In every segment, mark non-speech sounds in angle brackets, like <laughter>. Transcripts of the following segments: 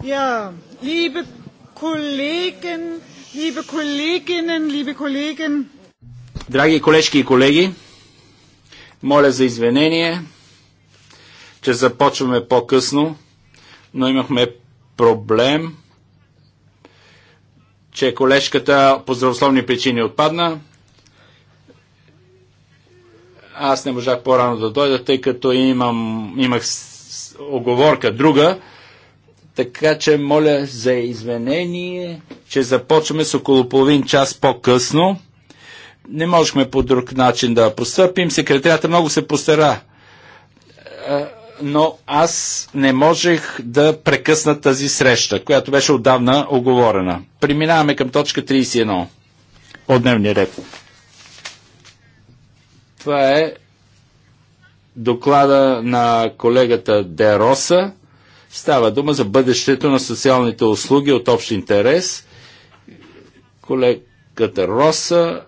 Ja, liebe Kollegen, liebe Kolleginnen, liebe Kollegen. Драги колежки и колеги, моля за извинение, че започваме по-късно, но имахме проблем, че колежката по здравословни причини отпадна. Аз не можах по-рано да дойда, тъй като имам, имах оговорка друга, така че моля за извинение, че започваме с около половин час по-късно. Не можехме по друг начин да постъпим. Секретарята много се постара. Е, но аз не можех да прекъсна тази среща, която беше отдавна оговорена. Преминаваме към точка 31 от дневния ред. Това е доклада на колегата Дероса Става дума за бъдещето на социалните услуги от общ интерес. Колегата Роса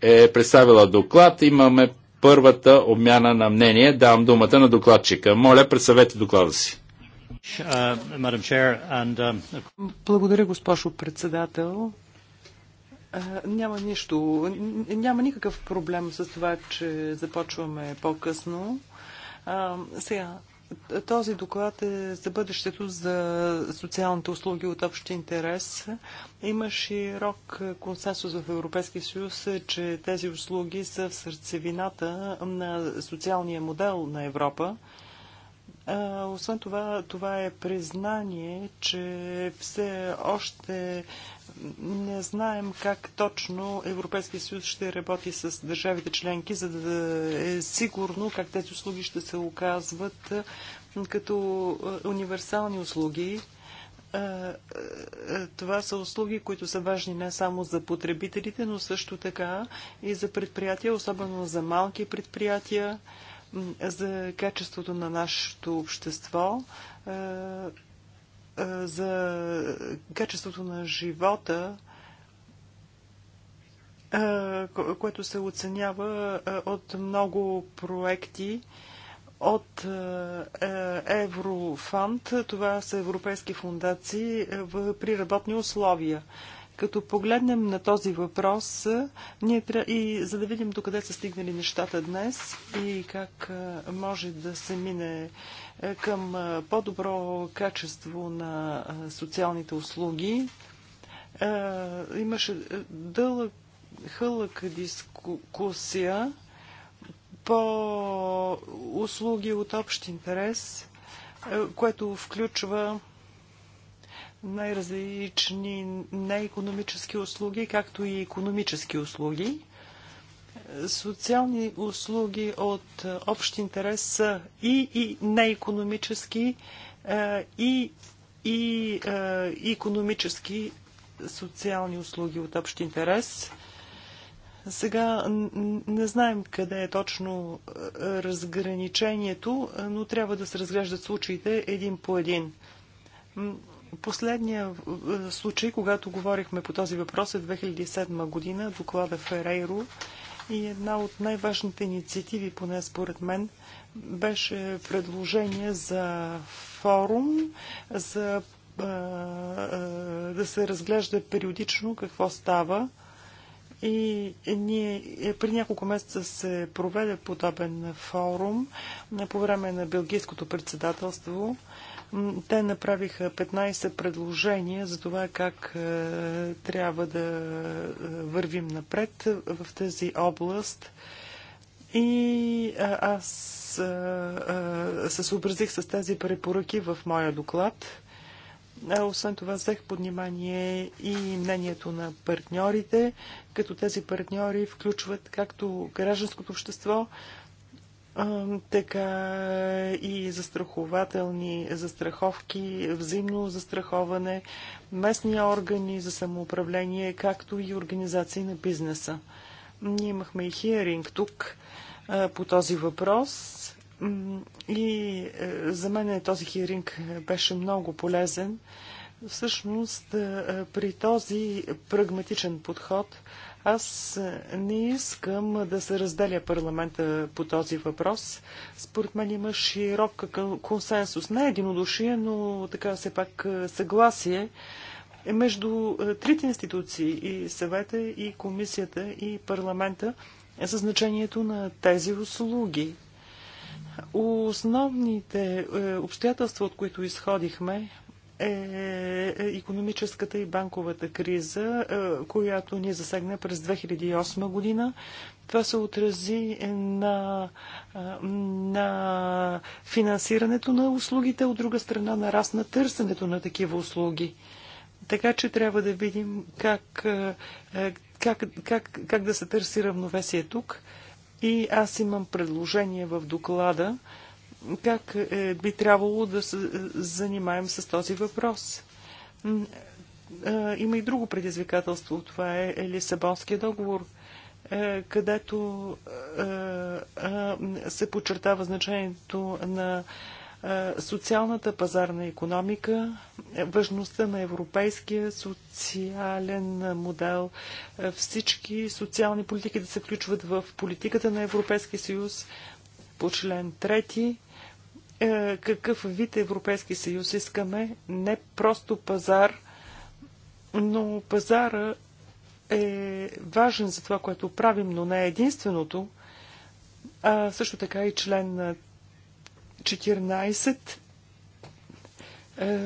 е представила доклад. Имаме първата обмяна на мнение. Давам думата на докладчика. Моля, представете доклада си. Uh, um, Благодаря, госпожо председател. Е, няма нищо. Няма никакъв проблем с това, че започваме по-късно. Е, сега, този доклад е за бъдещето за социалните услуги от общ интерес. Има широк консенсус в Европейския съюз, че тези услуги са в сърцевината на социалния модел на Европа. Освен това, това е признание, че все още не знаем как точно Европейския съюз ще работи с държавите членки, за да е сигурно как тези услуги ще се оказват като универсални услуги. Това са услуги, които са важни не само за потребителите, но също така и за предприятия, особено за малки предприятия за качеството на нашето общество, е, е, за качеството на живота, е, което се оценява от много проекти от Еврофанд. Това са европейски фундации при работни условия. Като погледнем на този въпрос, ние, и за да видим докъде са стигнали нещата днес и как може да се мине е, към по-добро качество на социалните услуги, имаше е, дълъг хълък дискусия по услуги от общ интерес, е, което включва най-различни неекономически услуги, както и економически услуги. Социални услуги от е, общ интерес са и, и неекономически, е, и, и економически социални услуги от общ интерес. Сега не знаем къде е точно е, разграничението, но трябва да се разглеждат случаите един по един. Последния е, случай, когато говорихме по този въпрос е 2007 година, доклада е Ферейро и една от най-важните инициативи, поне според мен, беше предложение за форум, за а, е, а, да се разглежда периодично какво става. И ние при няколко месеца се проведе подобен форум по време на Белгийското председателство. А, те направиха 15 предложения за това как е, трябва да е, вървим напред в тази област. И аз е, се съобразих с тези препоръки в моя доклад. Освен това, взех под внимание и мнението на партньорите, като тези партньори включват както гражданското общество, така и застрахователни застраховки, взаимно застраховане, местни органи за самоуправление, както и организации на бизнеса. Ние имахме и хиеринг тук по този въпрос и е, за мен този хиеринг беше много полезен. Всъщност, е, при този прагматичен подход аз не искам да се разделя парламента по този въпрос. Според мен има широк консенсус, не единодушие, но така все пак е, съгласие е между е, трите институции и съвета, и комисията, и парламента за значението на тези услуги. Основните обстоятелства, от които изходихме, е економическата и банковата криза, е, която ни засегна през 2008 година. Това се отрази на, е, на финансирането на услугите, от друга страна нарасна търсенето на такива услуги. Така че трябва да видим как, е, как, как, как да се търси равновесие тук. И аз имам предложение в доклада как е, би трябвало да се е, занимаем с този въпрос. Е, има и друго предизвикателство. Това е Лисабонския договор, където се подчертава значението на социалната пазарна економика, важността на европейския социален модел, всички социални политики да се включват в политиката на Европейския съюз по член 3 е, какъв вид Европейски съюз искаме, не просто пазар, но пазара е важен за това, което правим, но не е единственото. А също така и член на 14 е,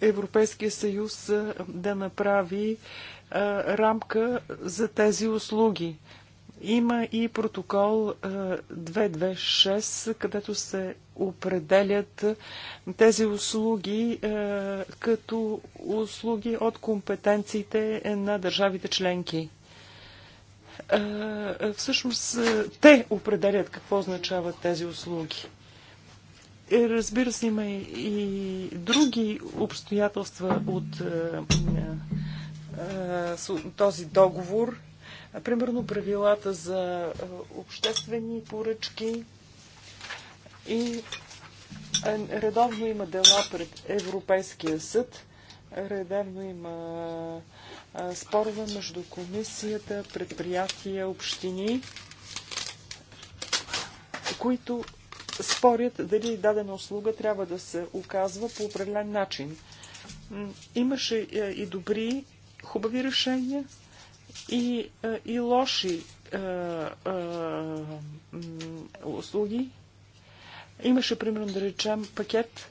Европейския съюз да направи е, рамка за тези услуги. Има и протокол 226, е, където се определят тези услуги е, като услуги от компетенциите на държавите членки. Е, всъщност те определят какво означават тези услуги. Разбира се, има и други обстоятелства от този договор Примерно правилата за е, обществени поръчки и е, редовно има дела пред Европейския съд, редовно има е, спорове между комисията, предприятия, общини, които спорят дали дадена услуга трябва да се оказва по определен начин. Имаше и добри, хубави решения, и, е, и лоши е, е, услуги. Имаше, примерно, да речем, пакет,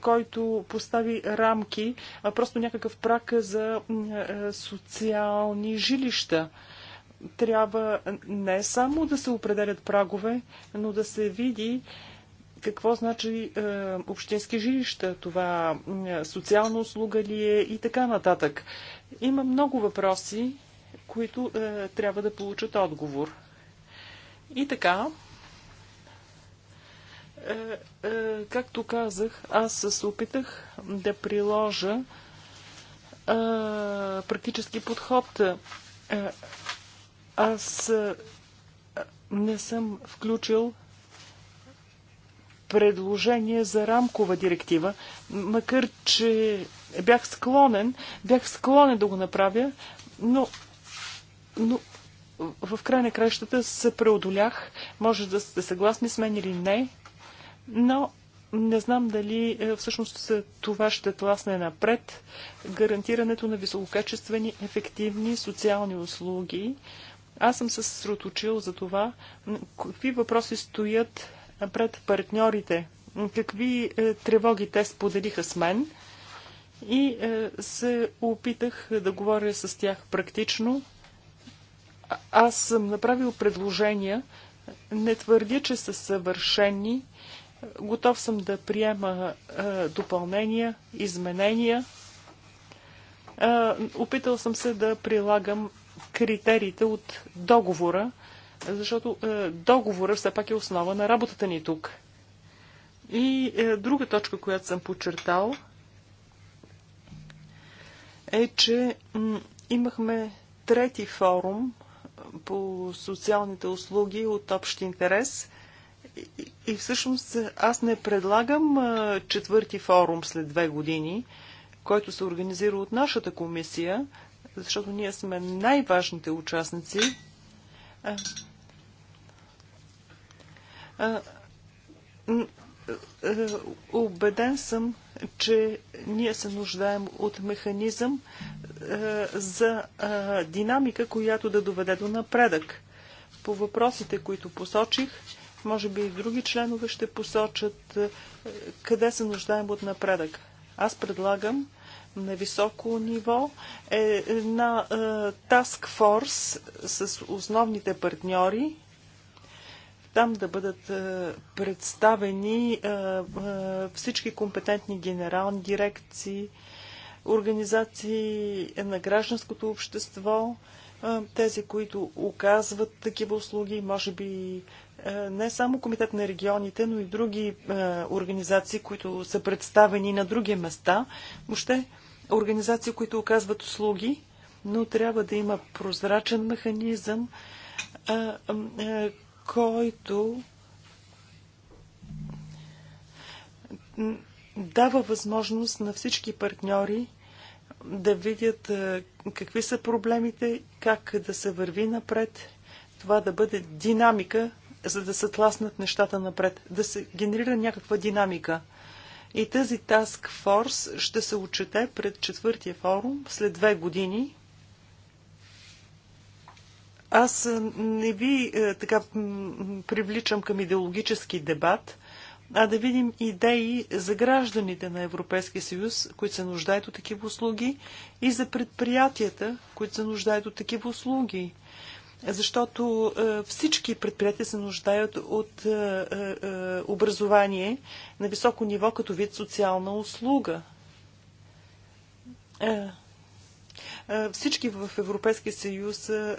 който постави рамки, просто някакъв прак за е, социални жилища трябва не само да се определят прагове, но да се види какво значи е, общински жилища, това е, социална услуга ли е и така нататък. Има много въпроси, които е, трябва да получат отговор. И така, е, е, както казах, аз се опитах да приложа е, практически подход. Е, аз е, не съм включил предложение за рамкова директива, макар че бях склонен, бях склонен да го направя, но, но в край на кращата се преодолях. Може да сте съгласни с мен или не, но не знам дали е, всъщност е, това ще тласне напред гарантирането на висококачествени, ефективни социални услуги. Аз съм се сроточил за това какви въпроси стоят пред партньорите, какви е, тревоги те споделиха с мен и е, се опитах да говоря с тях практично. Аз съм направил предложения, не твърдя, че са съвършени. Готов съм да приема е, допълнения, изменения. Е, опитал съм се да прилагам критериите от договора, защото договора все пак е основа на работата ни тук. И друга точка, която съм подчертал – е, че имахме трети форум по социалните услуги от общ интерес. И, и всъщност аз не предлагам а, четвърти форум след две години, който се организира от нашата комисия, защото ние сме най-важните участници. А, а, е, е, убеден съм, че ние се нуждаем от механизъм е, за е, динамика, която да доведе до напредък. По въпросите, които посочих, може би и други членове ще посочат е, къде се нуждаем от напредък. Аз предлагам на високо ниво е на е, task force с основните партньори там да бъдат е, представени е, е, всички компетентни генерални дирекции, организации на гражданското общество, тези, които оказват такива услуги, може би не само Комитет на регионите, но и други организации, които са представени на други места, въобще организации, които оказват услуги, но трябва да има прозрачен механизъм, който дава възможност на всички партньори да видят какви са проблемите, как да се върви напред, това да бъде динамика, за да се тласнат нещата напред, да се генерира някаква динамика. И тази Task Force ще се отчете пред четвъртия форум след две години. Аз не ви така привличам към идеологически дебат, а да видим идеи за гражданите на Европейския съюз, които се нуждаят от такива услуги, и за предприятията, които се нуждаят от такива услуги. Защото е, всички предприятия се нуждаят от е, е, образование на високо ниво като вид социална услуга. Е, е, всички в Европейския съюз е,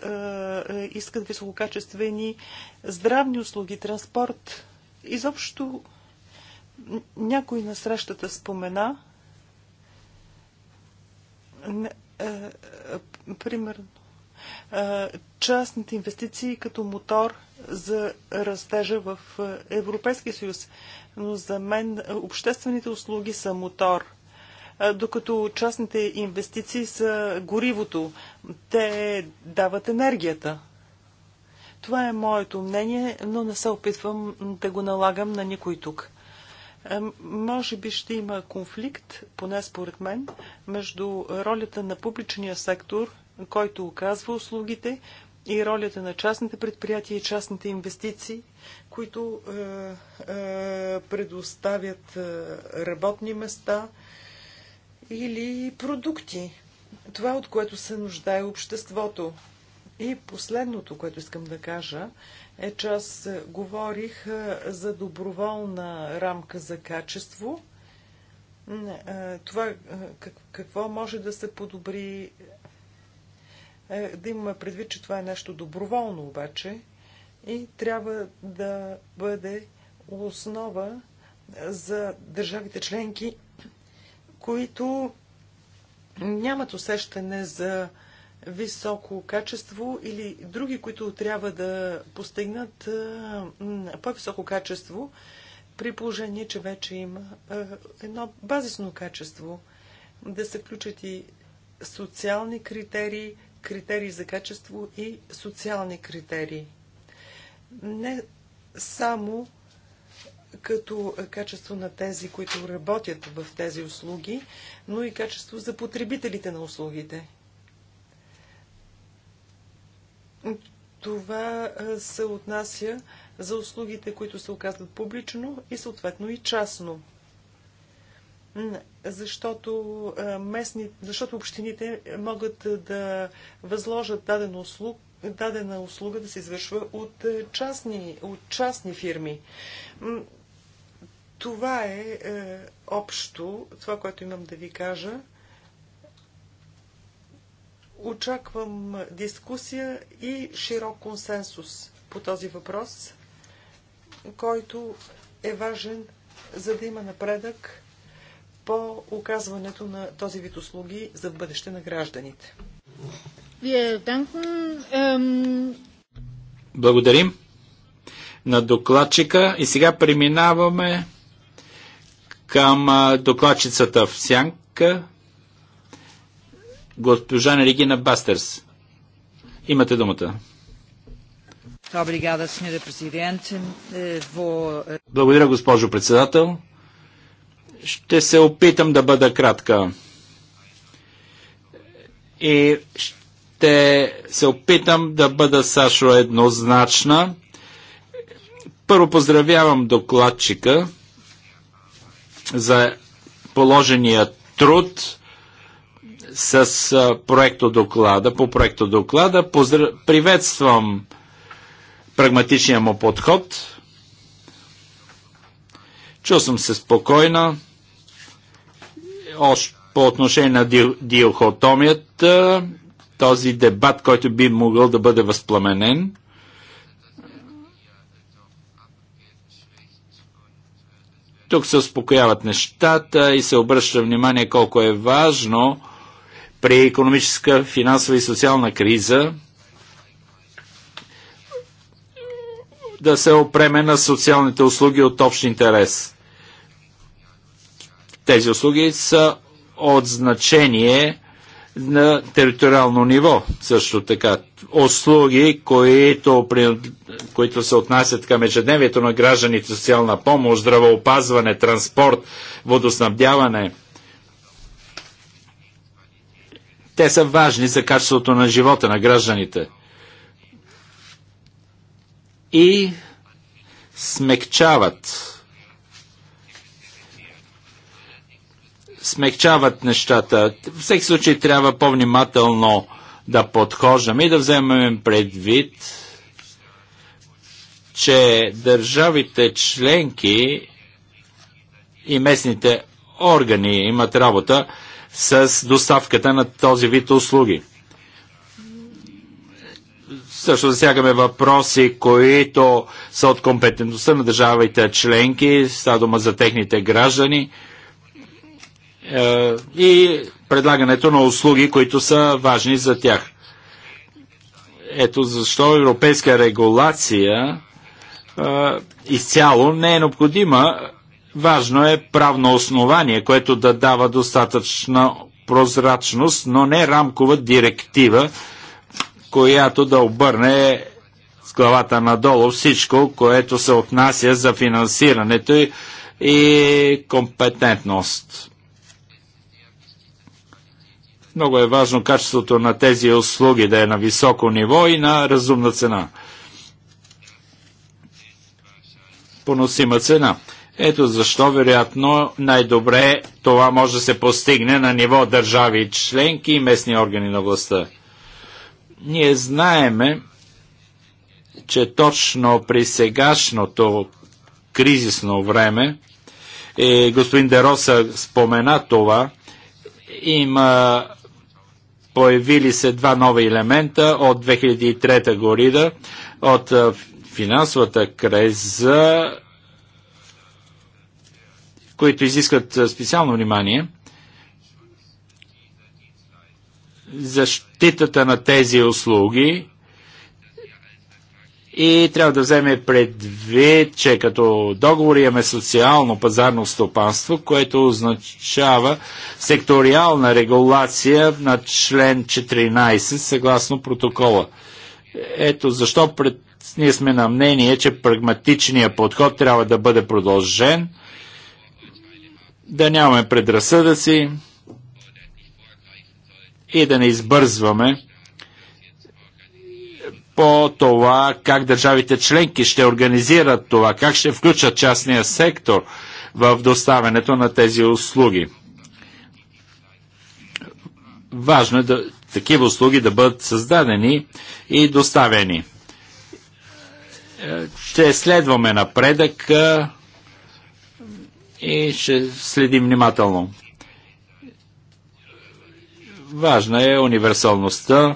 е, искат висококачествени здравни услуги, транспорт. Изобщо някой на срещата спомена, примерно, частните инвестиции като мотор за растежа в Европейския съюз. Но за мен обществените услуги са мотор докато частните инвестиции са горивото. Те дават енергията. Това е моето мнение, но не се опитвам да го налагам на никой тук. Може би ще има конфликт, поне според мен, между ролята на публичния сектор, който оказва услугите, и ролята на частните предприятия и частните инвестиции, които е, е, предоставят е, работни места, или продукти. Това, от което се нуждае обществото. И последното, което искам да кажа, е, че аз говорих за доброволна рамка за качество. Това какво може да се подобри, е, да имаме предвид, че това е нещо доброволно обаче и трябва да бъде основа за държавите членки които нямат усещане за високо качество или други, които трябва да постигнат по-високо качество, при положение, че вече има едно базисно качество, да се включат и социални критерии, критерии за качество и социални критерии. Не само като качество на тези, които работят в тези услуги, но и качество за потребителите на услугите. Това се отнася за услугите, които се оказват публично и съответно и частно. Защото, местни, защото общините могат да възложат дадена услуг, дадена услуга да се извършва от частни, от частни фирми. Това е, е общо, това, което имам да ви кажа. Очаквам дискусия и широк консенсус по този въпрос, който е важен, за да има напредък по оказването на този вид услуги за бъдеще на гражданите. Благодарим на докладчика и сега преминаваме към докладчицата в Сянка, госпожа Регина Бастерс. Имате думата. Е, е, Благодаря, госпожо председател. Ще се опитам да бъда кратка. И ще се опитам да бъда, Сашо, еднозначна. Първо поздравявам докладчика за положения труд с проекто доклада, по проекто доклада. Приветствам прагматичния му подход. Чувствам съм се спокойна. Още по отношение на диохотомията, този дебат, който би могъл да бъде възпламенен – Тук се успокояват нещата и се обръща внимание колко е важно при економическа, финансова и социална криза да се опреме на социалните услуги от общ интерес. Тези услуги са от значение на териториално ниво също така. Услуги, които, които се отнасят към ежедневието на гражданите, социална помощ, здравеопазване, транспорт, водоснабдяване. Те са важни за качеството на живота на гражданите. И смекчават смягчават нещата. В всеки случай трябва по-внимателно да подхождаме и да вземем предвид, че държавите членки и местните органи имат работа с доставката на този вид услуги. Също засягаме въпроси, които са от компетентността на държавите членки, става дума за техните граждани – е, и предлагането на услуги, които са важни за тях. Ето защо европейска регулация е, изцяло не е необходима. Важно е правно основание, което да дава достатъчна прозрачност, но не рамкова директива, която да обърне с главата надолу всичко, което се отнася за финансирането и компетентност. Много е важно качеството на тези услуги да е на високо ниво и на разумна цена. Поносима цена. Ето защо, вероятно, най-добре това може да се постигне на ниво държави членки и местни органи на властта. Ние знаеме, че точно при сегашното кризисно време, господин Дероса спомена това, има Появили се два нови елемента от 2003 година, от финансовата криза, които изискват специално внимание. Защитата на тези услуги и трябва да вземе предвид, че като договор имаме социално пазарно стопанство, което означава секториална регулация на член 14 съгласно протокола. Ето защо пред... ние сме на мнение, че прагматичният подход трябва да бъде продължен, да нямаме предразсъдъци и да не избързваме по това как държавите членки ще организират това, как ще включат частния сектор в доставянето на тези услуги. Важно е да, такива услуги да бъдат създадени и доставени. Е, ще следваме напредък е, и ще следим внимателно. Важна е универсалността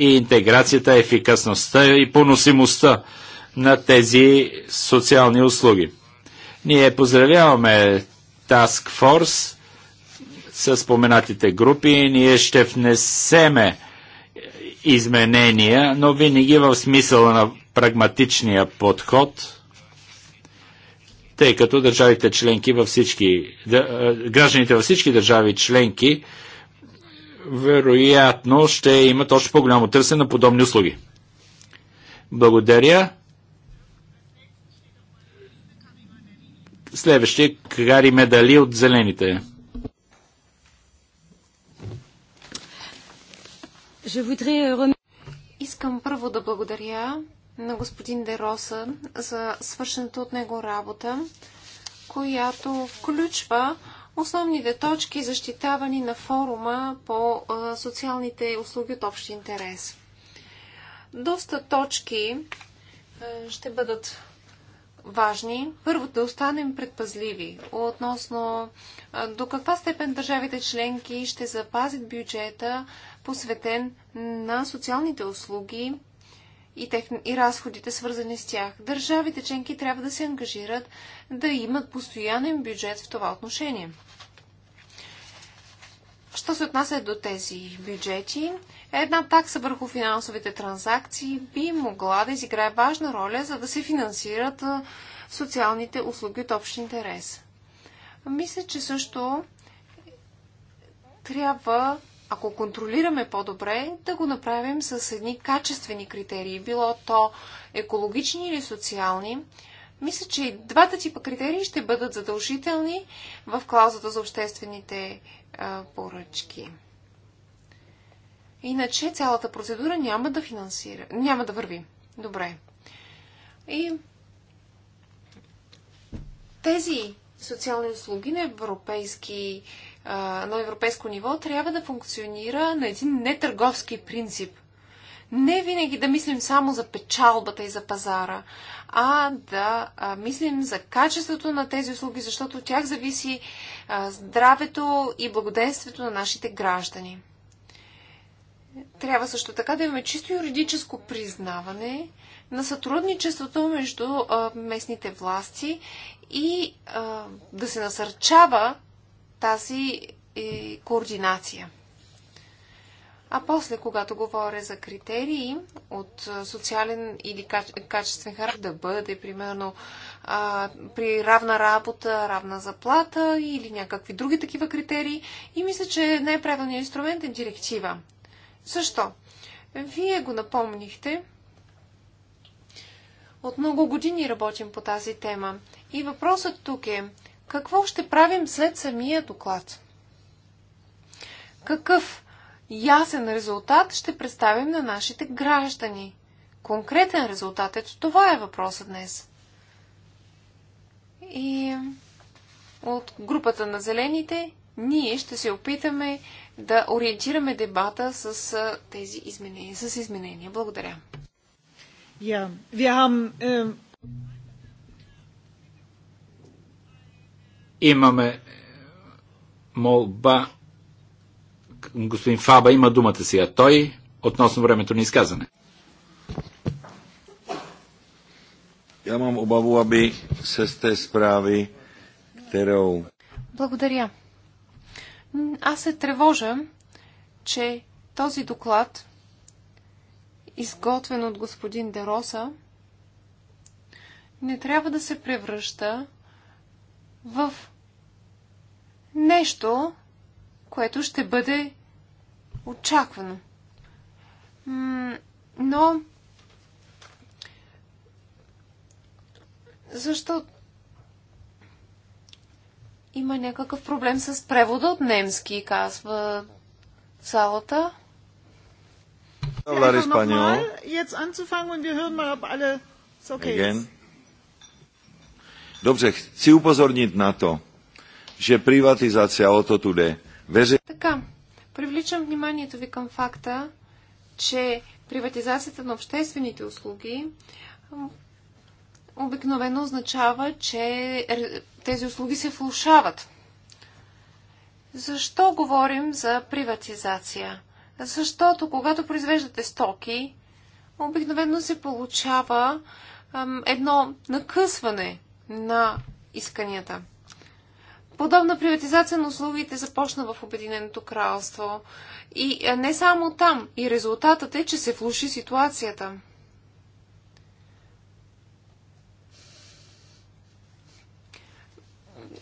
и интеграцията, ефикасността и поносимостта на тези социални услуги. Ние поздравяваме Task Force с споменатите групи. Ние ще внесеме изменения, но винаги в смисъла на прагматичния подход, тъй като държавите членки във всички, гражданите във всички държави членки вероятно ще имат още по-голямо търсене на подобни услуги. Благодаря. Следващия е Кари Медали от Зелените. Euh, Искам първо да благодаря на господин Дероса за свършената от него работа, която включва основните точки, защитавани на форума по социалните услуги от общ интерес. Доста точки ще бъдат важни. Първо да останем предпазливи относно до каква степен държавите членки ще запазят бюджета, посветен на социалните услуги и, тех... и разходите, свързани с тях. Държавите членки трябва да се ангажират да имат постоянен бюджет в това отношение. Що се отнася до тези бюджети, една такса върху финансовите транзакции би могла да изиграе важна роля, за да се финансират социалните услуги от общ интерес. Мисля, че също трябва ако контролираме по-добре, да го направим с едни качествени критерии, било то екологични или социални. Мисля, че и двата типа критерии ще бъдат задължителни в клаузата за обществените а, поръчки. Иначе цялата процедура няма да финансира, няма да върви. Добре. И тези социални услуги на европейски а, на европейско ниво трябва да функционира на един нетърговски принцип. Не винаги да мислим само за печалбата и за пазара, а да а, мислим за качеството на тези услуги, защото от тях зависи а, здравето и благоденствието на нашите граждани. Трябва също така да имаме чисто юридическо признаване на сътрудничеството между а, местните власти и а, да се насърчава тази е, координация. А после, когато говоря за критерии от социален или качествен характер, да бъде, примерно, а, при равна работа, равна заплата или някакви други такива критерии. И мисля, че най-правилният инструмент е директива. Защо? Вие го напомнихте. От много години работим по тази тема. И въпросът тук е, какво ще правим след самия доклад? Какъв ясен резултат ще представим на нашите граждани? Конкретен резултат. Ето това е въпросът днес. И от групата на зелените ние ще се опитаме да ориентираме дебата с тези изменения. С изменения. Благодаря. Ja, wir haben äh, Имаме молба. Господин Фаба има думата си, а Той относно времето на изказане. Я мам обаву, аби се сте справи zprávy, Благодаря. Аз се тревожа, че този доклад, изготвен от господин Дероса, не трябва да се превръща в нещо, което ще бъде очаквано. Но защо има някакъв проблем с превода от немски, казва залата. Hablar español. Jetzt anzufangen und wir hören mal, ob alle okay Again. ist. Dobře, chci upozornit na to, že privatizace, o to tu jde, veře... Така, привличам вниманието ви към факта, че приватизацията на обществените услуги обикновено означава, че тези услуги се влушават. Защо говорим за приватизация? Защото когато произвеждате стоки, обикновено се получава ам, едно накъсване на исканията. Подобна приватизация на услугите започна в Обединеното кралство. И не само там. И резултатът е, че се влуши ситуацията.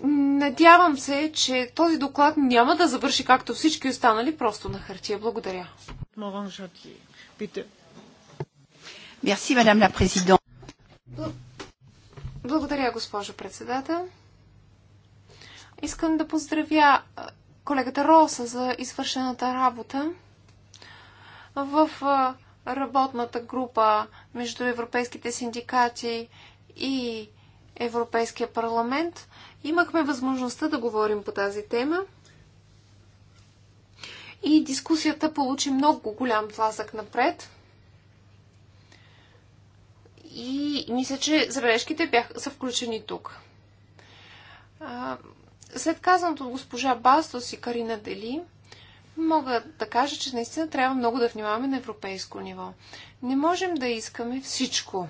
Надявам се, че този доклад няма да завърши както всички останали, просто на хартия. Благодаря. Мерси, мадам ла президент. Благодаря, госпожо председател. Искам да поздравя колегата Роса за извършената работа в работната група между европейските синдикати и Европейския парламент. Имахме възможността да говорим по тази тема и дискусията получи много голям тласък напред и мисля, че забележките бях, са включени тук. След казаното от госпожа Бастос и Карина Дели, мога да кажа, че наистина трябва много да внимаваме на европейско ниво. Не можем да искаме всичко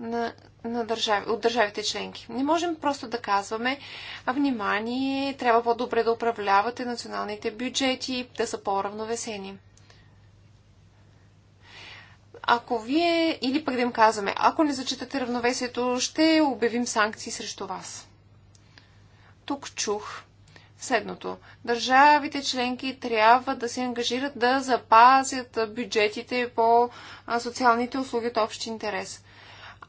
на, на държави, от държавите членки. Не можем просто да казваме, а внимание, трябва по-добре да управлявате националните бюджети, да са по-равновесени ако вие, или пък да им казваме, ако не зачитате равновесието, ще обявим санкции срещу вас. Тук чух следното. Държавите членки трябва да се ангажират да запазят бюджетите по социалните услуги от общ интерес.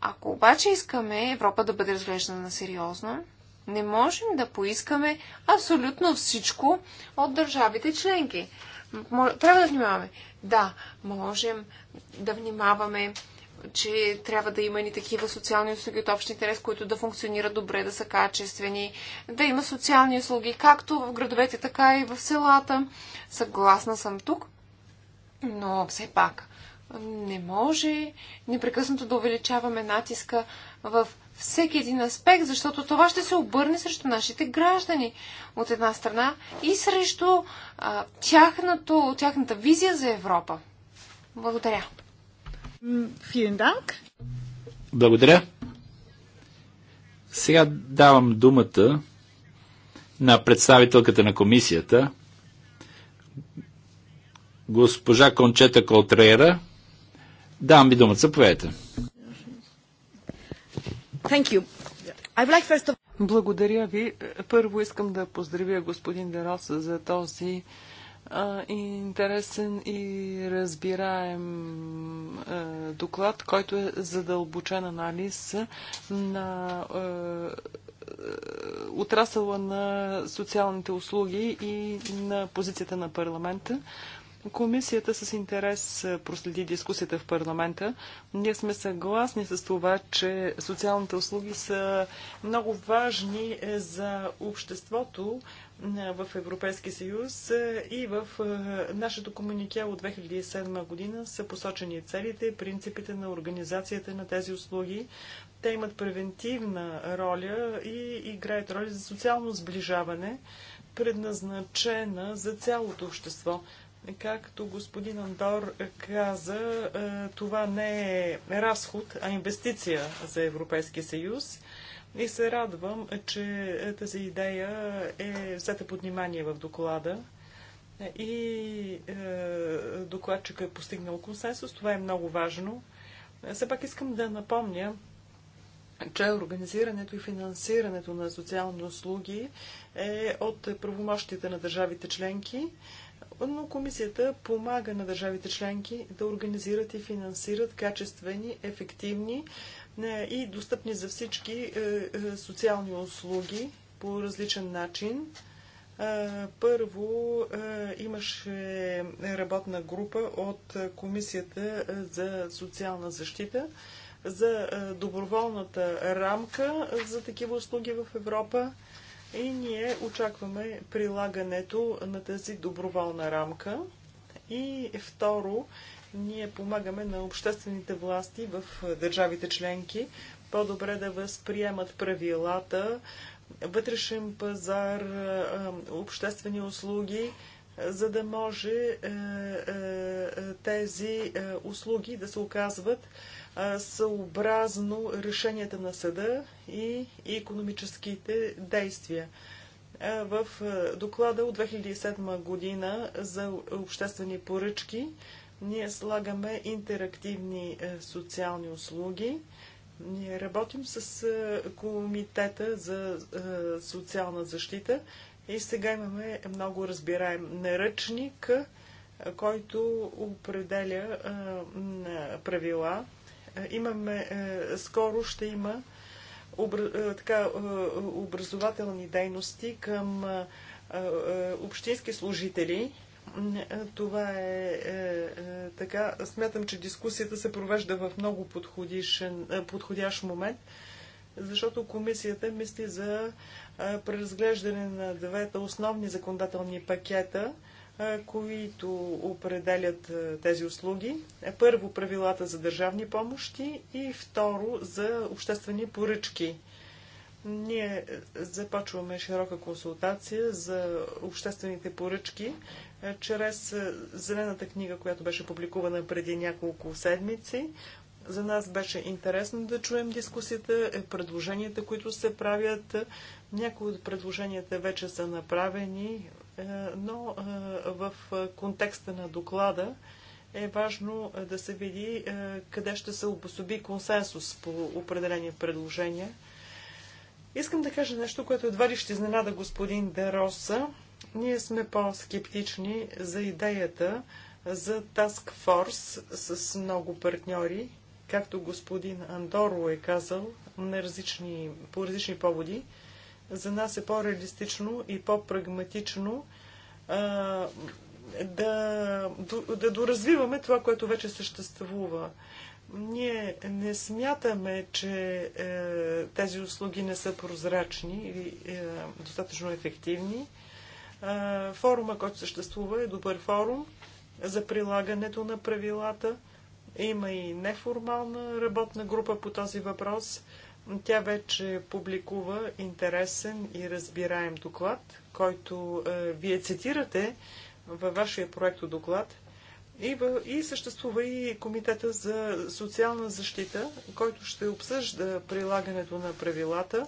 Ако обаче искаме Европа да бъде разглеждана сериозно, не можем да поискаме абсолютно всичко от държавите членки. Трябва да внимаваме. Да, можем да внимаваме, че трябва да има и такива социални услуги от общ интерес, които да функционират добре, да са качествени, да има социални услуги, както в градовете, така и в селата. Съгласна съм тук, но все пак не може непрекъснато да увеличаваме натиска в всеки един аспект, защото това ще се обърне срещу нашите граждани от една страна и срещу а, тяхнато, тяхната визия за Европа. Благодаря. Благодаря. Сега давам думата на представителката на комисията, госпожа Кончета Колтрера. Давам ви думата, заповядайте. Благодаря ви. Първо искам да поздравя господин Дерос за този а, интересен и разбираем а, доклад, който е задълбочен анализ на а, отрасъла на социалните услуги и на позицията на парламента. Комисията с интерес е, проследи дискусията в парламента. Ние сме съгласни с това, че социалните услуги са много важни е, за обществото е, в Европейския съюз и в нашето комунике от 2007 година са посочени целите и принципите на организацията на тези услуги. Те имат превентивна роля и играят роли за социално сближаване, предназначена за цялото общество – Както господин Андор каза, е, това не е разход, а инвестиция за Европейския съюз. И се радвам, че тази идея е взета под внимание в доклада и е, докладчика е постигнал консенсус. Това е много важно. Все пак искам да напомня, че организирането и финансирането на социални услуги е от правомощите на държавите членки но комисията помага на държавите членки да организират и финансират качествени, ефективни е, и достъпни за всички е, е, социални услуги по различен начин. Първо имаше работна група от Комисията за социална защита за доброволната рамка за такива услуги в Европа. И ние очакваме прилагането на тази доброволна рамка. И второ, ние помагаме на обществените власти в държавите членки по-добре да възприемат правилата, вътрешен пазар, е, обществени услуги, за да може е, е, тези услуги да се оказват съобразно решенията на съда и економическите действия. В доклада от 2007 година за обществени поръчки ние слагаме интерактивни социални услуги. Ние работим с Комитета за социална защита и сега имаме много разбираем наръчник, който определя правила е, имаме, е, скоро ще има е, така, образователни дейности към общински служители. Това е, е така. Смятам, че дискусията се провежда в много подходящ момент, защото комисията мисли за преразглеждане на двете основни законодателни пакета – които определят тези услуги. Първо, правилата за държавни помощи и второ, за обществени поръчки. Ние започваме широка консултация за обществените поръчки чрез зелената книга, която беше публикувана преди няколко седмици. За нас беше интересно да чуем дискусията, е, предложенията, които се правят. Някои от предложенията вече са направени е, но е, в контекста на доклада е важно е, да се види къде ще се обособи консенсус по определени предложения. Искам да кажа нещо, което едва ли ще изненада господин Дероса. Ние сме по-скептични за идеята за Task Force с много партньори, както господин Андоро е казал на различни, по различни поводи за нас е по-реалистично и по-прагматично да, да доразвиваме това, което вече съществува. Ние не смятаме, че е, тези услуги не са прозрачни или е, достатъчно ефективни. Е, форума, който съществува, е добър форум за прилагането на правилата. Има и неформална работна група по този въпрос. Тя вече публикува интересен и разбираем доклад, който е, вие цитирате във вашия проект доклад. И, в, и съществува и Комитета за социална защита, който ще обсъжда прилагането на правилата,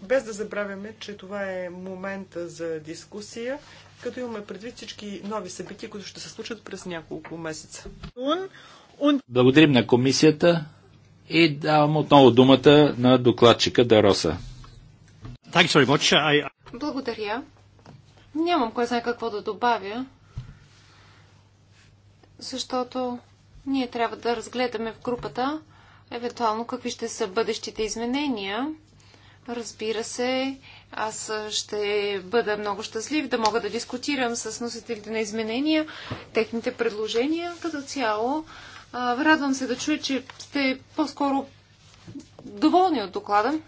без да забравяме, че това е момента за дискусия, като имаме предвид всички нови събития, които ще се случат през няколко месеца. Благодарим на комисията. И давам отново думата на докладчика Дароса. Благодаря. Нямам кой знае какво да добавя, защото ние трябва да разгледаме в групата евентуално какви ще са бъдещите изменения. Разбира се, аз ще бъда много щастлив да мога да дискутирам с носителите на изменения техните предложения. Като цяло Радвам се да чуя, че сте по-скоро доволни от доклада.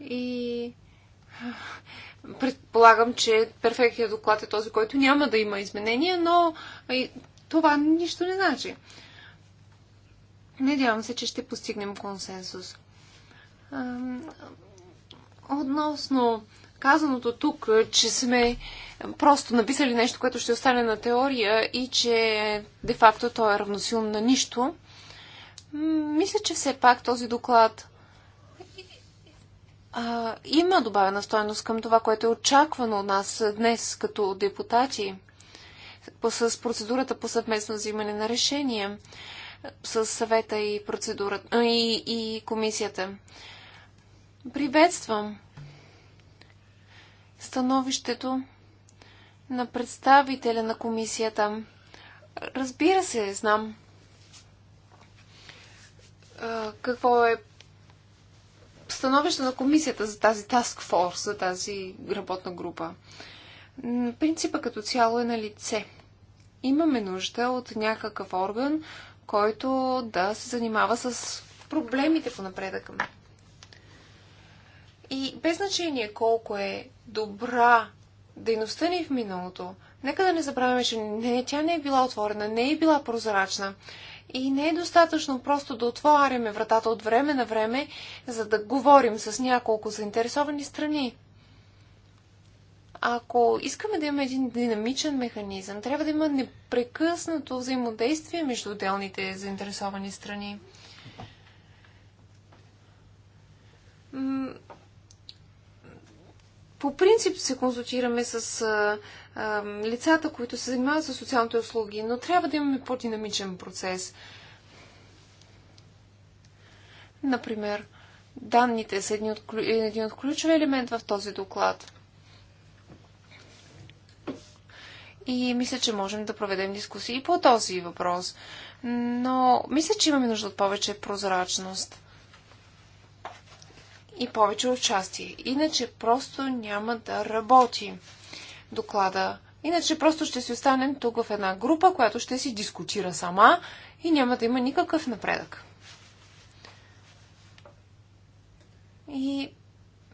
И предполагам, че перфектният доклад е този, който няма да има изменения, но това нищо не значи. Надявам се, че ще постигнем консенсус. Относно казаното тук, е, че сме просто написали нещо, което ще остане на теория и че де-факто то е равносилно на нищо, мисля, че все пак този доклад а, има добавена стойност към това, което е очаквано от нас днес като депутати с процедурата по съвместно взимане на решение с съвета и, процедурата, и, и комисията. Приветствам становището на представителя на комисията. Разбира се, знам какво е становище на комисията за тази task force, за тази работна група. Принципа като цяло е на лице. Имаме нужда от някакъв орган, който да се занимава с проблемите по напредъка. И без значение колко е добра дейността ни в миналото, нека да не забравяме, че не, тя не е била отворена, не е била прозрачна. И не е достатъчно просто да отваряме вратата от време на време, за да говорим с няколко заинтересовани страни. Ако искаме да имаме един динамичен механизъм, трябва да има непрекъснато взаимодействие между отделните заинтересовани страни по принцип се консултираме с а, а, лицата, които се занимават с социалните услуги, но трябва да имаме по-динамичен процес. Например, данните са един от, един от ключови елемент в този доклад. И мисля, че можем да проведем дискусии по този въпрос. Но мисля, че имаме нужда от повече прозрачност и повече участие. Иначе просто няма да работи доклада. Иначе просто ще си останем тук в една група, която ще си дискутира сама и няма да има никакъв напредък. И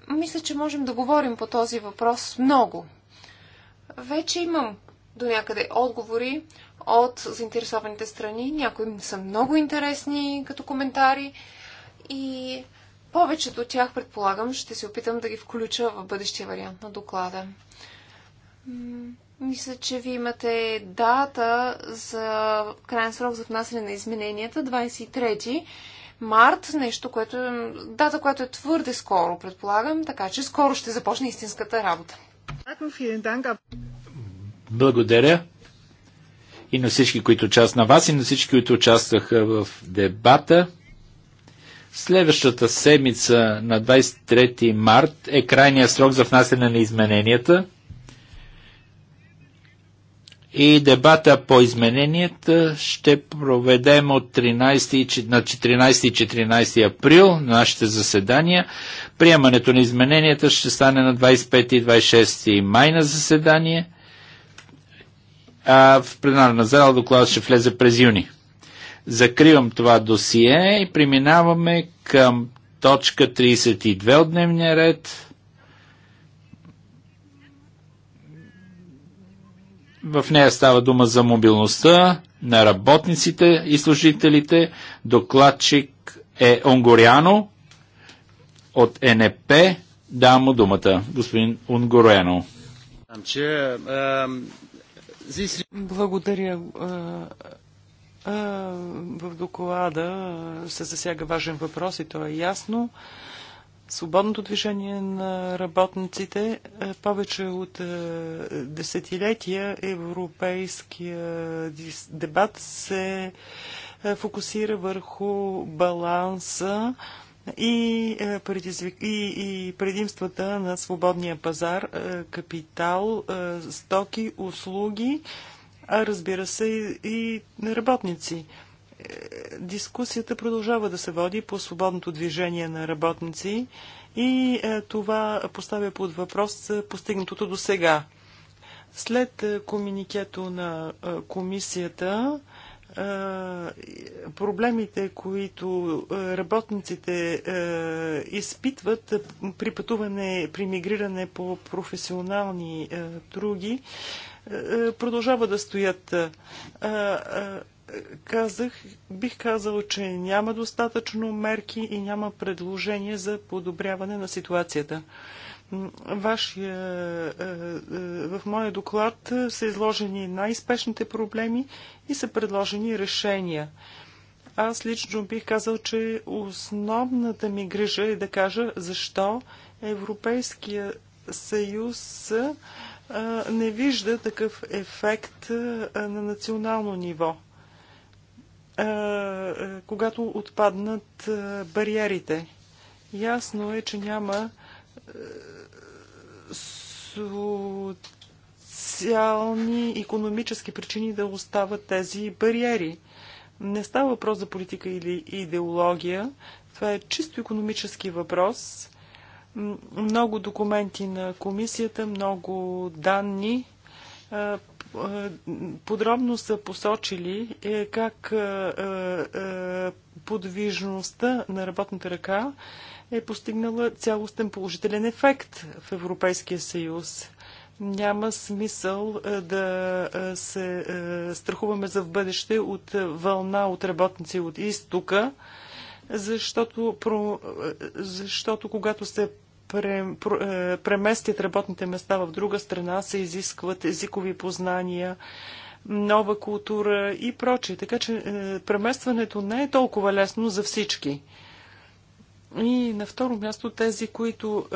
мисля, че можем да говорим по този въпрос много. Вече имам до някъде отговори от заинтересованите страни. Някои са много интересни като коментари и повечето от тях, предполагам, ще се опитам да ги включа в бъдещия вариант на доклада. Мисля, че ви имате дата за крайен срок за внасяне на измененията 23 март, нещо, което е дата, която е твърде скоро, предполагам, така че скоро ще започне истинската работа. Благодаря и на всички, които участват на вас и на всички, които участваха в дебата. Следващата седмица на 23 март е крайния срок за внасяне на измененията и дебата по измененията ще проведем от 13 на 14 и 14 април на нашите заседания. Приемането на измененията ще стане на 25 и 26 май на заседание, а в пленарна зала докладът ще влезе през юни. Закривам това досие и преминаваме към точка 32 от дневния ред. В нея става дума за мобилността на работниците и служителите. Докладчик е Онгоряно от НП. Дам му думата, господин Онгоряно. Um, Благодаря, в доклада се засяга важен въпрос и то е ясно. Свободното движение на работниците повече от десетилетия европейския дебат се фокусира върху баланса и, предизвик... и, и предимствата на свободния пазар, капитал, стоки, услуги а разбира се и, и работници. Е, дискусията продължава да се води по свободното движение на работници и е, това поставя под въпрос е, постигнатото до сега. След комуникето на комисията, проблемите, които работниците изпитват при пътуване, при мигриране по професионални други, е, е, продължава да стоят. Е, казах, бих казал, че няма достатъчно мерки и няма предложение за подобряване на ситуацията. Вашия, в моя доклад са изложени най-спешните проблеми и са предложени решения. Аз лично бих казал, че основната ми грижа е да кажа защо Европейския съюз не вижда такъв ефект на национално ниво, когато отпаднат бариерите. Ясно е, че няма социални, економически причини да остават тези бариери. Не става въпрос за политика или идеология. Това е чисто економически въпрос много документи на комисията, много данни е, е, подробно са посочили е, как подвижността на работната ръка е постигнала цялостен положителен ефект в Европейския съюз. Няма смисъл да се страхуваме за в бъдеще от вълна от работници от изтока, защото, про, защото когато се е, преместят работните места в друга страна, се изискват езикови познания, нова култура и прочие. Така че е, преместването не е толкова лесно за всички. И на второ място тези, които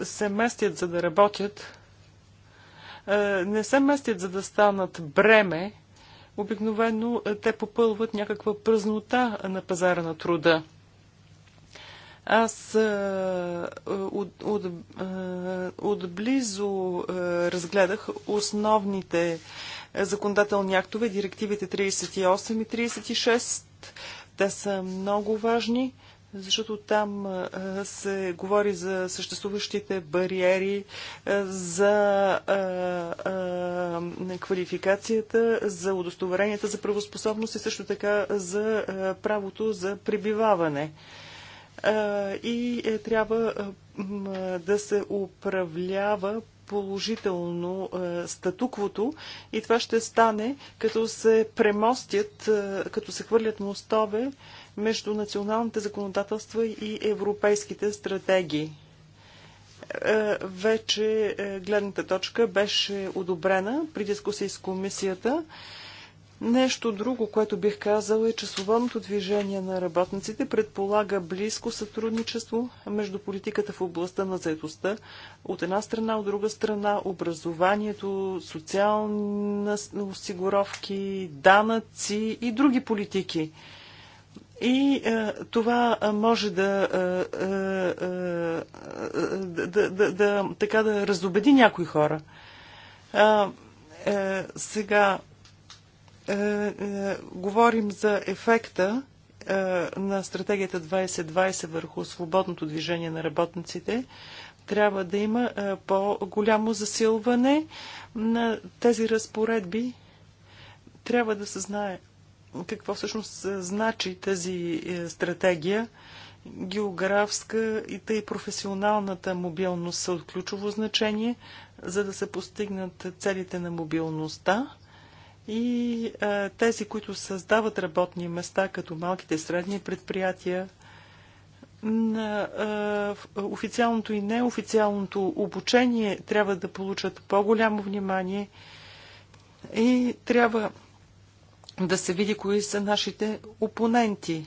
е, се местят за да работят, не се местят за да станат бреме, обикновено те попълват някаква празнота на пазара на труда. Аз а, от, от, а, отблизо а, разгледах основните законодателни актове, директивите 38 и 36. Те са много важни, защото там а, се говори за съществуващите бариери, а, за а, квалификацията, за удостоверенията за правоспособност и също така за правото за пребиваване и е, трябва да се управлява положително статуквото и това ще стане като се премостят, като се хвърлят мостове между националните законодателства и европейските стратегии. Вече е, гледната точка беше одобрена при дискусии с комисията. Нещо друго, което бих казал е, че свободното движение на работниците предполага близко сътрудничество между политиката в областта на заедостта, от една страна, от друга страна, образованието, социални осигуровки, данъци и други политики. И е, това може да, е, е, е да, да, да, така да разобеди някои хора. Е, е, сега е, е, говорим за ефекта е, на стратегията 2020 върху свободното движение на работниците, трябва да има по-голямо засилване на тези разпоредби. Трябва да се знае какво всъщност значи тази стратегия. Географска и тъй професионалната мобилност са от ключово значение, за да се постигнат целите на мобилността и а, тези, които създават работни места, като малките и средни предприятия, на а, официалното и неофициалното обучение трябва да получат по-голямо внимание и трябва да се види кои са нашите опоненти.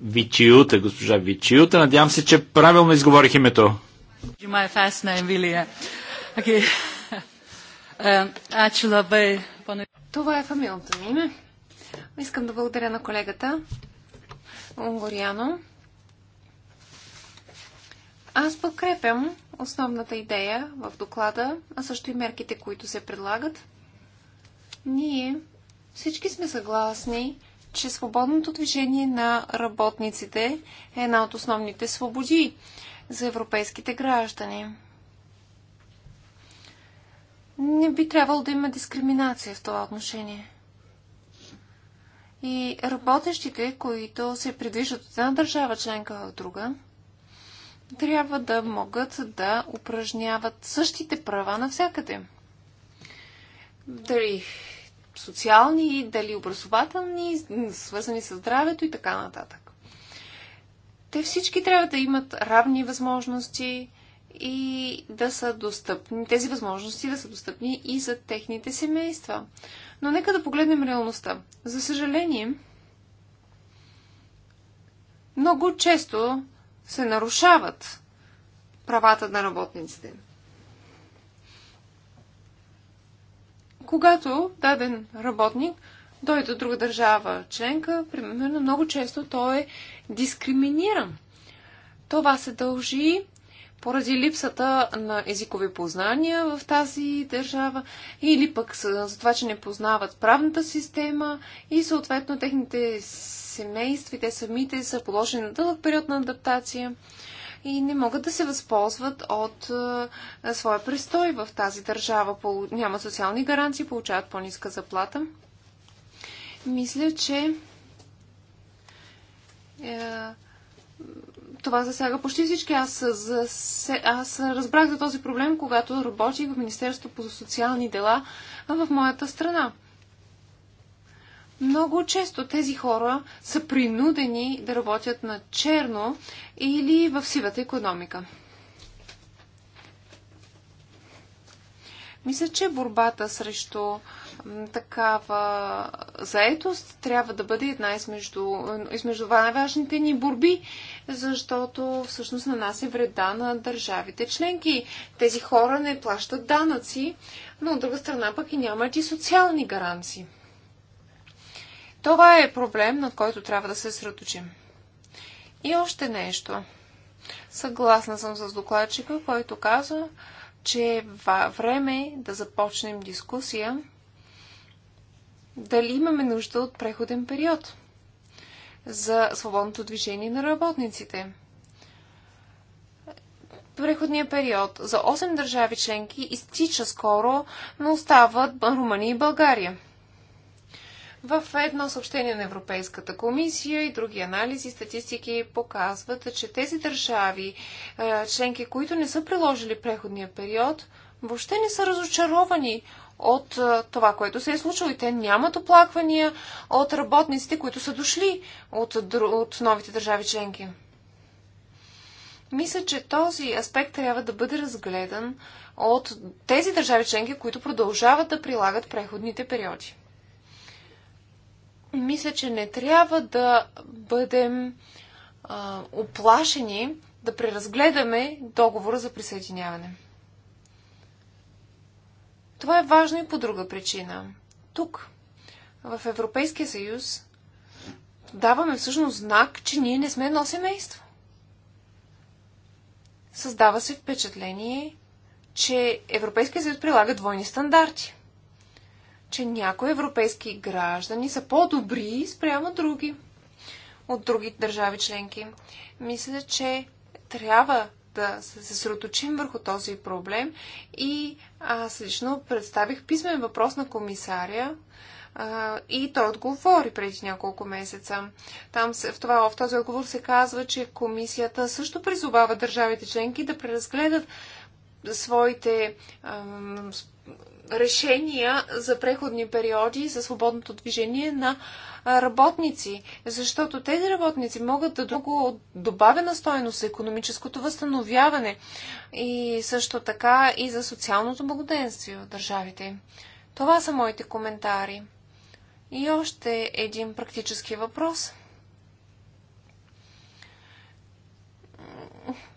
Вичиута, госпожа Вичиута. Надявам се, че правилно изговорих името. <laughs> Uh, Това е фамилното ми име. Искам да благодаря на колегата Унгоряно. Аз подкрепям основната идея в доклада, а също и мерките, които се предлагат. Ние всички сме съгласни, че свободното движение на работниците е една от основните свободи за европейските граждани. Не би трябвало да има дискриминация в това отношение. И работещите, които се придвижват от една държава членка в друга, трябва да могат да упражняват същите права навсякъде. Дали социални, дали образователни, свързани с здравето и така нататък. Те всички трябва да имат равни възможности и да са достъпни, тези възможности да са достъпни и за техните семейства. Но нека да погледнем реалността. За съжаление, много често се нарушават правата на работниците. Когато даден работник дойде от друга държава членка, примерно много често той е дискриминиран. Това се дължи поради липсата на езикови познания в тази държава или пък за това, че не познават правната система и съответно техните семейства и те самите са положени на дълъг период на адаптация и не могат да се възползват от е, своя престой в тази държава. Няма социални гаранции, получават по-ниска заплата. Мисля, че е, това засяга почти всички. Аз, за се, аз разбрах за този проблем, когато работих в Министерството по социални дела в моята страна много често тези хора са принудени да работят на черно или в сивата економика. Мисля, че борбата срещу такава заетост трябва да бъде една измежду, измежду най-важните ни борби, защото всъщност на нас е вреда на държавите членки. Тези хора не плащат данъци, но от друга страна пък и нямат и социални гаранции. Това е проблем, над който трябва да се сръточим. И още нещо. Съгласна съм с докладчика, който казва, че е време да започнем дискусия дали имаме нужда от преходен период за свободното движение на работниците. Преходният период за 8 държави членки изтича скоро, но остават Румъния и България. В едно съобщение на Европейската комисия и други анализи, статистики показват, че тези държави, е, членки, които не са приложили преходния период, въобще не са разочаровани от е, това, което се е случило. И те нямат оплаквания от работниците, които са дошли от, от новите държави членки. Мисля, че този аспект трябва да бъде разгледан от тези държави членки, които продължават да прилагат преходните периоди мисля, че не трябва да бъдем а, оплашени да преразгледаме договора за присъединяване. Това е важно и по друга причина. Тук, в Европейския съюз, даваме всъщност знак, че ние не сме едно семейство. Създава се впечатление, че Европейския съюз прилага двойни стандарти че някои европейски граждани са по-добри спрямо други от други държави членки. Мисля, че трябва да се съсредоточим върху този проблем и аз лично представих писмен въпрос на комисаря а, и той отговори преди няколко месеца. Там се, в, това, в този отговор се казва, че комисията също призовава държавите членки да преразгледат своите а, решения за преходни периоди за свободното движение на работници, защото тези работници могат да много добавена стоеност за економическото възстановяване и също така и за социалното благоденствие в държавите. Това са моите коментари. И още един практически въпрос –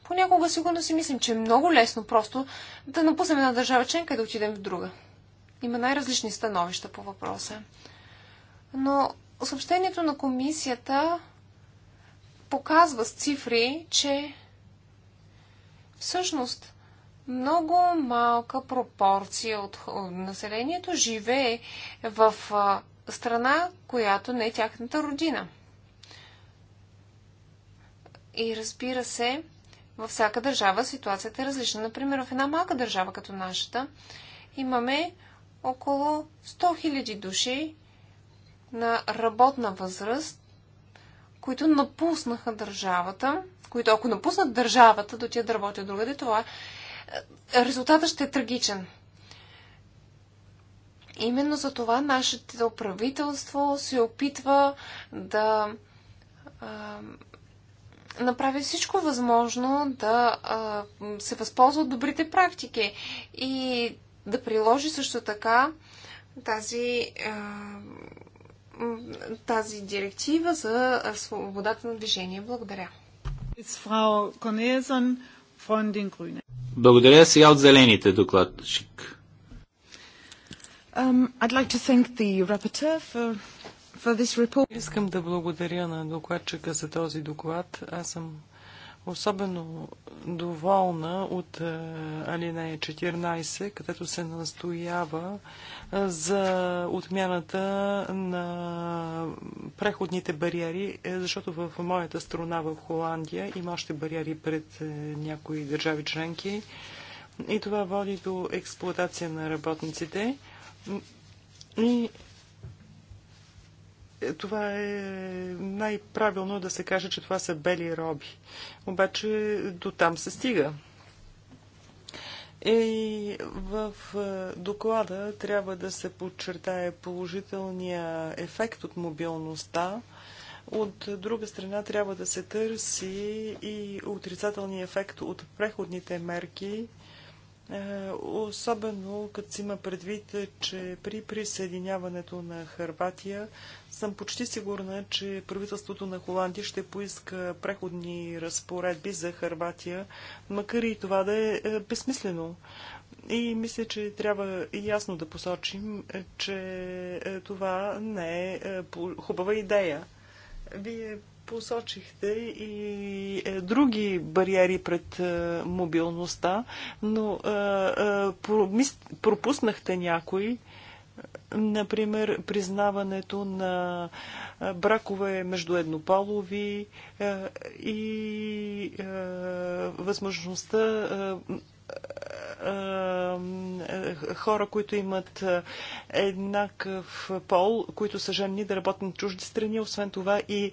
Понякога сигурно си мислим, че е много лесно просто да напуснем една държава членка и да отидем в друга. Има най-различни становища по въпроса. Но съобщението на комисията показва с цифри, че всъщност много малка пропорция от населението живее в страна, която не е тяхната родина. И разбира се, във всяка държава ситуацията е различна. Например, в една малка държава като нашата имаме около 100 000 души на работна възраст, които напуснаха държавата, които ако напуснат държавата, дотидат да работят другаде, това е, резултатът ще е трагичен. Именно за това нашето правителство се опитва да направи всичко възможно да а, се възползва от добрите практики и да приложи също така тази, а, тази директива за свободата на движение. Благодаря. Благодаря сега от зелените докладчик. Um, I'd like to thank the rapporteur for Искам да благодаря на докладчика за този доклад. Аз съм особено доволна от е, алинея 14, където се настоява е, за отмяната на преходните бариери, е, защото в моята страна, в Холандия, има още бариери пред някои държави членки и това води до експлуатация на работниците. И е, това е най-правилно да се каже, че това са бели роби. Обаче до там се стига. И в е, доклада трябва да се подчертае положителния ефект от мобилността. От друга страна трябва да се търси и отрицателния ефект от преходните мерки, е, особено като си има предвид, че при присъединяването на Харватия съм почти сигурна, че правителството на Холандия ще поиска преходни разпоредби за Харватия, макар и това да е, е безсмислено. И мисля, че трябва ясно да посочим, че е, това не е хубава идея. Вие Посочихте и е, други бариери пред е, мобилността, но е, пропуснахте някои. Например, признаването на бракове между еднополови и възможността е, е, хора, които имат е, еднакъв пол, които са женни да работят на чужди страни, освен това и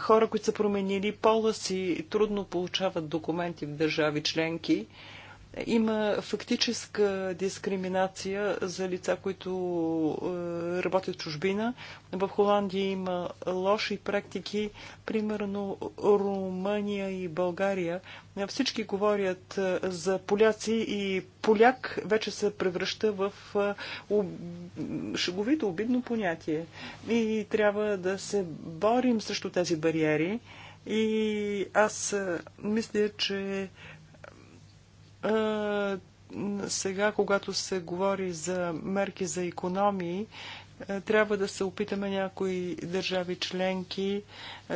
хора, които са променили пола си, трудно получават документи в държави членки. Има фактическа дискриминация за лица, които е, работят в чужбина. В Холандия има лоши практики, примерно Румъния и България. Всички говорят е, за поляци и поляк вече се превръща в е, шеговито, обидно понятие. И трябва да се борим срещу тези бариери. И аз мисля, че сега, когато се говори за мерки за економии, трябва да се опитаме някои държави членки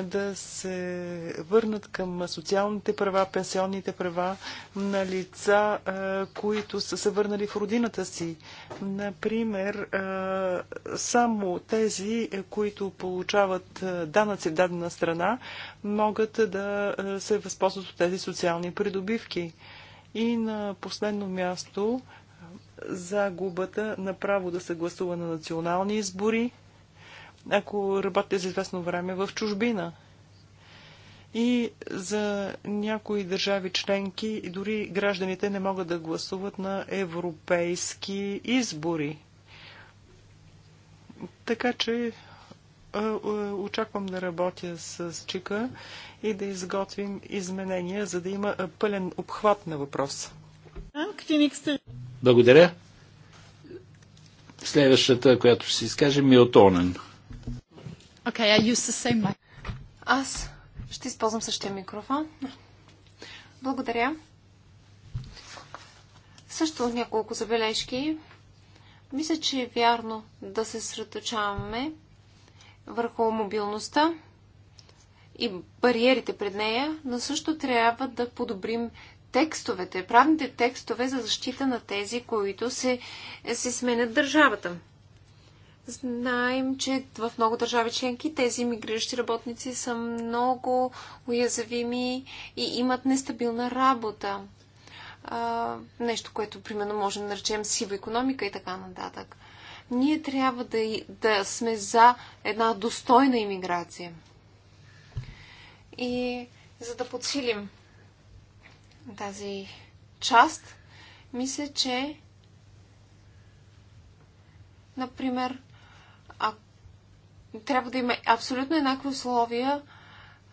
да се върнат към социалните права, пенсионните права на лица, които са се върнали в родината си. Например, само тези, които получават данъци в дадена страна, могат да се възползват от тези социални придобивки. И на последно място загубата на право да се гласува на национални избори, ако работите за известно време в чужбина. И за някои държави членки дори гражданите не могат да гласуват на европейски избори. Така че е, е, очаквам да работя с Чика и да изготвим изменения, за да има е, пълен обхват на въпроса. Благодаря. Следващата, която ще изкаже, ми е Okay, I use the same Аз ще използвам същия микрофон. Благодаря. Също няколко забележки. Мисля, че е вярно да се средочаваме върху мобилността и бариерите пред нея, но също трябва да подобрим текстовете, правните текстове за защита на тези, които се, се сменят държавата. Знаем, че в много държави членки тези мигриращи работници са много уязвими и имат нестабилна работа. А, нещо, което примерно можем да наречем сива економика и така нататък. Ние трябва да, да сме за една достойна иммиграция. И за да подсилим тази част, мисля, че например, а, трябва да има абсолютно еднакви условия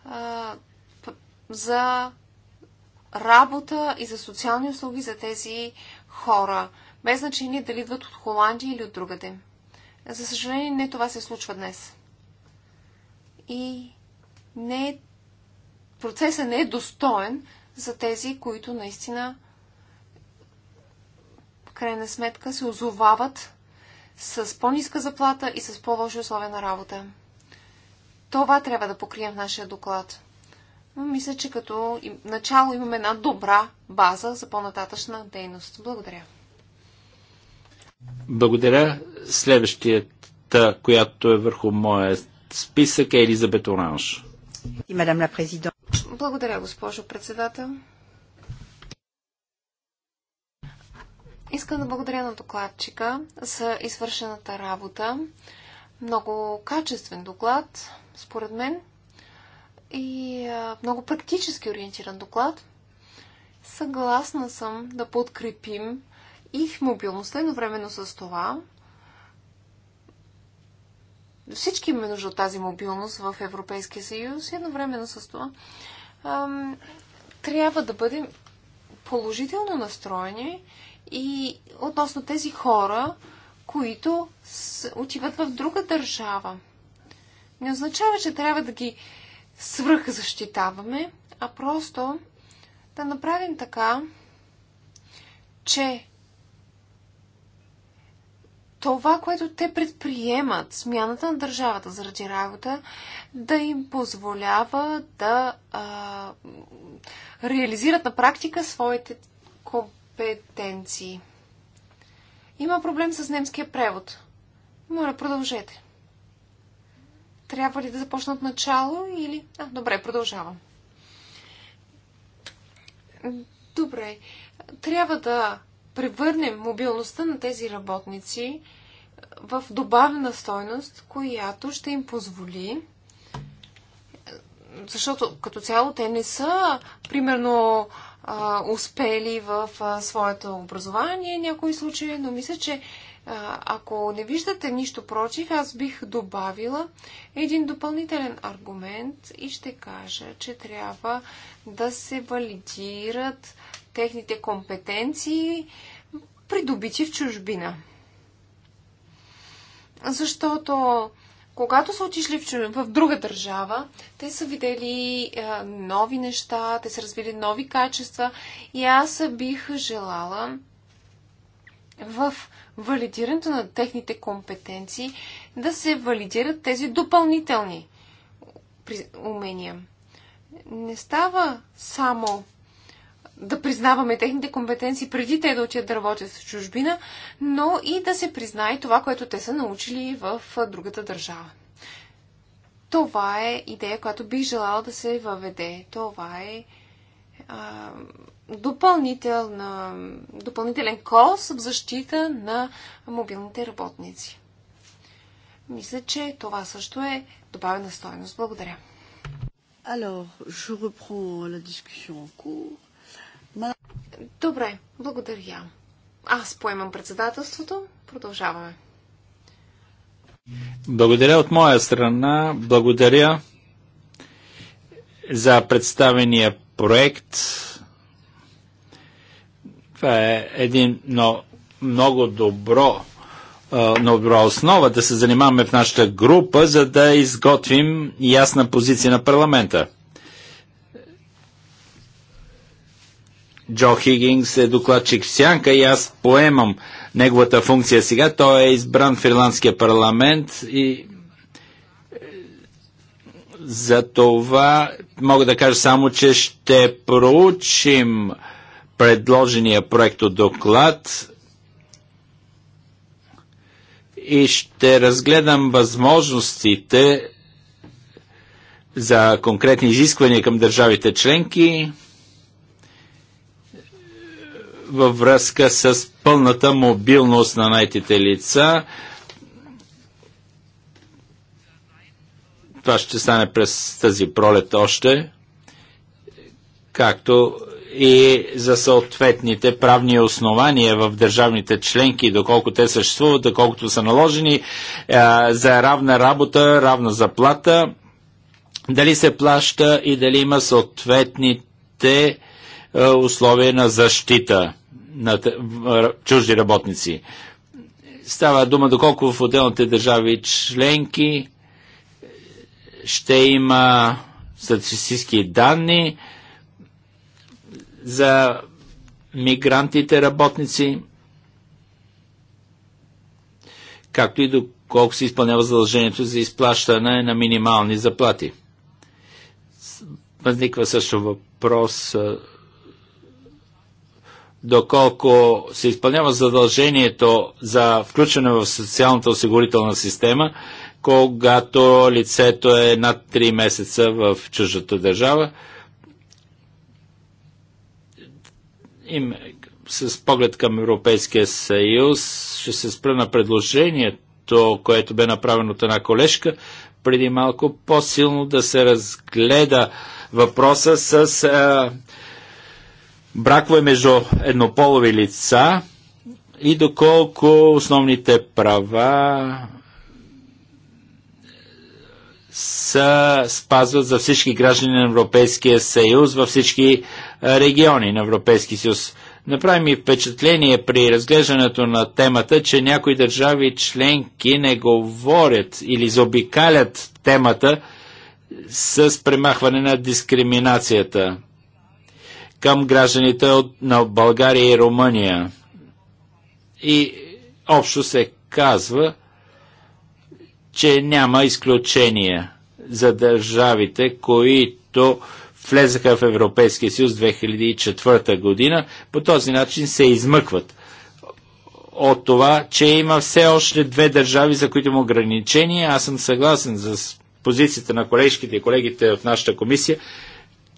а, за работа и за социални услуги за тези хора без значение дали идват от Холандия или от другаде. За съжаление, не това се случва днес. И не е, процесът не е достоен за тези, които наистина в крайна сметка се озовават с по-ниска заплата и с по-лоши условия на работа. Това трябва да покрием в нашия доклад. Но мисля, че като начало имаме една добра база за по-нататъчна дейност. Благодаря. Благодаря. Следващията, която е върху моя списък е Елизабет Оранж. И мадам ла президент. Благодаря, госпожо председател. Искам да благодаря на докладчика за извършената работа. Много качествен доклад, според мен, и много практически ориентиран доклад. Съгласна съм да подкрепим и мобилността едновременно с това. Всички имаме нужда от тази мобилност в Европейския съюз и едновременно с това ам, трябва да бъдем положително настроени и относно тези хора, които с, отиват в друга държава. Не означава, че трябва да ги свръхзащитаваме, а просто да направим така, че това, което те предприемат, смяната на държавата заради работа, да им позволява да а, реализират на практика своите компетенции. Има проблем с немския превод. Моля, продължете. Трябва ли да започна от начало или... А, добре, продължавам. Добре. Трябва да превърнем мобилността на тези работници е, в добавена стойност, която ще им позволи е, защото като цяло те не са, примерно, е, успели в своето образование някои случаи, но мисля, че ако не виждате нищо против, аз бих добавила един допълнителен аргумент и ще кажа, че трябва да се валидират техните компетенции, придобити в чужбина. Защото когато са отишли в, в друга държава, те са видели е, нови неща, те са развили нови качества и аз бих желала в валидирането на техните компетенции, да се валидират тези допълнителни умения. Не става само да признаваме техните компетенции преди те да отидат да работят в чужбина, но и да се признае това, което те са научили в другата държава. Това е идея, която бих желала да се въведе. Това е а, допълнителна, допълнителен кос в защита на мобилните работници. Мисля, че това също е добавена стоеност. Благодаря. Alors, je reprends la discussion en cours. Ma... Добре, благодаря. Аз поемам председателството. Продължаваме. Благодаря от моя страна. Благодаря за представения проект това е един но, много добро на добра основа да се занимаваме в нашата група, за да изготвим ясна позиция на парламента. Джо Хигингс е докладчик в Сянка и аз поемам неговата функция сега. Той е избран в Ирландския парламент и за това мога да кажа само, че ще проучим предложения проекто доклад и ще разгледам възможностите за конкретни изисквания към държавите членки във връзка с пълната мобилност на найтите лица. Това ще стане през тази пролет още, както и за съответните правни основания в държавните членки, доколко те съществуват, доколкото са наложени е, за равна работа, равна заплата, дали се плаща и дали има съответните е, условия на защита на е, чужди работници. Става дума доколко в отделните държави членки ще има статистически данни, за мигрантите работници, както и доколко се изпълнява задължението за изплащане на минимални заплати. Възниква също въпрос доколко се изпълнява задължението за включване в социалната осигурителна система, когато лицето е над 3 месеца в чуждата държава. им, с поглед към Европейския съюз, ще се спра на предложението, което бе направено от една колежка, преди малко по-силно да се разгледа въпроса с а, бракове между еднополови лица и доколко основните права са спазват за всички граждани на Европейския съюз във всички е, региони на Европейски съюз. Направи ми впечатление при разглеждането на темата, че някои държави членки не говорят или заобикалят темата с премахване на дискриминацията към гражданите от, на България и Румъния. И общо се казва, че няма изключения за държавите, които влезаха в Европейския съюз 2004 година, по този начин се измъкват от това, че има все още две държави, за които има ограничения. Аз съм съгласен за позицията на колежките и колегите в нашата комисия,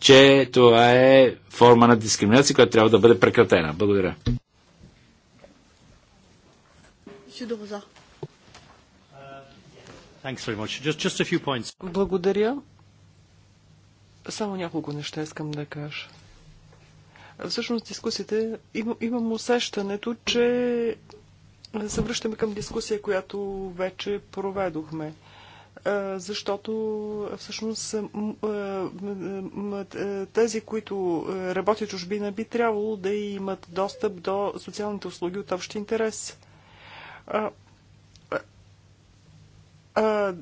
че това е форма на дискриминация, която трябва да бъде прекратена. Благодаря. Благодаря. Само няколко неща искам да кажа. Всъщност дискусията, имам, имам усещането, че се връщаме към дискусия, която вече проведохме защото всъщност тези, които работят чужбина, би трябвало да имат достъп до социалните услуги от общ интерес а,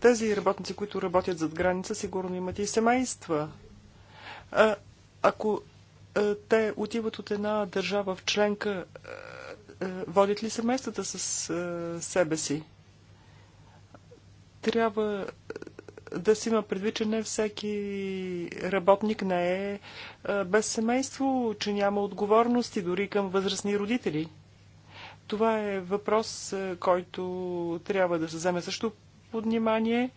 тези работници, които работят зад граница, сигурно имат и семейства. А, ако а, те отиват от една държава в членка, а, а, водят ли семействата с а, себе си? Трябва да си има предвид, че не всеки работник не е без семейство, че няма отговорности дори към възрастни родители. Това е въпрос, е, който трябва да се вземе също под внимание.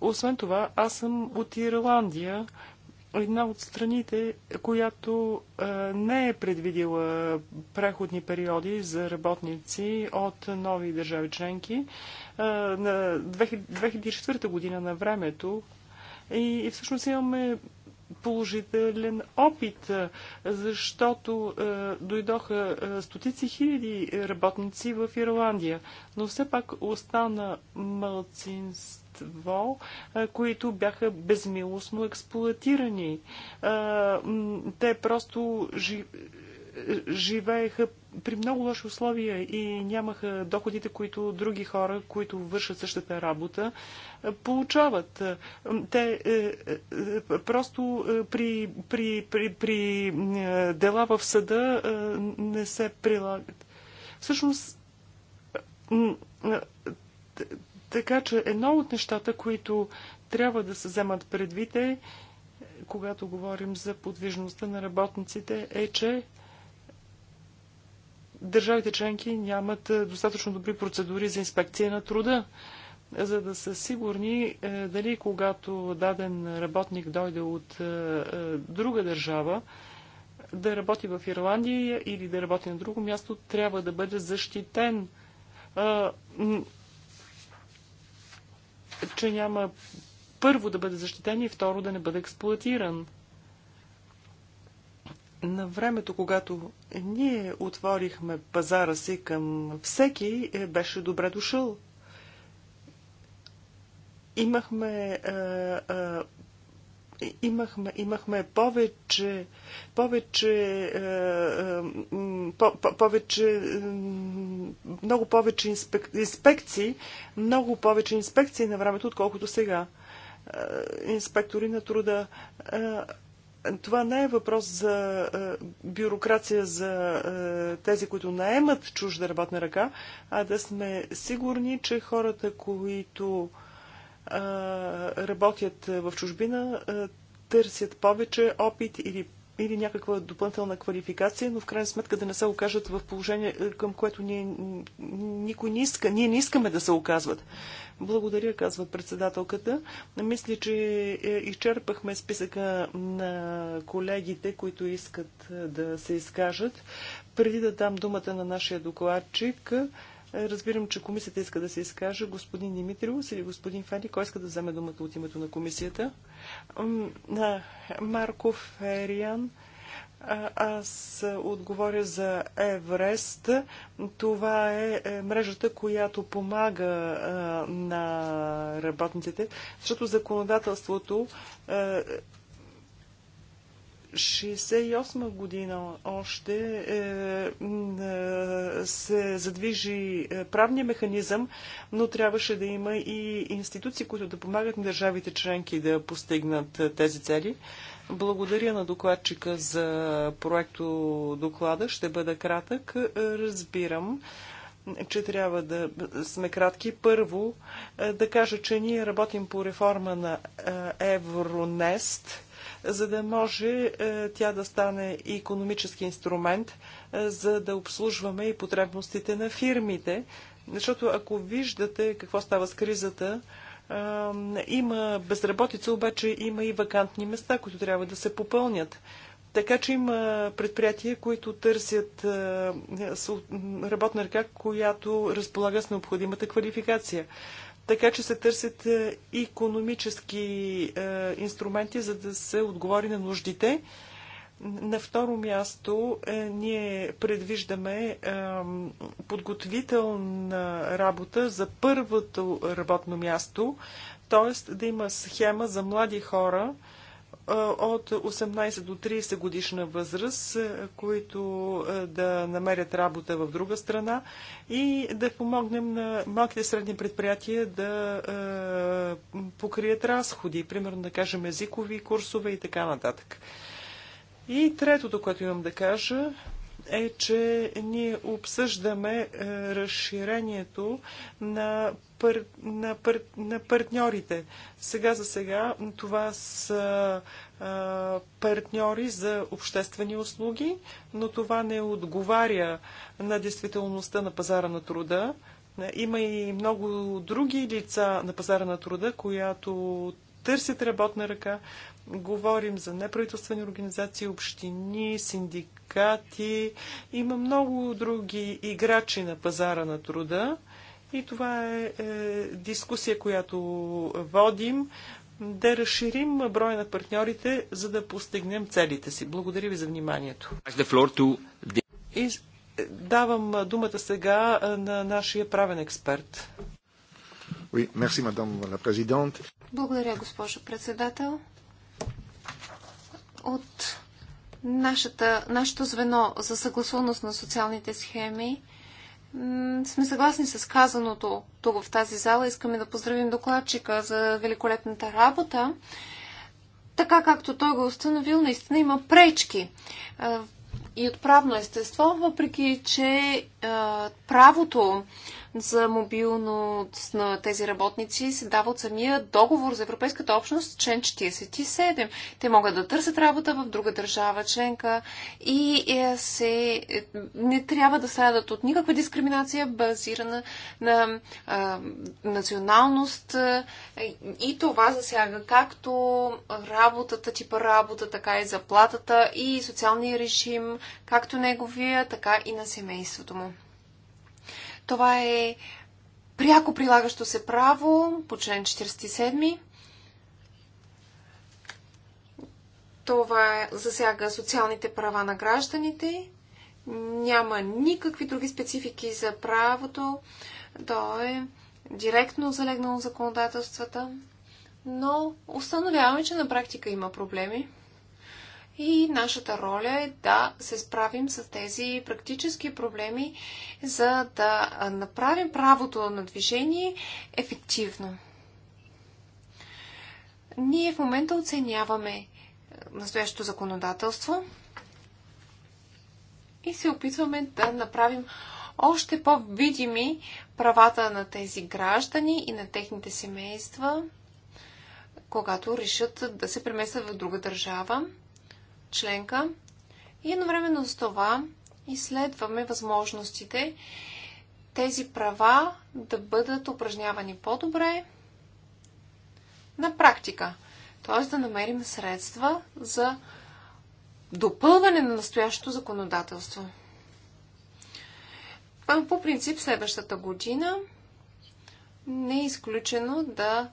Освен това, аз съм от Ирландия, една от страните, която е, не е предвидила преходни периоди за работници от нови държави членки. Е, на 2004 година на времето и всъщност имаме положителен опит, защото е, дойдоха е, стотици хиляди работници в Ирландия, но все пак остана мълцинство, е, които бяха безмилостно експлуатирани. Е, те просто жи, живееха при много лоши условия и нямаха доходите, които други хора, които вършат същата работа, е, получават. Е, те е, просто при, при, при, при дела в съда не се прилагат. Всъщност, така че едно от нещата, които трябва да се вземат предвид е, когато говорим за подвижността на работниците, е, че държавите членки нямат е, достатъчно добри процедури за инспекция на труда, за да са сигурни е, дали когато даден работник дойде от е, друга държава, да работи в Ирландия или да работи на друго място, трябва да бъде защитен, че няма първо да бъде защитен и второ да не бъде експлуатиран на времето, когато ние отворихме пазара си към всеки, е, беше добре дошъл. Имахме, е, е, имахме, имахме повече, повече, повече, много повече инспек, инспекции, много повече инспекции на времето, отколкото сега. Инспектори на труда това не е въпрос за е, бюрокрация за е, тези, които наемат чужда работна ръка, а да сме сигурни, че хората, които е, работят в чужбина, търсят повече опит или или някаква допълнителна квалификация, но в крайна сметка да не се окажат в положение, е, към което ние, никой не иска. Ние не искаме да се оказват. Благодаря, казва председателката. Мисля, че е, изчерпахме списъка на колегите, които искат е, да се изкажат. Преди да дам думата на нашия докладчик, Разбирам, че комисията иска да се изкаже. Господин Димитриус или господин Фани, кой иска да вземе думата от името на комисията? Марко Фериан. Аз отговоря за Еврест. Това е, е мрежата, която помага на работниците, защото законодателството 68 година още е, е, се задвижи е, правния механизъм, но трябваше да има и институции, които да помагат на държавите членки да постигнат тези цели. Благодаря на докладчика за проекто доклада. Ще бъда кратък. Разбирам, че трябва да сме кратки. Първо, да кажа, че ние работим по реформа на Евронест – за да може е, тя да стане и економически инструмент, е, за да обслужваме и потребностите на фирмите. Защото ако виждате какво става с кризата, е, има безработица, обаче има и вакантни места, които трябва да се попълнят. Така че има предприятия, които търсят работна ръка, която разполага с необходимата квалификация така че се търсят е, икономически е, инструменти, за да се отговори на нуждите. На второ място е, ние предвиждаме подготовителна работа за първото работно място, т.е. да има схема за млади хора, от 18 до 30 годишна възраст, които да намерят работа в друга страна и да помогнем на малките и средни предприятия да покрият разходи, примерно да кажем езикови курсове и така нататък. И третото, което имам да кажа, е, че ние обсъждаме е, разширението на, пар, на, пар, на партньорите. Сега за сега това са е, партньори за обществени услуги, но това не отговаря на действителността на пазара на труда. Има и много други лица на пазара на труда, която търсят работна ръка. Говорим за неправителствени организации, общини, синдикати синдикати. Има много други играчи на пазара на труда. И това е, е дискусия, която водим да разширим броя на партньорите, за да постигнем целите си. Благодаря ви за вниманието. И е, давам думата сега е, на нашия правен експерт. Благодаря, госпожо председател. От нашата, нашето звено за съгласуваност на социалните схеми. Сме съгласни с казаното тук в тази зала. Искаме да поздравим докладчика за великолепната работа. Така както той го е установил, наистина има пречки и от правно естество, въпреки че правото за мобилност на тези работници се дава от самия договор за Европейската общност, член 47. Те могат да търсят работа в друга държава членка и е, се, е, не трябва да страдат от никаква дискриминация, базирана на а, националност. Е, и това засяга както работата, типа работа, така и заплатата и социалния режим, както неговия, така и на семейството му. Това е пряко прилагащо се право по член 47. Това засяга социалните права на гражданите. Няма никакви други специфики за правото. То е директно залегнало в законодателствата. Но установяваме, че на практика има проблеми. И нашата роля е да се справим с тези практически проблеми, за да направим правото на движение ефективно. Ние в момента оценяваме е, настоящото законодателство и се опитваме да направим още по-видими правата на тези граждани и на техните семейства, когато решат да се преместят в друга държава членка и едновременно с това изследваме възможностите тези права да бъдат упражнявани по-добре на практика. Т.е. да намерим средства за допълване на настоящото законодателство. По принцип, следващата година не е изключено да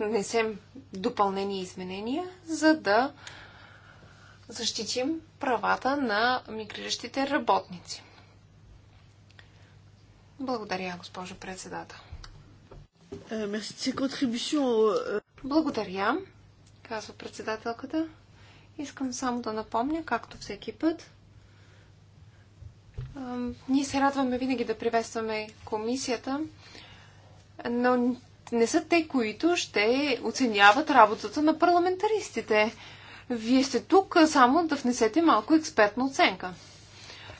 внесем допълнени изменения, за да защитим правата на мигриращите работници. Благодаря, госпожо председател. Е, е. Благодаря, казва председателката. Искам само да напомня, както всеки път, е, ние се радваме винаги да приветстваме комисията, но не са те, които ще оценяват работата на парламентаристите. Вие сте тук само да внесете малко експертна оценка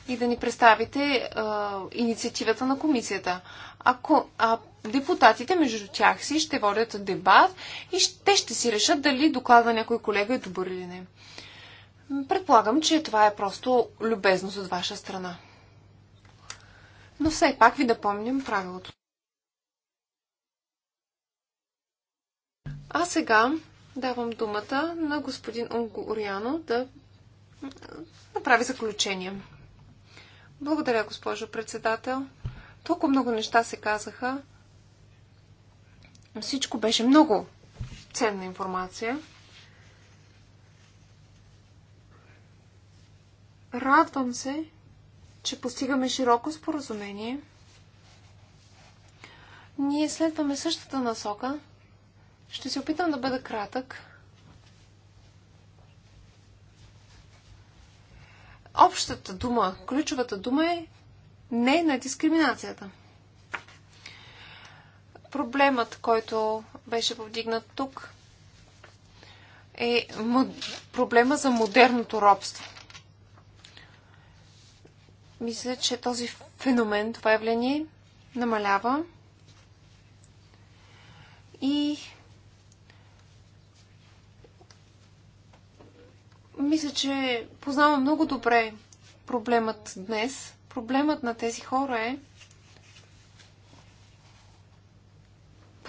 и да ни представите а, инициативата на комисията. Ако а, депутатите между тях си ще водят дебат и те ще си решат дали доклада някой колега е добър или не. Предполагам, че това е просто любезност от ваша страна. Но все пак ви да помним правилото. А сега Давам думата на господин Ориано да направи заключение. Благодаря, госпожо председател. Толкова много неща се казаха. Всичко беше много ценна информация. Радвам се, че постигаме широко споразумение. Ние следваме същата насока – ще се опитам да бъда кратък. Общата дума, ключовата дума е не на дискриминацията. Проблемът, който беше повдигнат тук, е проблема за модерното робство. Мисля, че този феномен, това явление намалява и Мисля, че познавам много добре проблемът днес. Проблемът на тези хора е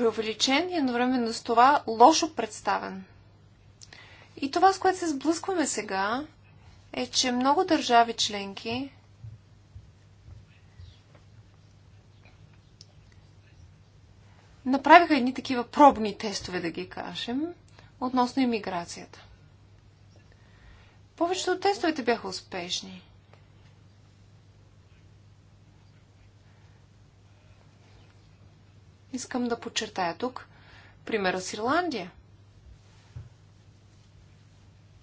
преувеличен и едновременно с това лошо представен. И това, с което се сблъскваме сега, е, че много държави членки направиха едни такива пробни тестове, да ги кажем, относно иммиграцията. Повечето от тестовете бяха успешни. Искам да подчертая тук примера с Ирландия,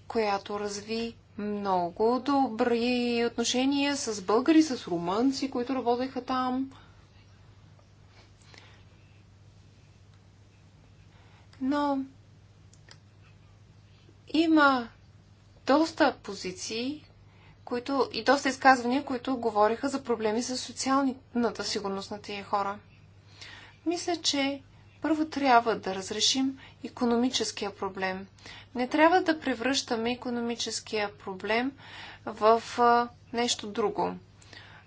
която разви много добри отношения с българи, с румънци, които работеха там. Но има доста позиции които, и доста изказвания, които говориха за проблеми с социалната сигурност на тези хора. Мисля, че първо трябва да разрешим економическия проблем. Не трябва да превръщаме економическия проблем в нещо друго,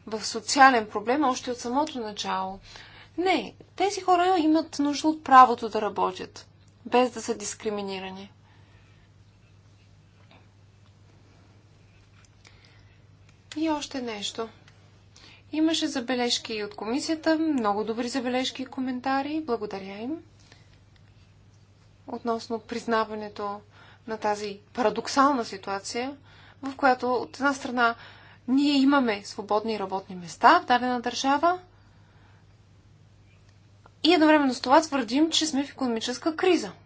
в социален проблем още от самото начало. Не, тези хора имат нужда от правото да работят, без да са дискриминирани. И още нещо. Имаше забележки от комисията, много добри забележки и коментари. Благодаря им. Относно признаването на тази парадоксална ситуация, в която от една страна ние имаме свободни работни места в дадена държава и едновременно с това твърдим, че сме в економическа криза –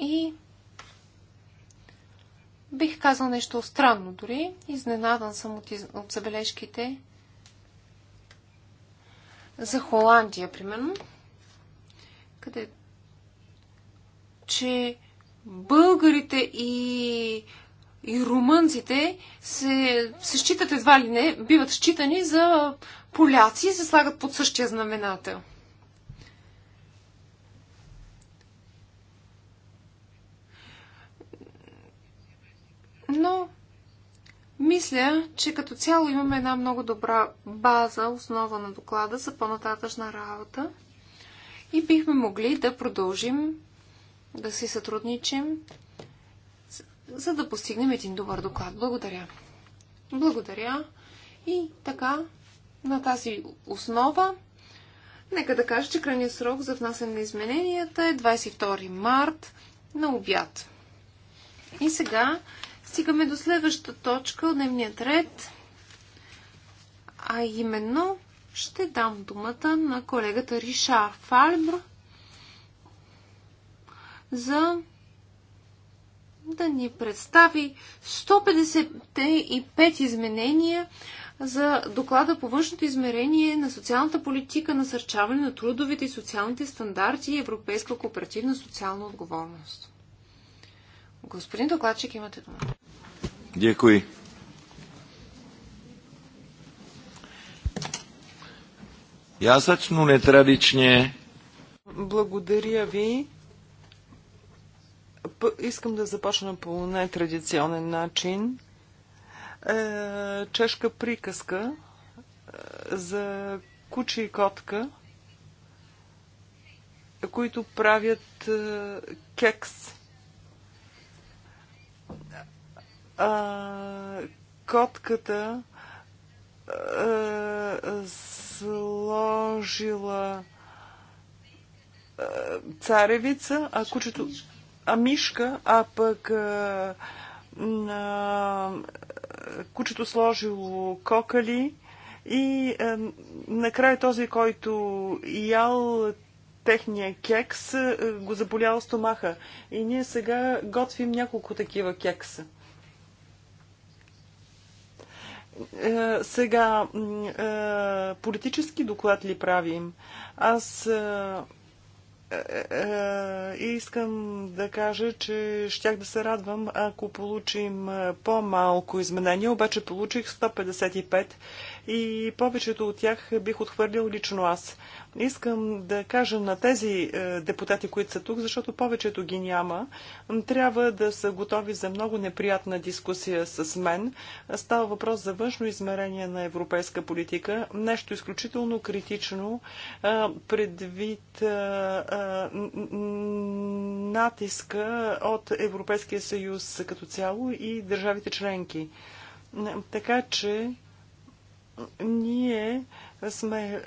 И бих казал нещо странно дори. Изненадан съм от, из... от забележките за Холандия, примерно, къде че българите и, и румънците се, се считат едва ли не, биват считани за поляци и се слагат под същия знаменател. Но мисля, че като цяло имаме една много добра база, основа на доклада за по-нататъчна работа и бихме могли да продължим да си сътрудничим, за да постигнем един добър доклад. Благодаря. Благодаря. И така, на тази основа, нека да кажа, че крайният срок за внасяне на измененията е 22 март на обяд. И сега стигаме до следващата точка от дневният ред, а именно ще дам думата на колегата Ришар Фальбр за да ни представи 155 изменения за доклада по външното измерение на социалната политика, насърчаване на трудовите и социалните стандарти и европейска кооперативна социална отговорност. Господин докладчик, имате дума. Děkuji. Я začnu нетрадичне. Благодаря ви. Искам да започна по нетрадиционен начин. Е, чешка приказка е, за куче и котка, които правят е, кекс а, котката а, сложила а, царевица, а кучето, а мишка, а пък а, а, кучето сложило кокали. И а, накрая този, който ял техния кекс е, го заболял стомаха. И ние сега готвим няколко такива кекса. Е, сега, е, политически доклад ли правим? Аз искам да кажа, че щях да се радвам, ако получим по-малко изменения, обаче получих 155 и повечето от тях бих отхвърлил лично аз. Искам да кажа на тези е, депутати, които са тук, защото повечето ги няма, трябва да са готови за много неприятна дискусия с мен. Става въпрос за външно измерение на европейска политика, нещо изключително критично е, предвид е, натиска от Европейския съюз като цяло и държавите членки. Така че ние сме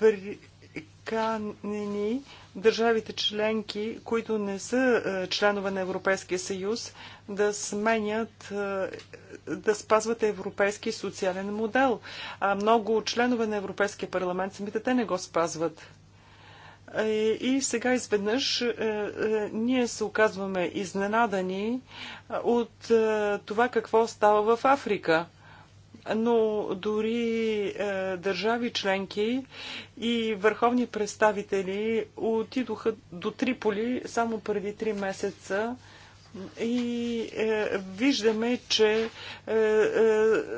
приканени държавите членки, които не са е, членове на Европейския съюз, да сменят, е, да спазват европейски социален модел. А много членове на Европейския парламент самите те не го спазват. Е, и сега изведнъж ние се оказваме изненадани от това какво става в Африка но дори е, държави членки и върховни представители отидоха до Триполи само преди три месеца и е, виждаме, че е, е,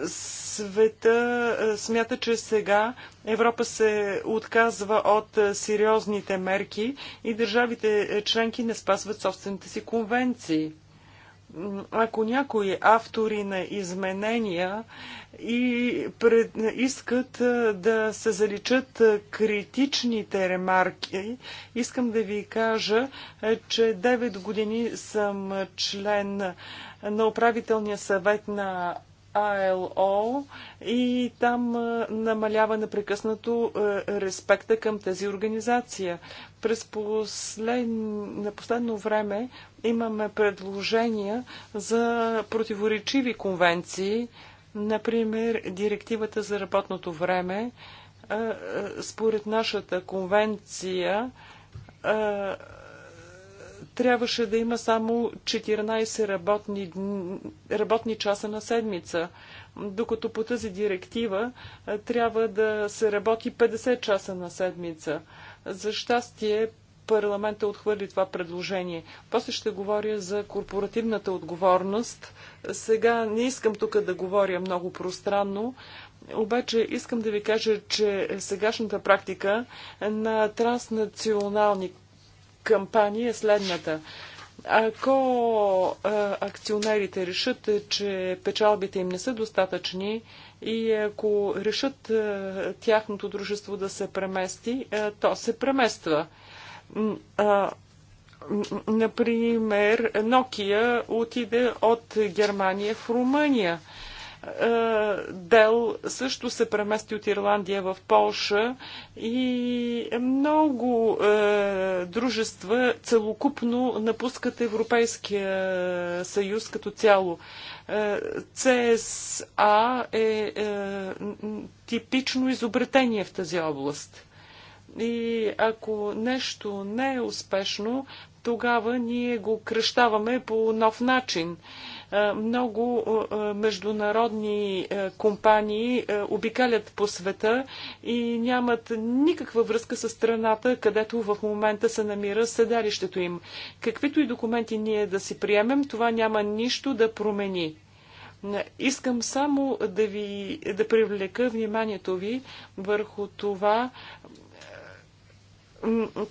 света е, смята, че сега Европа се отказва от е, сериозните мерки и държавите е, членки не спазват собствените си конвенции ако някои автори на изменения и пред, искат да се заличат критичните ремарки, искам да ви кажа, че 9 години съм член на управителния съвет на АЛО и там намалява непрекъснато респекта към тази организация. През послед... на последно време имаме предложения за противоречиви конвенции, например директивата за работното време. Според нашата конвенция трябваше да има само 14 работни, работни часа на седмица, докато по тази директива трябва да се работи 50 часа на седмица. За щастие, парламента отхвърли това предложение. После ще говоря за корпоративната отговорност. Сега не искам тук да говоря много пространно, обаче искам да ви кажа, че сегашната практика на транснационални кампании е следната. Ако акционерите решат, че печалбите им не са достатъчни и ако решат тяхното дружество да се премести, то се премества. Например, Nokia отиде от Германия в Румъния. Е, дел също се премести от Ирландия в Полша и много е, дружества целокупно напускат Европейския съюз като цяло. Е, ЦСА е, е типично изобретение в тази област. И ако нещо не е успешно, тогава ние го кръщаваме по нов начин. Е, е, много е, е, международни компании обикалят по света и нямат никаква връзка с страната, където в момента се намира седалището им. Каквито и документи ние да си приемем, това няма нищо да промени. Искам само да ви да привлека вниманието ви върху това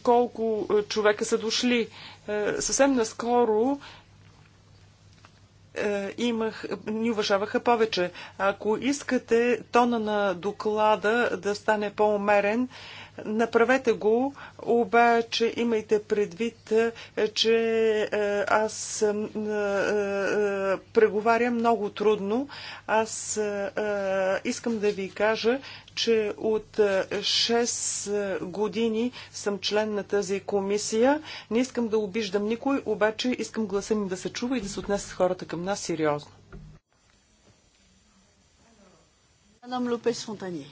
колко човека са дошли. Съвсем наскоро е, имах, ни уважаваха повече. Ако искате тона на доклада да стане по-умерен, Направете го, обаче имайте предвид, е, че е, аз е, преговарям много трудно. Аз искам да ви кажа, че от 6 години съм член на тази комисия. Не искам да обиждам никой, обаче искам гласа ми да се чува и да се отнесат хората към нас сериозно. Мадам Лопес Фонтани.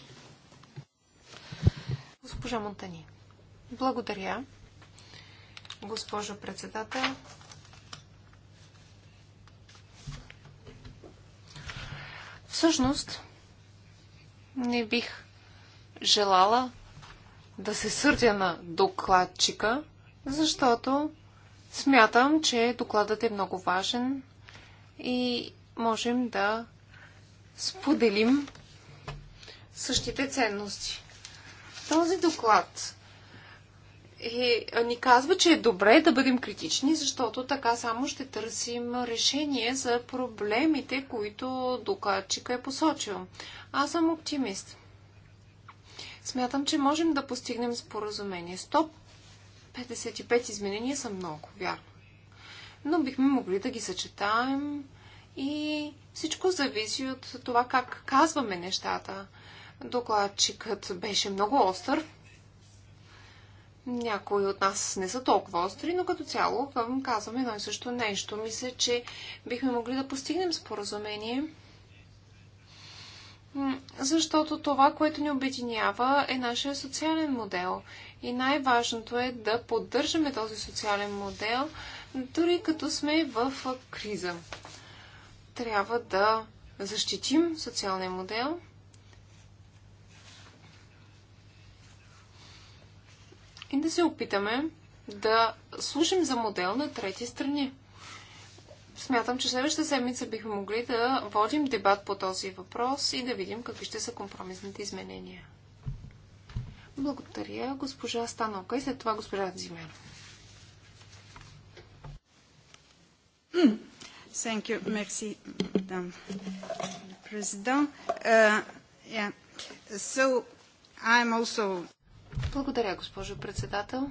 Госпожа Монтани. Благодаря, госпожо председател. Всъщност, не бих желала да се сърдя на докладчика, защото смятам, че докладът е много важен и можем да споделим същите ценности този доклад е, ни казва, че е добре да бъдем критични, защото така само ще търсим решение за проблемите, които докладчика е посочил. Аз съм оптимист. Смятам, че можем да постигнем споразумение. 155 изменения са много, вярно. Но бихме могли да ги съчетаем и всичко зависи от това как казваме нещата. Докладчикът беше много остър. Някои от нас не са толкова остри, но като цяло към казваме едно и също нещо. Мисля, че бихме могли да постигнем споразумение, защото това, което ни обединява, е нашия социален модел. И най-важното е да поддържаме този социален модел, дори като сме в криза. Трябва да защитим социалния модел – и да се опитаме да служим за модел на трети страни. Смятам, че следващата седмица бихме могли да водим дебат по този въпрос и да видим какви ще са компромисните изменения. Благодаря, госпожа Станока и след това госпожа Дзимер. Thank you. Merci, Madame President. Uh, yeah. So I'm also благодаря, госпожо председател.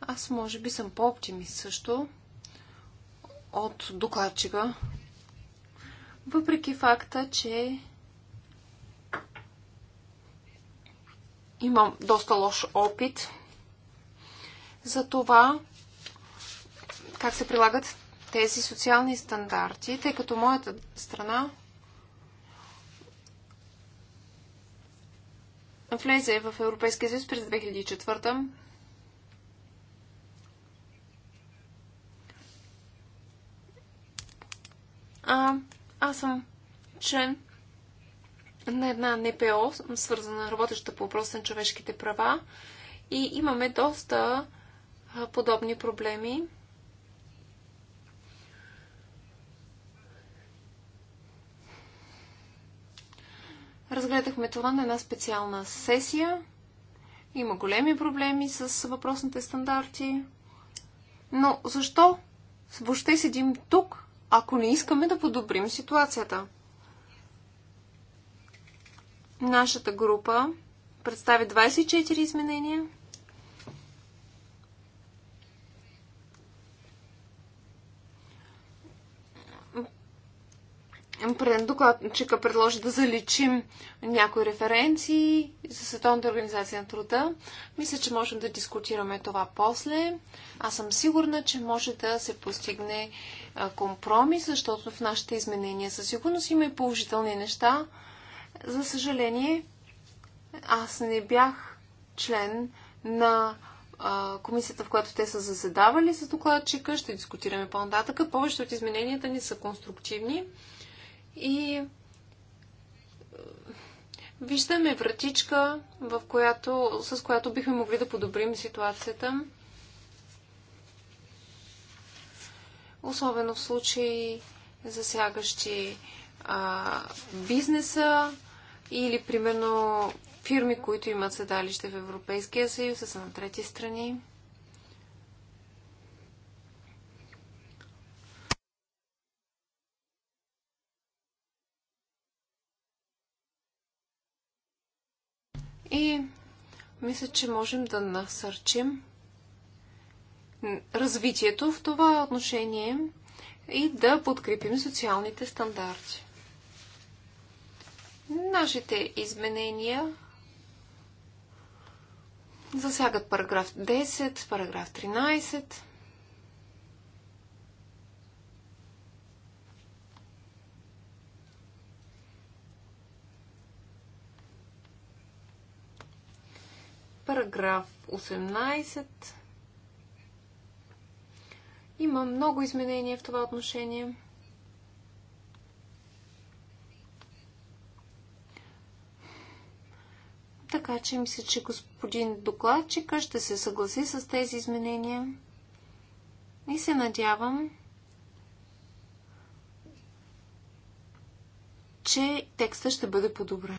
Аз може би съм по-оптимист също от докладчика. Въпреки факта, че имам доста лош опит за това как се прилагат тези социални стандарти, тъй като моята страна влезе в Европейския съюз през 2004 А, аз съм член на една НПО, свързана, работеща по въпроса на човешките права. И имаме доста подобни проблеми. Разгледахме това на една специална сесия. Има големи проблеми с въпросните стандарти. Но защо въобще седим тук, ако не искаме да подобрим ситуацията? Нашата група представи 24 изменения – докладчика предложи да заличим някои референции за Световната организация на труда. Мисля, че можем да дискутираме това после. Аз съм сигурна, че може да се постигне компромис, защото в нашите изменения със сигурност има и положителни неща. За съжаление, аз не бях член на комисията, в която те са заседавали с докладчика. Ще дискутираме по-нататък. Повечето от измененията ни са конструктивни. И е, виждаме вратичка, в която, с която бихме могли да подобрим ситуацията. Особено в случаи засягащи а, бизнеса или, примерно, фирми, които имат седалище в Европейския съюз, са на трети страни. И мисля, че можем да насърчим развитието в това отношение и да подкрепим социалните стандарти. Нашите изменения засягат параграф 10, параграф 13 Параграф 18. Има много изменения в това отношение. Така че мисля, че господин докладчика ще се съгласи с тези изменения. И се надявам, че текста ще бъде подобрен.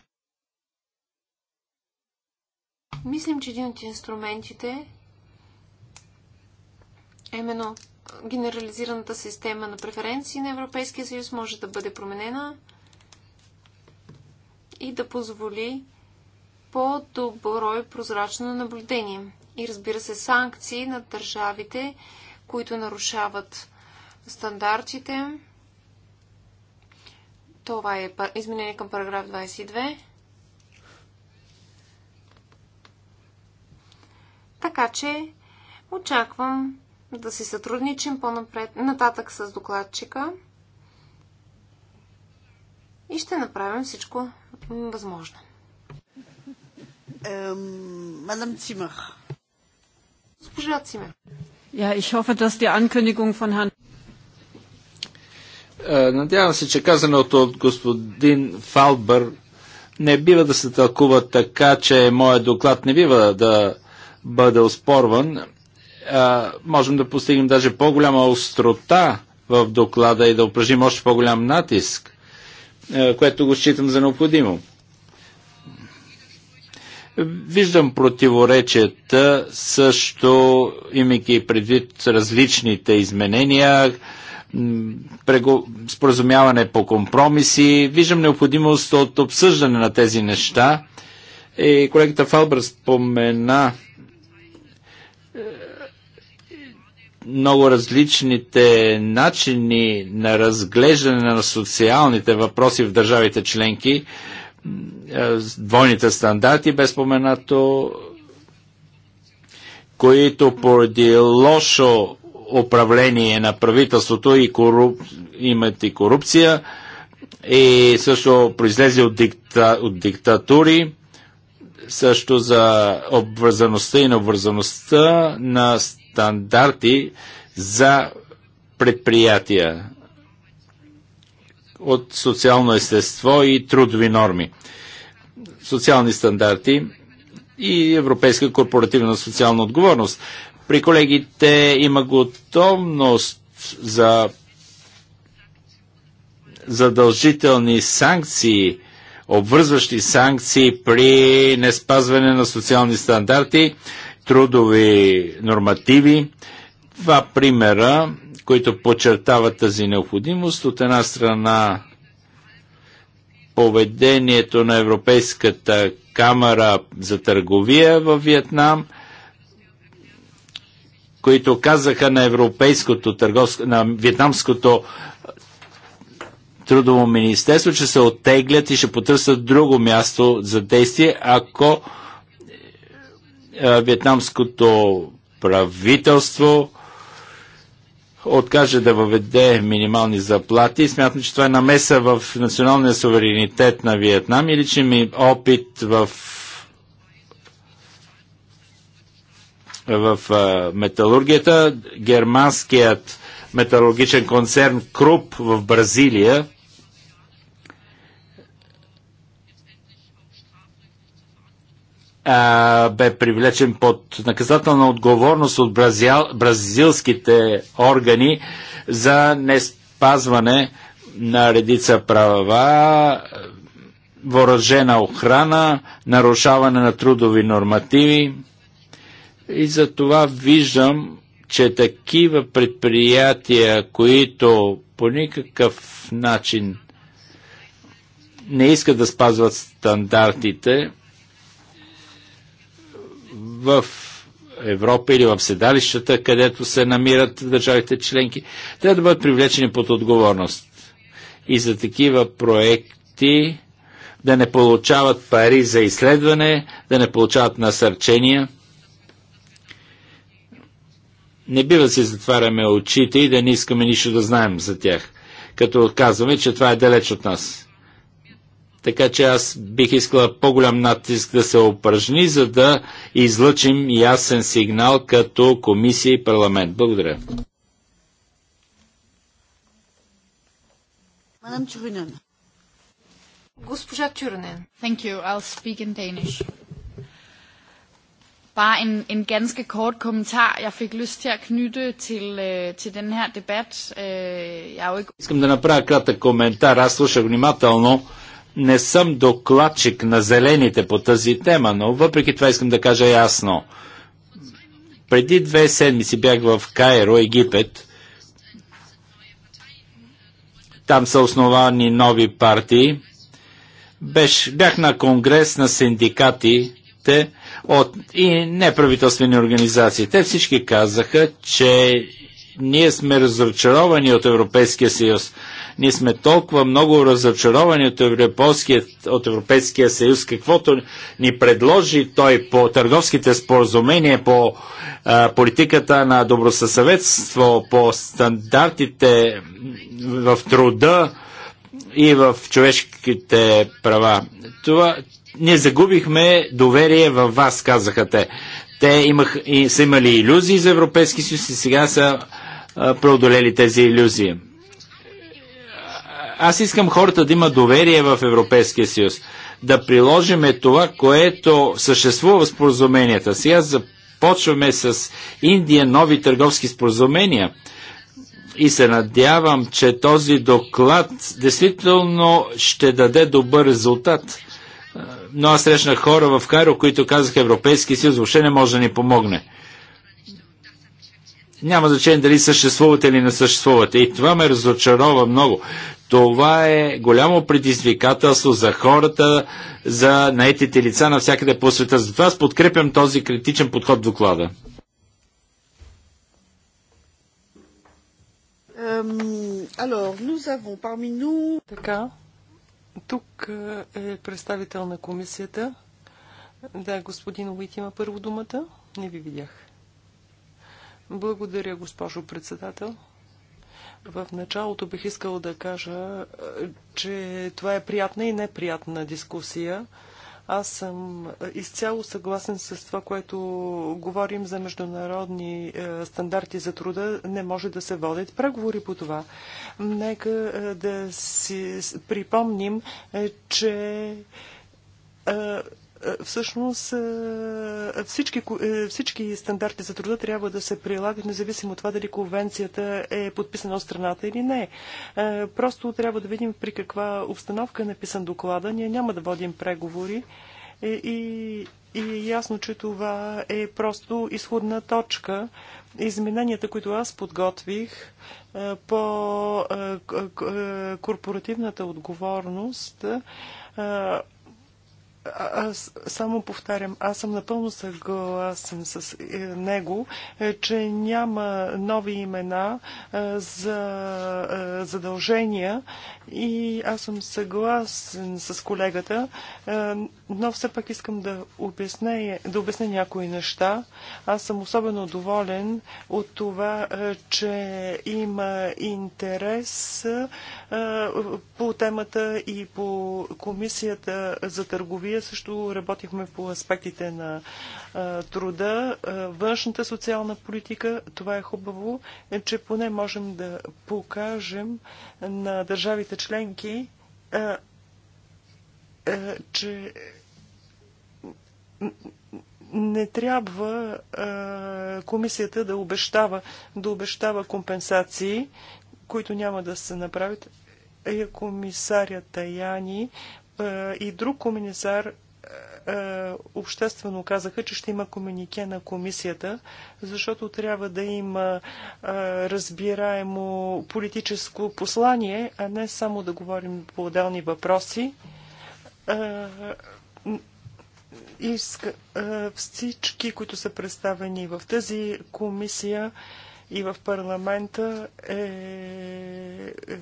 Мислим, че един от инструментите е именно генерализираната система на преференции на Европейския съюз може да бъде променена и да позволи по-добро и прозрачно наблюдение. И разбира се, санкции на държавите, които нарушават стандартите. Това е изменение към параграф 22. Така че очаквам да си сътрудничим по-напред, нататък с докладчика и ще направим всичко възможно. Мадам Цимах. Госпожа Цимер. Ja, ich hoffe, dass die Ankündigung von Herrn е, Надявам се, че казаното от господин Фалбър не бива да се тълкува така, че моят доклад не бива да бъде оспорван, можем да постигнем даже по-голяма острота в доклада и да упражним още по-голям натиск, което го считам за необходимо. Виждам противоречията също, имайки предвид различните изменения, споразумяване по компромиси. Виждам необходимост от обсъждане на тези неща. И колегата Фалбърст спомена много различните начини на разглеждане на социалните въпроси в държавите членки, е, двойните стандарти, без споменато, които поради лошо управление на правителството и коруп... имат и корупция, и също произлезе от, дикта... от диктатури, също за обвързаността и необвързаността на стандарти за предприятия от социално естество и трудови норми. Социални стандарти и Европейска корпоративна социална отговорност. При колегите има готовност за задължителни санкции, обвързващи санкции при неспазване на социални стандарти, трудови нормативи. Два примера, които подчертават тази необходимост. От една страна поведението на Европейската камера за търговия в Виетнам, които казаха на европейското търговско, на вьетнамското трудово министерство, че се оттеглят и ще потърсят друго място за действие, ако е, вьетнамското правителство откаже да въведе минимални заплати смятам, че това е намеса в националния суверенитет на Виетнам или че ми опит в в е, металургията. Германският металургичен концерн Круп в Бразилия а, бе привлечен под наказателна отговорност от бразил, бразилските органи за неспазване на редица права, въоръжена охрана, нарушаване на трудови нормативи. И за това виждам, че такива предприятия, които по никакъв начин не искат да спазват стандартите, в Европа или в седалищата, където се намират държавите членки, трябва да бъдат привлечени под отговорност. И за такива проекти да не получават пари за изследване, да не получават насърчения. Не бива да си затваряме очите и да не искаме нищо да знаем за тях, като казваме, че това е далеч от нас. Така че аз бих искала по-голям натиск да се упражни, за да излъчим ясен сигнал като комисия и парламент. Благодаря. Госпожа Чурнен. Thank you. I'll speak in Danish. Bare en, en ganske kort kommentar, jeg fik lyst til at knytte til, øh, til den her debat. Øh, jeg er jo ikke... Skal da да направя kommentar? Jeg slår sig внимателно не съм докладчик на зелените по тази тема, но въпреки това искам да кажа ясно. Преди две седмици бях в Кайро, Египет. Там са основани нови партии. Беш, бях на конгрес на синдикатите от, и неправителствени организации. Те всички казаха, че ние сме разочаровани от Европейския съюз. Ние сме толкова много разочаровани от Европейския, от Европейския съюз, каквото ни предложи той по търговските споразумения, по а, политиката на добросъсъветство, по стандартите в труда и в човешките права. Това ние загубихме доверие във вас, казаха те те имах, и, са имали иллюзии за Европейски съюз и сега са преодолели тези иллюзии. Аз искам хората да имат доверие в Европейския съюз, да приложиме това, което съществува в споразуменията. Сега започваме с Индия нови търговски споразумения и се надявам, че този доклад действително ще даде добър резултат. Но аз срещнах хора в Кайро, които казаха Европейски съюз въобще не може да ни помогне няма значение дали съществуват или не съществуват. И това ме разочарова много. Това е голямо предизвикателство за хората, за наетите лица навсякъде по света. Затова аз подкрепям този критичен подход в доклада. Така, тук е представител на комисията. Да, господин Уит има първо думата. Не ви видях. Благодаря, госпожо председател. В началото бих искала да кажа, че това е приятна и неприятна дискусия. Аз съм изцяло съгласен с това, което говорим за международни е, стандарти за труда. Не може да се водят преговори по това. Нека е, да си припомним, е, че е, всъщност е, всички, е, всички стандарти за труда трябва да се прилагат, независимо от това дали конвенцията е подписана от страната или не. Просто трябва да видим при каква обстановка е написан доклада. Ние няма да водим преговори и, и е ясно, че това е просто изходна точка. Измененията, които аз подготвих по корпоративната отговорност, аз само повтарям, аз съм напълно съгласен с е, него, е, че няма нови имена е, за задължения и аз съм съгласен с колегата, но все пак искам да обясня, да обясня някои неща. Аз съм особено доволен от това, че има интерес по темата и по комисията за търговия ние също работихме по аспектите на труда, външната социална политика. Това е хубаво, е, че поне можем да покажем на държавите членки, че не трябва а, комисията да обещава, да обещава компенсации, които няма да се направят. Е, Комисарята Яни е, и друг комисар е, е, обществено казаха, че ще има комунике на комисията, защото трябва да има разбираемо политическо послание, а не само да говорим по отделни въпроси. Иска всички, които са представени в тази комисия, и в парламента е, е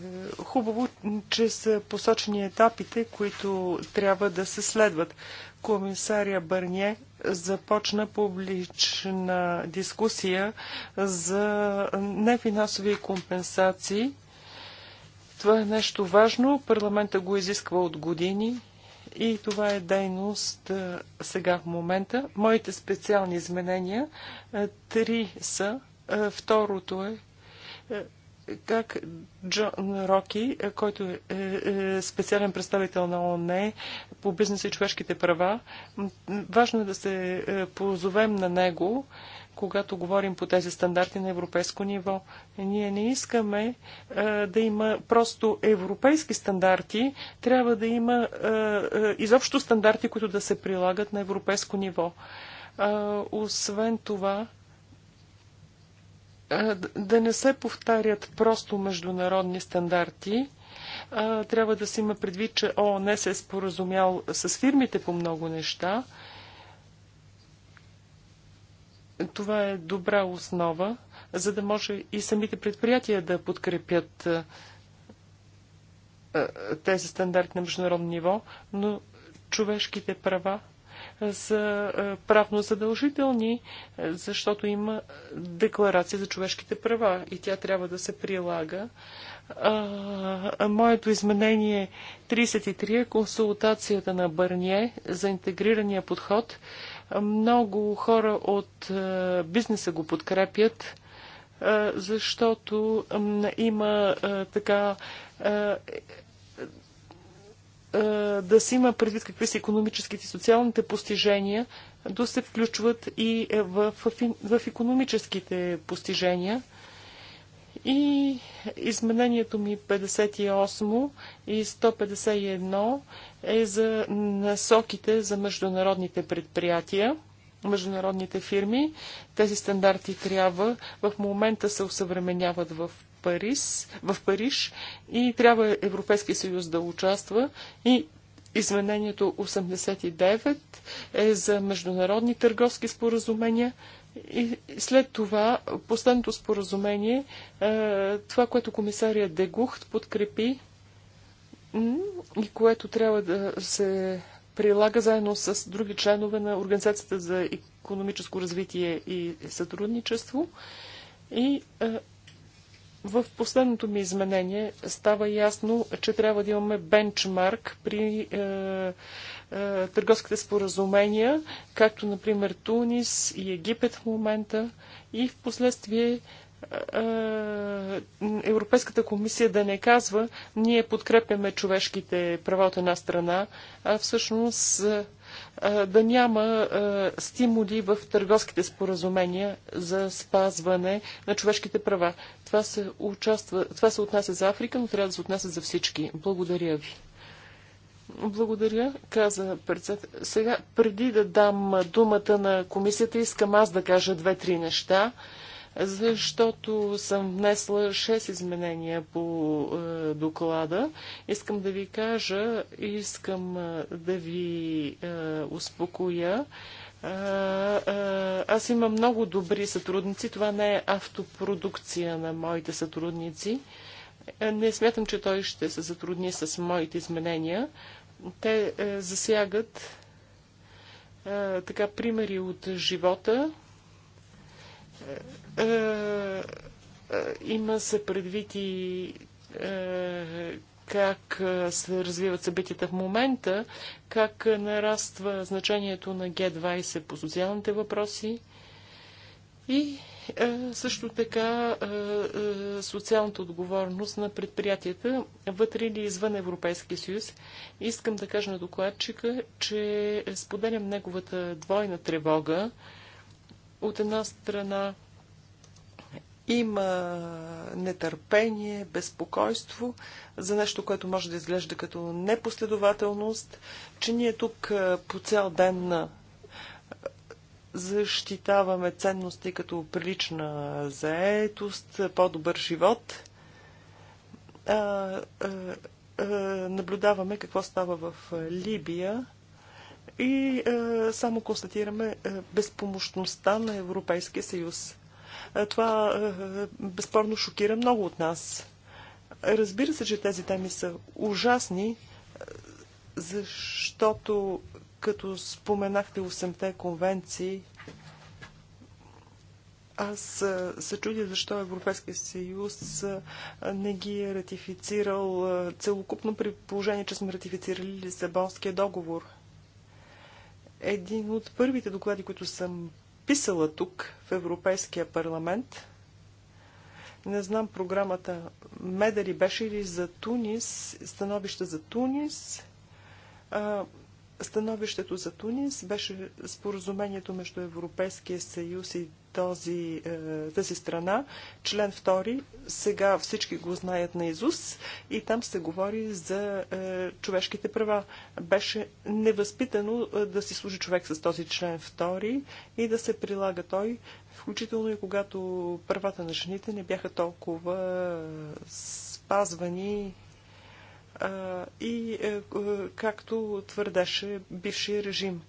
хубаво, че са посочени етапите, които трябва да се следват. Комисаря Бърне започна публична дискусия за нефинансови компенсации. Това е нещо важно. Парламента го изисква от години и това е дейност е, сега в момента. Моите специални изменения е, три са Второто е, е как Джон Роки, е, който е, е специален представител на ООН по бизнес и човешките права, важно е да се позовем на него, когато говорим по тези стандарти на европейско ниво. Ние не искаме да има просто европейски стандарти, трябва да има изобщо стандарти, които да се прилагат на европейско ниво. освен това, да не се повтарят просто международни стандарти. Трябва да се има предвид, че ООН се е споразумял с фирмите по много неща. Това е добра основа, за да може и самите предприятия да подкрепят тези стандарти на международно ниво, но човешките права са е, правно задължителни, е, защото има декларация за човешките права и тя трябва да се прилага. Моето изменение 33 е консултацията на Бърние за интегрирания подход. Много хора от е, бизнеса го подкрепят защото има така е, да се има предвид какви са економическите и социалните постижения, да се включват и е, в, в, в економическите постижения. И изменението ми 58 и 151 е за насоките за международните предприятия, международните фирми. Тези стандарти трябва в момента се усъвременяват в Париж, в Париж и трябва Европейския съюз да участва и Изменението 89 е за международни търговски споразумения. И след това, последното споразумение, е, това, което комисария Дегухт подкрепи и което трябва да се прилага заедно с други членове на Организацията за економическо развитие и сътрудничество. И е, в последното ми изменение става ясно, че трябва да имаме бенчмарк при е, е, търговските споразумения, както например Тунис и Египет в момента и в последствие е, е, Европейската комисия да не казва, ние подкрепяме човешките права от една страна, а всъщност е, да няма стимули в търговските споразумения за спазване на човешките права. Това се, участва, това се отнася за Африка, но трябва да се отнася за всички. Благодаря ви. Благодаря, каза председател. Сега, преди да дам думата на комисията, искам аз да кажа две-три неща защото съм внесла 6 изменения по е, доклада. Искам да ви кажа, искам е, да ви е, успокоя. Е, е, аз имам много добри сътрудници. Това не е автопродукция на моите сътрудници. Не смятам, че той ще се затрудни с моите изменения. Те засягат така примери от живота, е, е, има се предвид и е, как се развиват събитията в момента, как нараства значението на Г20 по социалните въпроси и също така социалната отговорност на предприятията вътре или извън Европейския съюз. Искам да кажа на докладчика, че споделям неговата двойна тревога, от една страна има нетърпение, безпокойство за нещо, което може да изглежда като непоследователност, че ние тук по цял ден защитаваме ценности като прилична заетост, по-добър живот. А, а, а, наблюдаваме какво става в Либия и е, само констатираме е, безпомощността на Европейския съюз. Е, това е, е, безспорно шокира много от нас. Разбира се, че тези теми са ужасни, е, защото като споменахте 8-те конвенции, аз е, се чудя защо Европейския съюз не ги е ратифицирал целокупно при положение, че сме ратифицирали Лисабонския договор – един от първите доклади, които съм писала тук в Европейския парламент. Не знам програмата Медали беше ли за Тунис, становище за Тунис. Становището за Тунис беше споразумението между Европейския съюз и този, е, тази страна, член 2, сега всички го знаят на Изус и там се говори за е, човешките права. Беше невъзпитано е, да си служи човек с този член 2 и да се прилага той, включително и когато правата на жените не бяха толкова е, спазвани и е, е, както твърдеше бившия режим.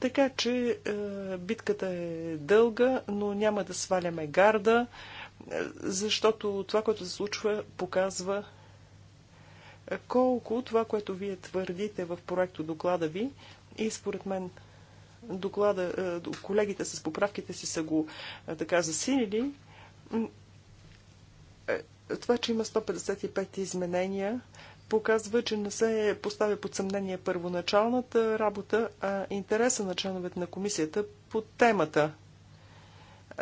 Така че е, битката е дълга, но няма да сваляме гарда, защото това, което се случва, показва колко това, което вие твърдите в проекто доклада ви и според мен доклада, колегите с поправките си са го така засилили, това, че има 155 изменения, показва, че не се поставя под съмнение първоначалната работа, а интереса на членовете на комисията по темата.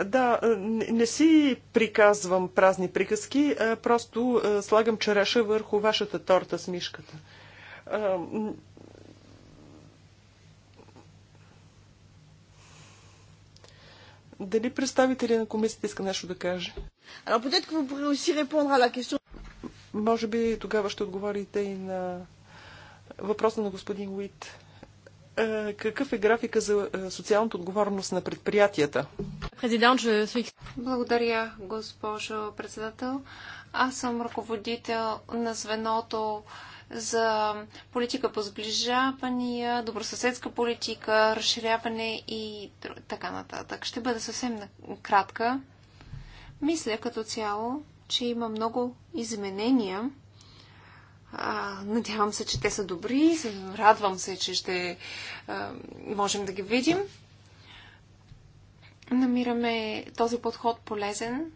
Да, не си приказвам празни приказки, а просто слагам череша върху вашата торта с мишката. Дали представители на комисията иска нещо да каже? Alors peut-être que може би тогава ще отговорите и на въпроса на господин Уит. Е, какъв е графика за е, социалната отговорност на предприятията? Благодаря, госпожо председател. Аз съм ръководител на звеното за политика по сближавания, добросъседска политика, разширяване и така нататък. Ще бъда съвсем кратка. Мисля като цяло, че има много изменения. А, надявам се, че те са добри. Радвам се, че ще а, можем да ги видим. Намираме този подход полезен.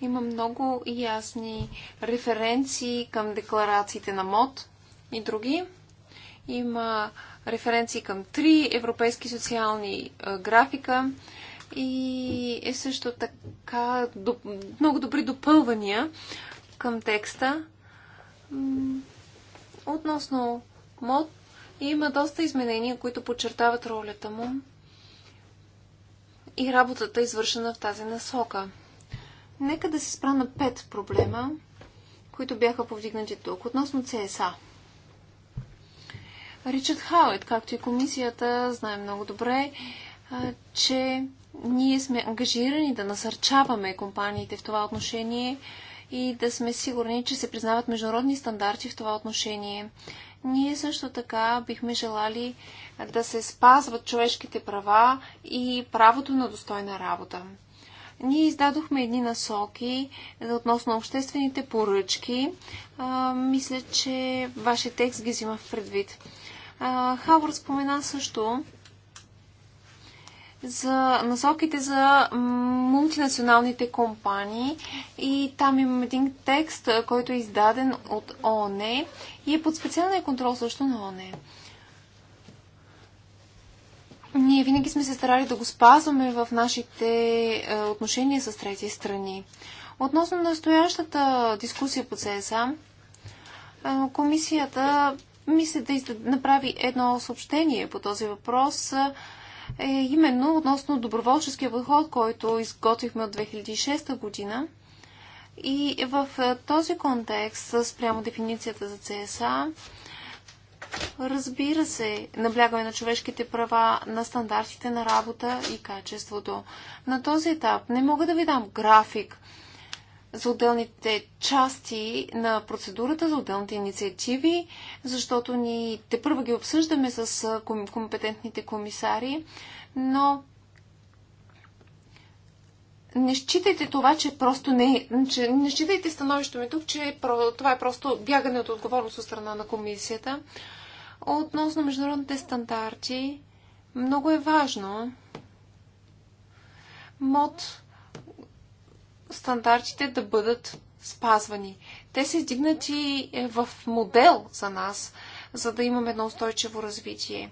Има много ясни референции към декларациите на МОД и други. Има референции към три европейски социални графика и е също така доп... много добри допълвания към текста. Относно мод, има доста изменения, които подчертават ролята му и работата, извършена в тази насока. Нека да се спра на пет проблема, които бяха повдигнати тук. Относно ЦСА. Ричард Хаует, както и комисията, знае много добре, че ние сме ангажирани да насърчаваме компаниите в това отношение и да сме сигурни, че се признават международни стандарти в това отношение. Ние също така бихме желали да се спазват човешките права и правото на достойна работа. Ние издадохме едни насоки относно обществените поръчки. А, мисля, че вашия текст ги взима в предвид. Хавър спомена също, за насоките за мултинационалните компании и там имам един текст, който е издаден от ООН и е под специалния контрол също на ООН. Ние винаги сме се старали да го спазваме в нашите отношения с трети страни. Относно настоящата дискусия по ЦСА, комисията мисля, да направи едно съобщение по този въпрос е именно относно доброволческия подход, който изготвихме от 2006 година. И в е, този контекст, спрямо дефиницията за ЦСА, разбира се, наблягаме на човешките права, на стандартите на работа и качеството. На този етап не мога да ви дам график за отделните части на процедурата, за отделните инициативи, защото ни те първо ги обсъждаме с компетентните комисари, но не считайте това, че просто не, че, не считайте становището ми тук, че това е просто бягане от отговорност от страна на комисията. Относно международните стандарти, много е важно МОД стандартите да бъдат спазвани. Те са издигнати е, в модел за нас, за да имаме едно устойчиво развитие.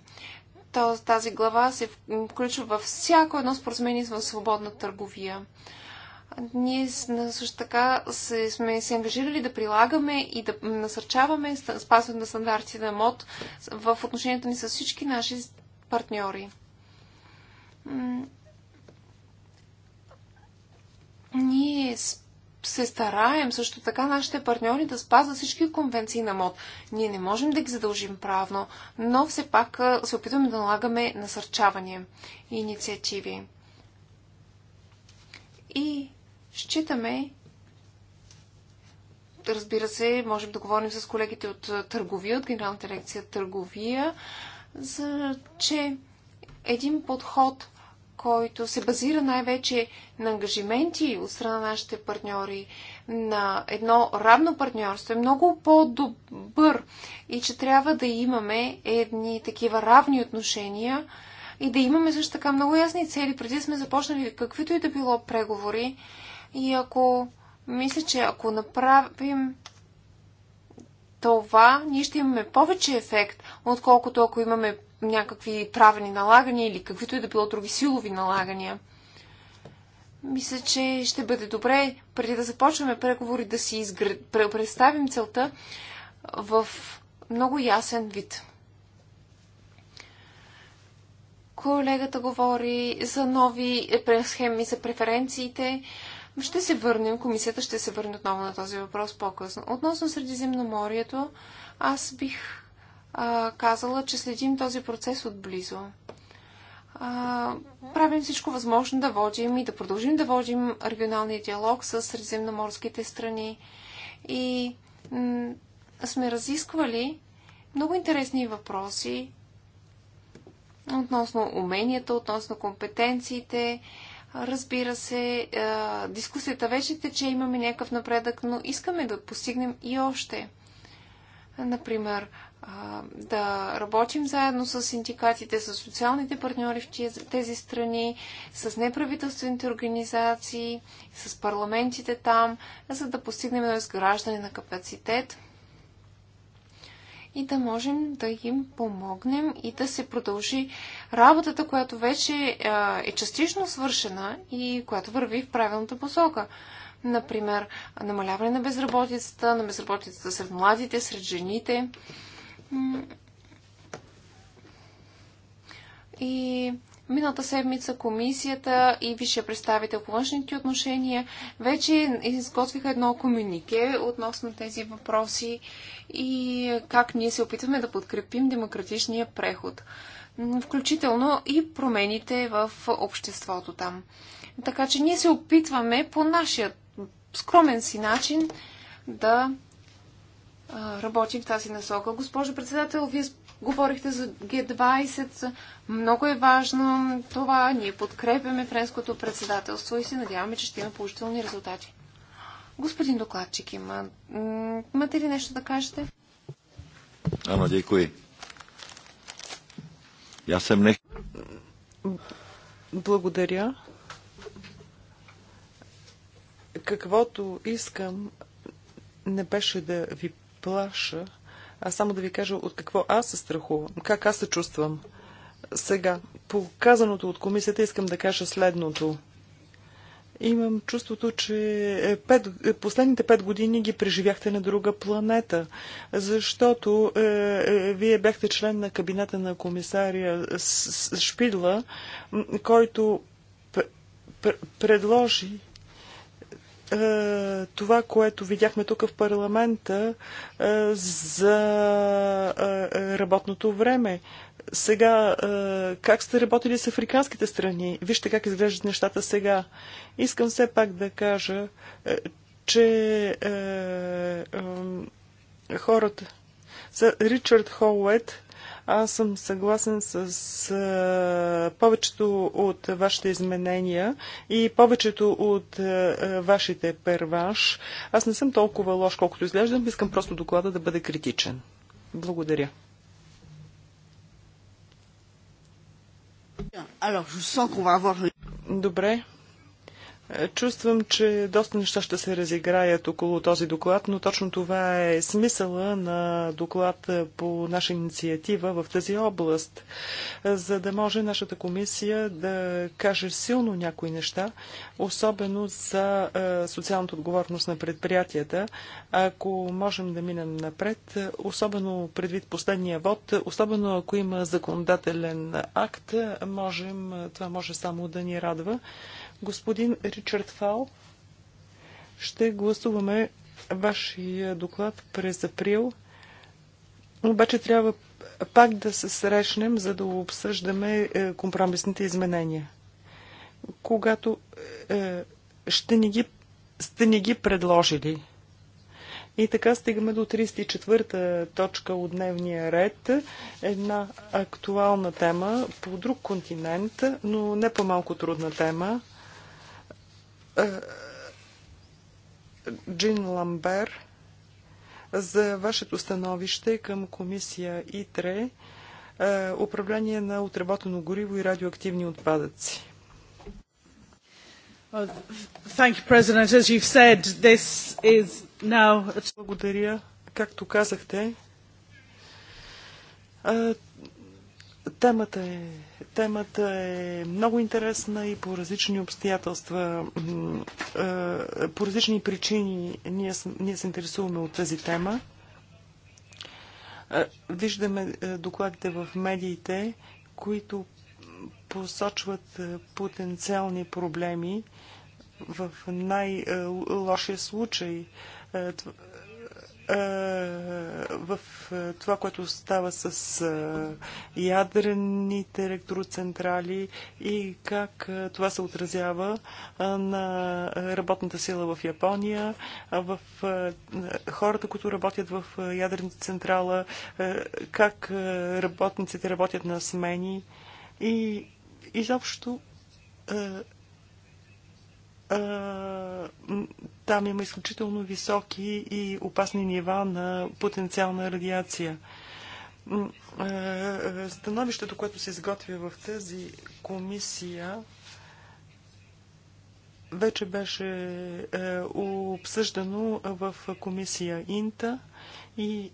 Тоест, тази глава се включва във всяко едно споразумение за свободна търговия. Ние също така сме се ангажирали да прилагаме и да насърчаваме спазване на стандарти на МОД в отношенията ни с всички наши партньори. Ние се стараем също така нашите партньори да спазват всички конвенции на МОД. Ние не можем да ги задължим правно, но все пак се опитваме да налагаме насърчаване и инициативи. И считаме, разбира се, можем да говорим с колегите от търговия, от Генералната лекция търговия, за че един подход който се базира най-вече на ангажименти от страна на нашите партньори, на едно равно партньорство, е много по-добър и че трябва да имаме едни такива равни отношения и да имаме също така много ясни цели, преди сме започнали каквито и да било преговори. И ако, мисля, че ако направим това, ние ще имаме повече ефект, отколкото ако имаме някакви правени налагания или каквито и да било други силови налагания. Мисля, че ще бъде добре, преди да започваме преговори, да си изгр... представим целта в много ясен вид. Колегата говори за нови схеми за преференциите. Ще се върнем, комисията ще се върне отново на този въпрос по-късно. Относно Средиземноморието, аз бих а, казала, че следим този процес отблизо. А, правим всичко възможно да водим и да продължим да водим регионалния диалог с средиземноморските страни. И сме разисквали много интересни въпроси относно уменията, относно компетенциите. Разбира се, дискусията вече тече, имаме някакъв напредък, но искаме да постигнем и още. Например, да работим заедно с синдикатите, с социалните партньори в тези страни, с неправителствените организации, с парламентите там, за да постигнем изграждане на капацитет и да можем да им помогнем и да се продължи работата, която вече е частично свършена и която върви в правилната посока например, намаляване на безработицата, на безработицата сред младите, сред жените. И миналата седмица комисията и висшия представител по външните отношения вече изготвиха едно комюнике относно тези въпроси и как ние се опитваме да подкрепим демократичния преход, включително и промените в обществото там. Така че ние се опитваме по нашия скромен си начин да работим в тази насока. Госпожо председател, вие говорихте за Г20. Много е важно това. Ние подкрепяме френското председателство и се надяваме, че ще има положителни резултати. Господин докладчик, има... имате ли нещо да кажете? Ано, дякуй. Я съм не... Благодаря. Каквото искам не беше да ви плаша, а само да ви кажа от какво аз се страхувам, как аз се чувствам. Сега, по казаното от комисията искам да кажа следното. Имам чувството, че е пет, е, последните пет години ги преживяхте на друга планета, защото е, е, вие бяхте член на кабинета на комисария Шпидла, който предложи е, това, което видяхме тук в парламента е, за е, работното време. Сега, как сте работили с африканските страни? Вижте как изглеждат нещата сега. Искам все пак да кажа, че хората. За Ричард Холует аз съм съгласен с повечето от вашите изменения и повечето от вашите перваш. Аз не съм толкова лош, колкото изглеждам. Искам просто доклада да бъде критичен. Благодаря. Добре, Чувствам, че доста неща ще се разиграят около този доклад, но точно това е смисъла на доклад по наша инициатива в тази област, за да може нашата комисия да каже силно някои неща, особено за е, социалната отговорност на предприятията. Ако можем да минем напред, особено предвид последния вод, особено ако има законодателен акт, можем, това може само да ни радва. Господин Ричард Фал, ще гласуваме вашия доклад през април. Обаче трябва пак да се срещнем, за да обсъждаме е, компромисните изменения. Когато е, ще ни ги, сте ни ги предложили. И така стигаме до 34-та точка от дневния ред. Една актуална тема по друг континент, но не по-малко трудна тема. Джин Ламбер за вашето становище към комисия ИТРЕ е, управление на отработено гориво и радиоактивни отпадъци. Благодаря. Както казахте, е, Темата е, темата е много интересна и по различни обстоятелства, е, по различни причини ние, ние се интересуваме от тази тема. Е, виждаме е, докладите в медиите, които посочват потенциални проблеми в най-лошия случай в това, което става с ядрените електроцентрали и как това се отразява на работната сила в Япония, в хората, които работят в ядрената централа, как работниците работят на смени и изобщо там има изключително високи и опасни нива на потенциална радиация. Становището, което се изготвя в тази комисия, вече беше е, обсъждано в комисия Инта и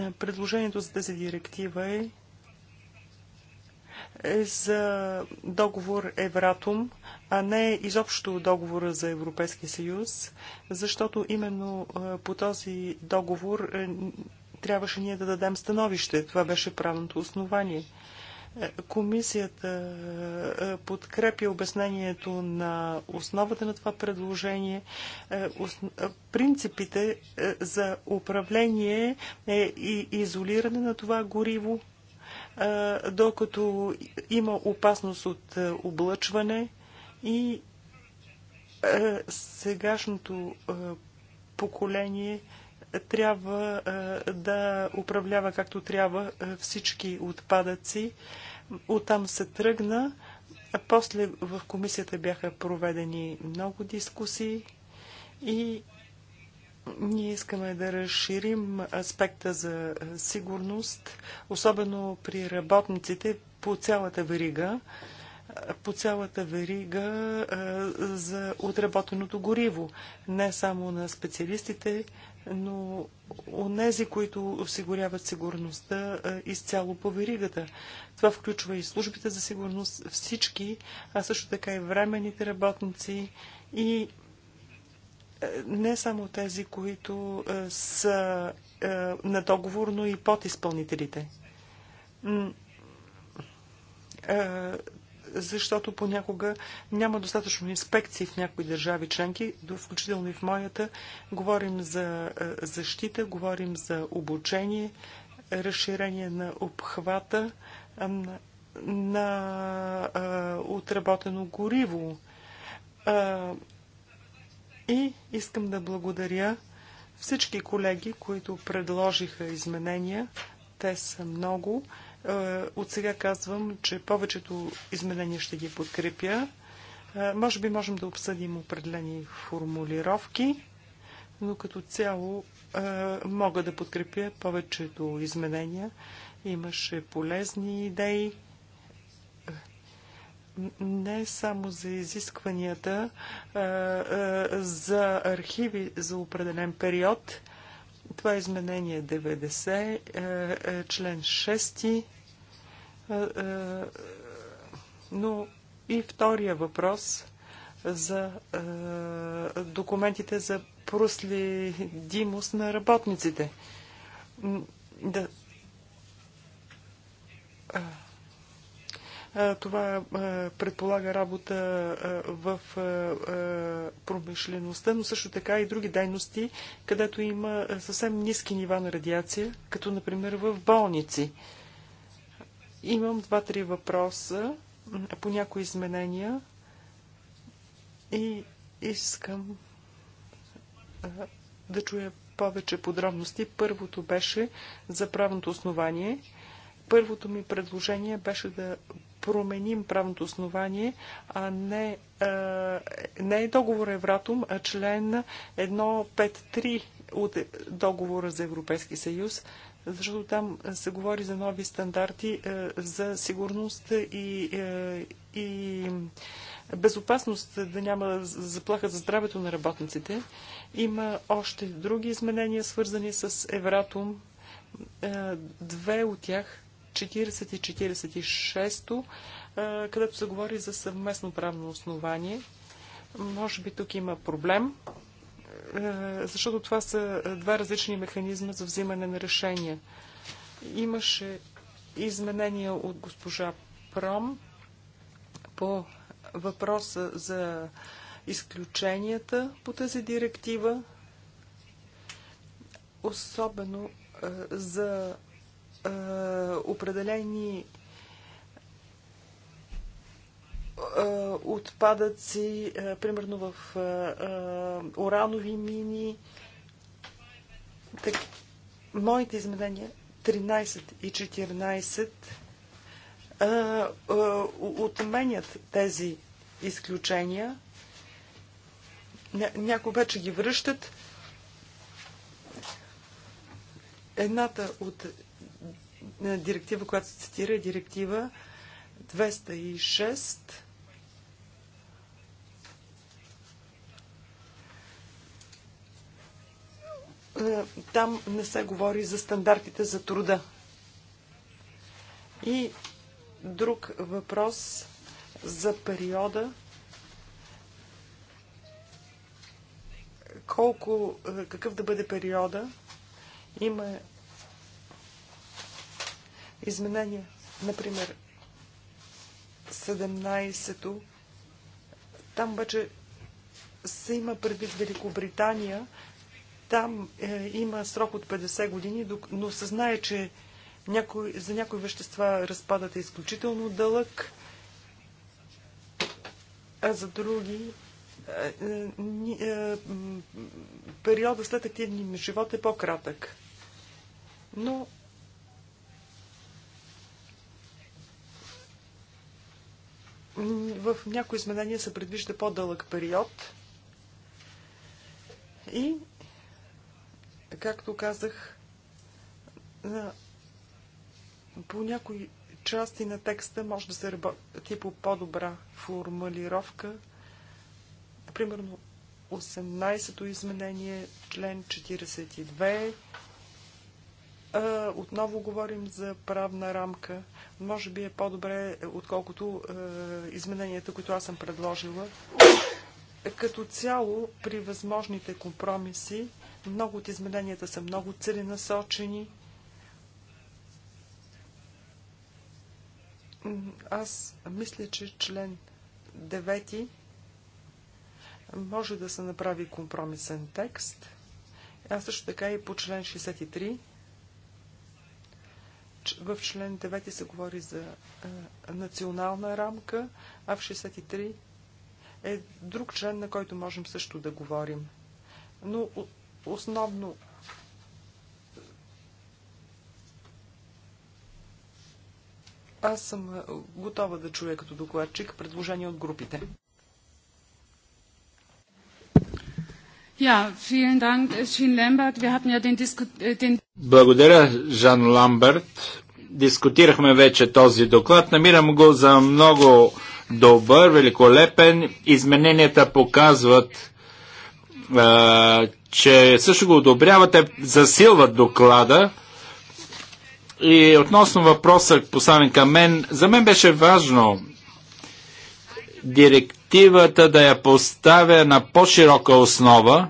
е, предложението за тази директива е е за договор Евратум, а не изобщо договора за Европейския съюз, защото именно е, по този договор е, трябваше ние да дадем становище. Това беше правното основание. Комисията подкрепи обяснението на основата на това предложение. Принципите за управление е и изолиране на това гориво, докато има опасност от облъчване и сегашното поколение трябва да управлява както трябва всички отпадъци. Оттам се тръгна. После в комисията бяха проведени много дискусии и ние искаме да разширим аспекта за е, сигурност, особено при работниците по цялата верига, е, по цялата верига е, за отработеното гориво. Не само на специалистите, но тези, които осигуряват сигурността изцяло по веригата. Това включва и службите за сигурност, всички, а също така и временните работници и не само тези, които е, са е, на договор, но и подизпълнителите. Е, защото понякога няма достатъчно инспекции в някои държави членки, включително и в моята. Говорим за защита, говорим за обучение, разширение на обхвата на отработено гориво и искам да благодаря всички колеги, които предложиха изменения. Те са много. Е, от сега казвам, че повечето изменения ще ги подкрепя. Е, може би можем да обсъдим определени формулировки, но като цяло е, мога да подкрепя повечето изменения. Имаше полезни идеи, не само за изискванията а, а, за архиви за определен период. Това е изменение 90, а, е, е, член 6. Е, но и втория въпрос за документите за проследимост на работниците. Да. Това предполага работа в промишлеността, но също така и други дейности, където има съвсем ниски нива на радиация, като например в болници. Имам два-три въпроса по някои изменения и искам да чуя повече подробности. Първото беше за правното основание. Първото ми предложение беше да променим правното основание, а не, а, не е договор Евратум, а член 153 от договора за Европейски съюз, защото там се говори за нови стандарти а, за сигурност и, а, и безопасност, да няма заплаха за здравето на работниците. Има още други изменения, свързани с Евратум. две от тях 40 и 46, където се говори за съвместно правно основание. Може би тук има проблем, защото това са два различни механизма за взимане на решения. Имаше изменения от госпожа Пром по въпроса за изключенията по тази директива, особено за е, определени е, отпадъци, е, примерно в уранови мини. Так, моите изменения 13 и 14 отменят тези изключения. Някои вече ги връщат. Едната от директива, която се цитира, е директива 206 е, там не се говори за стандартите за труда. И друг въпрос за периода. Колко, е, какъв да бъде периода? Има изменения. Например, 17-то, там обаче се има предвид Великобритания, там е, има срок от 50 години, но се знае, че някой, за някои вещества разпадът е изключително дълъг, а за други е, е, е периода след активния живот е по-кратък. Но В някои изменения се предвижда по-дълъг период и, както казах, по някои части на текста може да се работи по по-добра формулировка. Примерно 18-то изменение, член 42, отново говорим за правна рамка. Може би е по-добре, отколкото измененията, които аз съм предложила. Като цяло, при възможните компромиси, много от измененията са много целенасочени. Аз мисля, че член 9 може да се направи компромисен текст. Аз също така и по член 63 в член 9 се говори за е, национална рамка, а в 63 е друг член, на който можем също да говорим. Но основно аз съм е, готова да чуя като докладчик предложение от групите. Ja, vielen Dank, Schien Lambert. Wir hatten ja den, Disku äh, den благодаря, Жан Ламберт. Дискутирахме вече този доклад. Намирам го за много добър, великолепен. Измененията показват, а, че също го одобрявате, засилват доклада. И относно въпроса, поставен към мен, за мен беше важно директивата да я поставя на по-широка основа,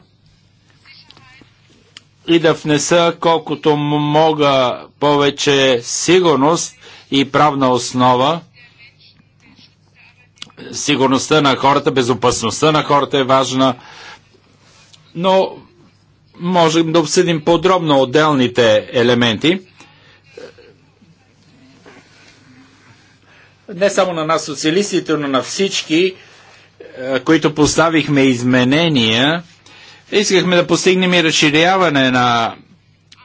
и да внеса колкото мога повече сигурност и правна основа. Сигурността на хората, безопасността на хората е важна, но можем да обсъдим подробно отделните елементи. Не само на нас, социалистите, но на всички, е, които поставихме изменения – Искахме да постигнем и разширяване на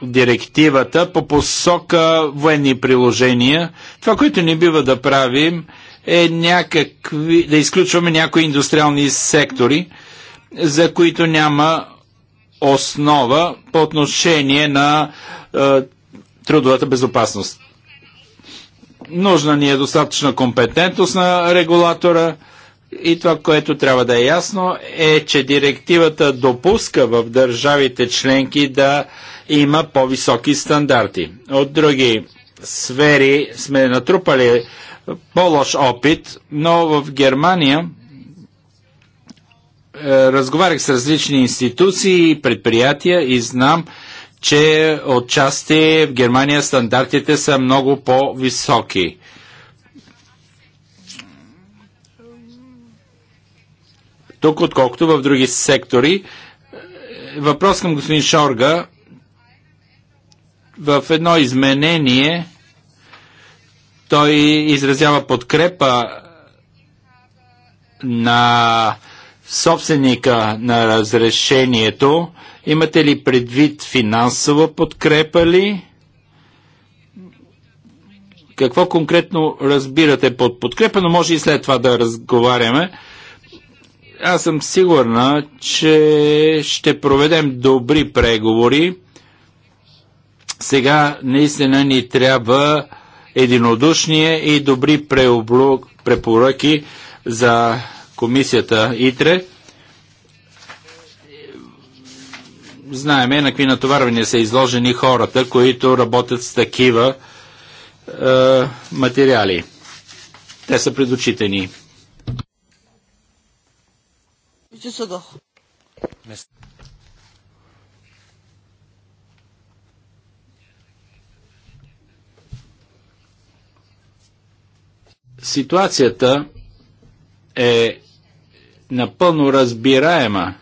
директивата по посока военни приложения. Това, което не бива да правим, е някакви, да изключваме някои индустриални сектори, за които няма основа по отношение на е, трудовата безопасност. Нужна ни е достатъчна компетентност на регулатора, и това, което трябва да е ясно, е, че директивата допуска в държавите членки да има по-високи стандарти. От други сфери сме натрупали по-лош опит, но в Германия е, разговарях с различни институции и предприятия и знам, че отчасти в Германия стандартите са много по-високи. тук, отколкото в други сектори. Е, въпрос към господин Шорга. В едно изменение той изразява подкрепа на собственика на разрешението. Имате ли предвид финансова подкрепа ли? Какво конкретно разбирате под подкрепа, но може и след това да разговаряме. Аз съм сигурна, че ще проведем добри преговори. Сега наистина ни трябва единодушния и добри препоръки за комисията ИТРЕ. Знаеме на какви натоварвания са изложени хората, които работят с такива е, материали. Те са предочитани. Ситуацията е напълно разбираема,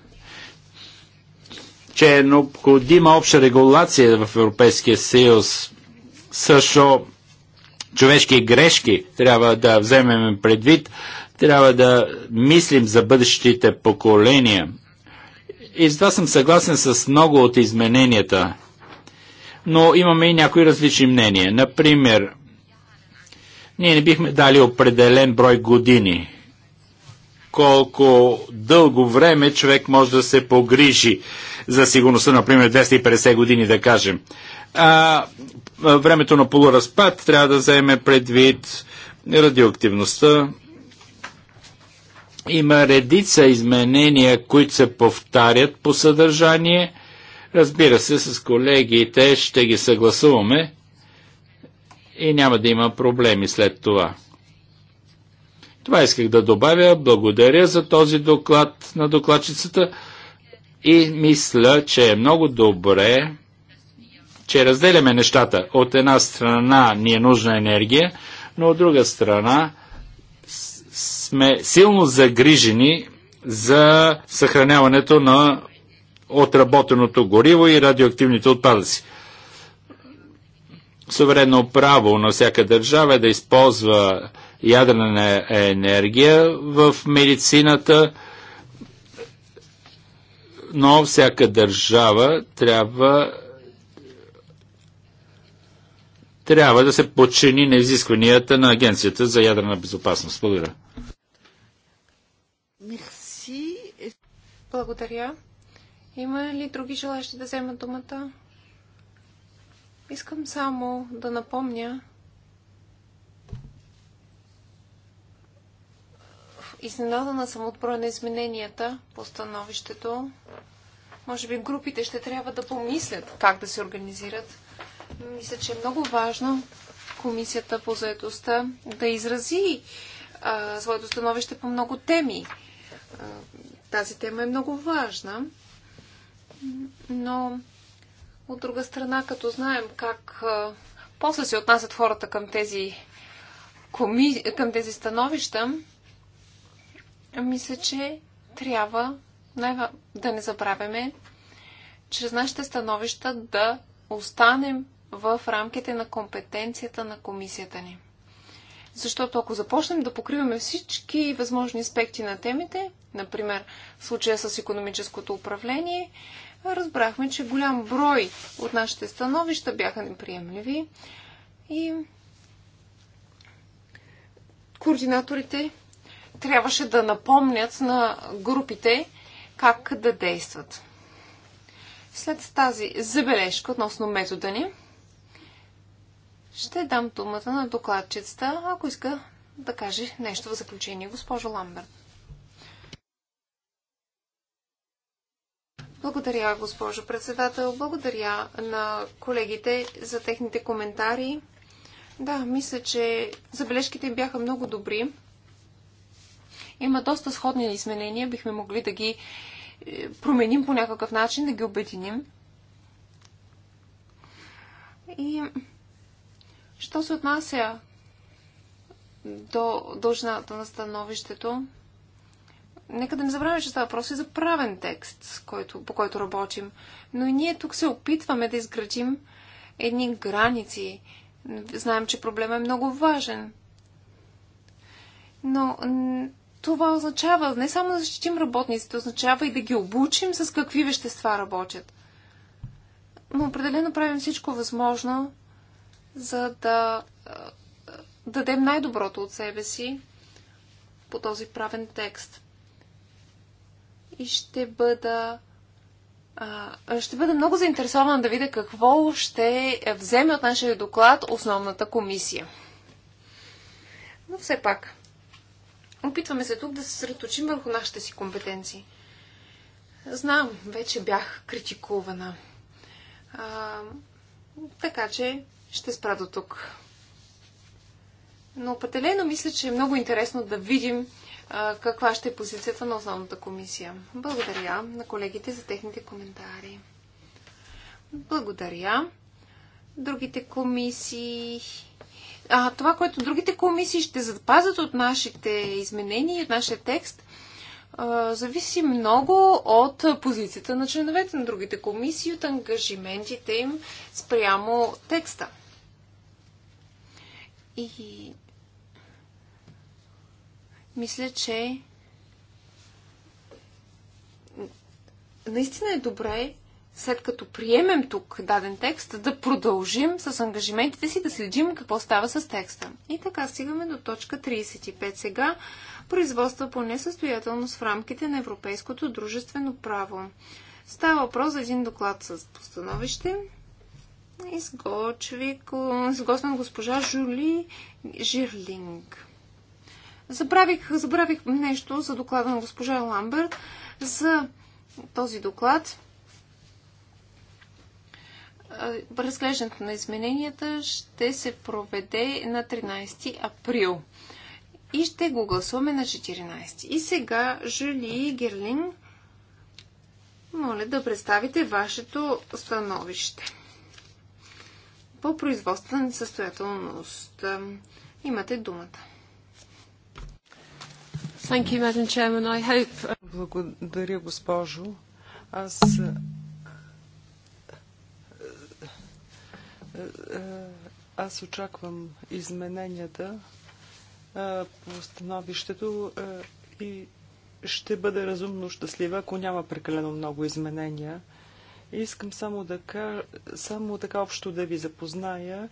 че е необходима обща регулация в Европейския съюз. Също човешки грешки трябва да вземем предвид трябва да мислим за бъдещите поколения. И с това съм съгласен с много от измененията. Но имаме и някои различни мнения. Например, ние не бихме дали определен брой години. Колко дълго време човек може да се погрижи за сигурността, например 250 години, да кажем. А, времето на полуразпад трябва да вземе предвид радиоактивността, има редица изменения, които се повтарят по съдържание. Разбира се, с колегите ще ги съгласуваме и няма да има проблеми след това. Това исках да добавя. Благодаря за този доклад на докладчицата и мисля, че е много добре, че разделяме нещата. От една страна ни е нужна енергия, но от друга страна сме силно загрижени за съхраняването на отработеното гориво и радиоактивните отпадъци. Суверенно право на всяка държава е да използва ядрена енергия в медицината, но всяка държава трябва трябва да се подчини на изискванията на Агенцията за ядрена безопасност. Благодаря. Благодаря. Има ли други желащи да вземат думата? Искам само да напомня Изненадана съм от броя на измененията по становището. Може би групите ще трябва да помислят как да се организират. Мисля, че е много важно Комисията по заедостта да изрази а, своето становище по много теми. Тази тема е много важна, но от друга страна, като знаем как после се отнасят хората към тези, коми... към тези становища, мисля, че трябва да не забравяме, чрез нашите становища да останем в рамките на компетенцията на комисията ни. Защото ако започнем да покриваме всички възможни аспекти на темите, например в случая с економическото управление, разбрахме, че голям брой от нашите становища бяха неприемливи и координаторите трябваше да напомнят на групите как да действат. След тази забележка относно метода ни, ще дам думата на докладчицата, ако иска да каже нещо в заключение. Госпожо Ламберт. Благодаря, госпожо председател. Благодаря на колегите за техните коментари. Да, мисля, че забележките бяха много добри. Има доста сходни изменения. Бихме могли да ги е, променим по някакъв начин, да ги обединим. И Що се отнася до дължината на становището, нека да не забравяме, че става въпрос и за правен текст, който, по който работим. Но и ние тук се опитваме да изградим едни граници. Знаем, че проблемът е много важен. Но това означава не само да защитим работниците, означава и да ги обучим с какви вещества работят. Но определено правим всичко възможно за да дадем най-доброто от себе си по този правен текст. И ще бъда. А, ще бъда много заинтересована да видя какво ще вземе от нашия доклад основната комисия. Но все пак, опитваме се тук да се средоточим върху нашите си компетенции. Знам, вече бях критикувана. А, така че ще спра до тук. Но определено мисля, че е много интересно да видим а, каква ще е позицията на основната комисия. Благодаря на колегите за техните коментари. Благодаря. Другите комисии. А, това, което другите комисии ще запазят от нашите изменения и от нашия текст, а, зависи много от позицията на членовете на другите комисии, от ангажиментите им спрямо текста. И мисля, че наистина е добре, след като приемем тук даден текст, да продължим с ангажиментите си, да следим какво става с текста. И така стигаме до точка 35 сега. производство по несъстоятелност в рамките на Европейското дружествено право. Става въпрос за един доклад с постановище, изготви, изготвен госпожа Жули Жирлинг. Забравих, забравих нещо за доклада на госпожа Ламберт, за този доклад. Разглеждането на измененията ще се проведе на 13 април и ще го гласуваме на 14. И сега, Жули Герлин, моля да представите вашето становище по производство на несъстоятелност. Имате думата. Uh, Благодаря, госпожо. Аз аз очаквам измененията по становището и ще бъда разумно щастлива, ако няма прекалено много изменения. Искам само, да, само така общо да ви запозная е,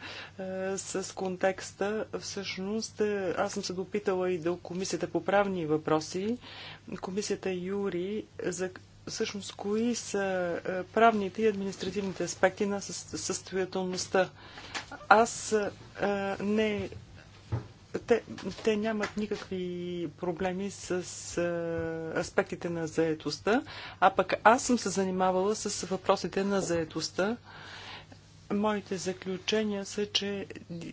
с контекста. Всъщност, е, аз съм се допитала и до Комисията по правни въпроси. Комисията Юри за всъщност кои са е, правните и административните аспекти на състоятелността. Аз е, не те, те нямат никакви проблеми с а, аспектите на заетостта, а пък аз съм се занимавала с въпросите на заетостта. Моите заключения са, че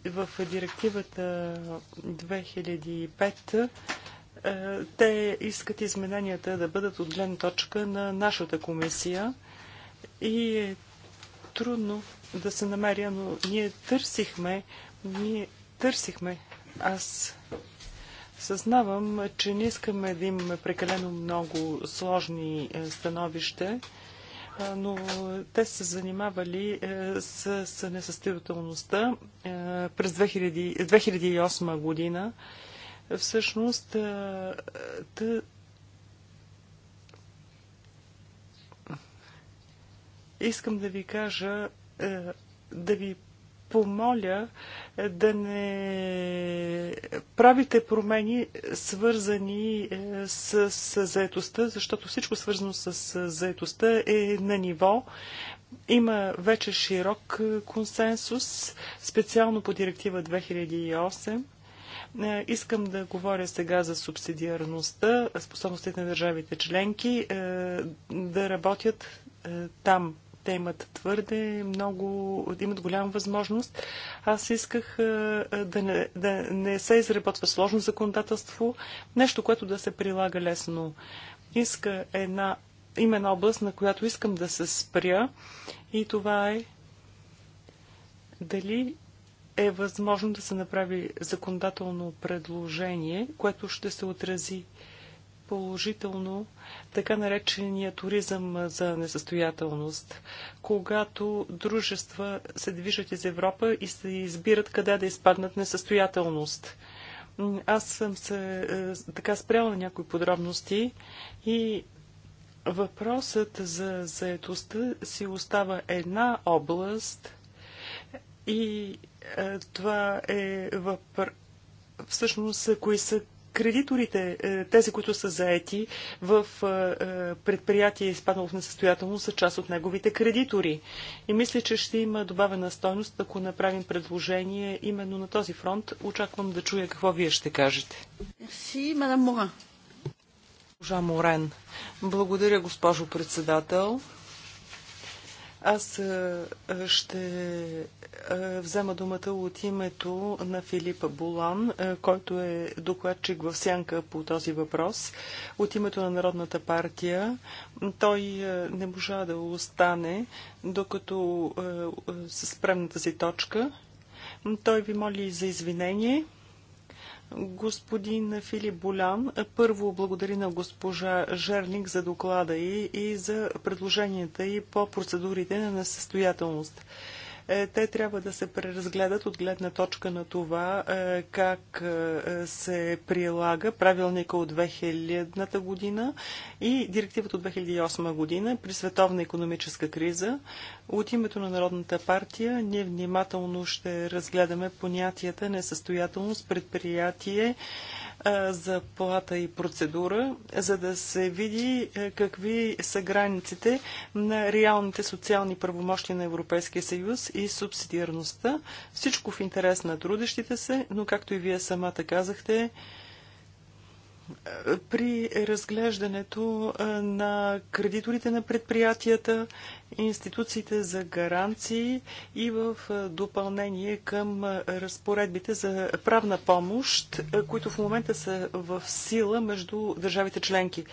в директивата 2005 те искат измененията да бъдат от гледна точка на нашата комисия и е трудно да се намеря, но ние търсихме, ние търсихме аз съзнавам, че не искаме да имаме прекалено много сложни е, становища, е, но те са занимавали е, с, несъстоятелността през 2000, 2008 година. Всъщност, тъ... искам да ви кажа, да ви помоля е, да не правите промени свързани е, с, с заетостта, защото всичко свързано с заетостта е на ниво. Има вече широк е, консенсус, специално по директива 2008. Искам да говоря сега за субсидиарността, способностите на държавите членки да работят там те имат твърде много, имат голяма възможност. Аз исках да не, да не се изработва сложно законодателство, нещо, което да се прилага лесно. Иска една, има една област, на която искам да се спря и това е дали е възможно да се направи законодателно предложение, което ще се отрази положително така наречения туризъм за несъстоятелност, когато дружества се движат из Европа и се избират къде да изпаднат несъстоятелност. Аз съм се е, така спряла на някои подробности и въпросът за заетостта си остава една област и е, това е въпрос всъщност кои са кредиторите, е, тези, които са заети в е, е, предприятие изпаднало в несъстоятелност, са част от неговите кредитори. И мисля, че ще има добавена стойност, ако направим предложение именно на този фронт. Очаквам да чуя какво вие ще кажете. Си, мадам Морен. Благодаря, госпожо председател. Аз е, е, ще е, взема думата от името на Филип Булан, който е докладчик в сянка по този въпрос. От името на Народната партия той не можа да остане, докато с спрем си точка. Той ви моли за извинение. Господин Филип Болян първо благодари на госпожа Жерник за доклада й и за предложенията й по процедурите на несъстоятелност. Е, те трябва да се преразгледат от гледна точка на това е, как е, се прилага правилника от 2000 година и директивата от 2008 година при световна економическа криза. От името на Народната партия ние внимателно ще разгледаме понятията несъстоятелност, предприятие, заплата и процедура, за да се види какви са границите на реалните социални правомощи на Европейския съюз и субсидиарността. Всичко в интерес на трудещите се, но както и вие самата казахте, при разглеждането на кредиторите на предприятията, институциите за гаранции и в допълнение към разпоредбите за правна помощ, които в момента са в сила между държавите членки.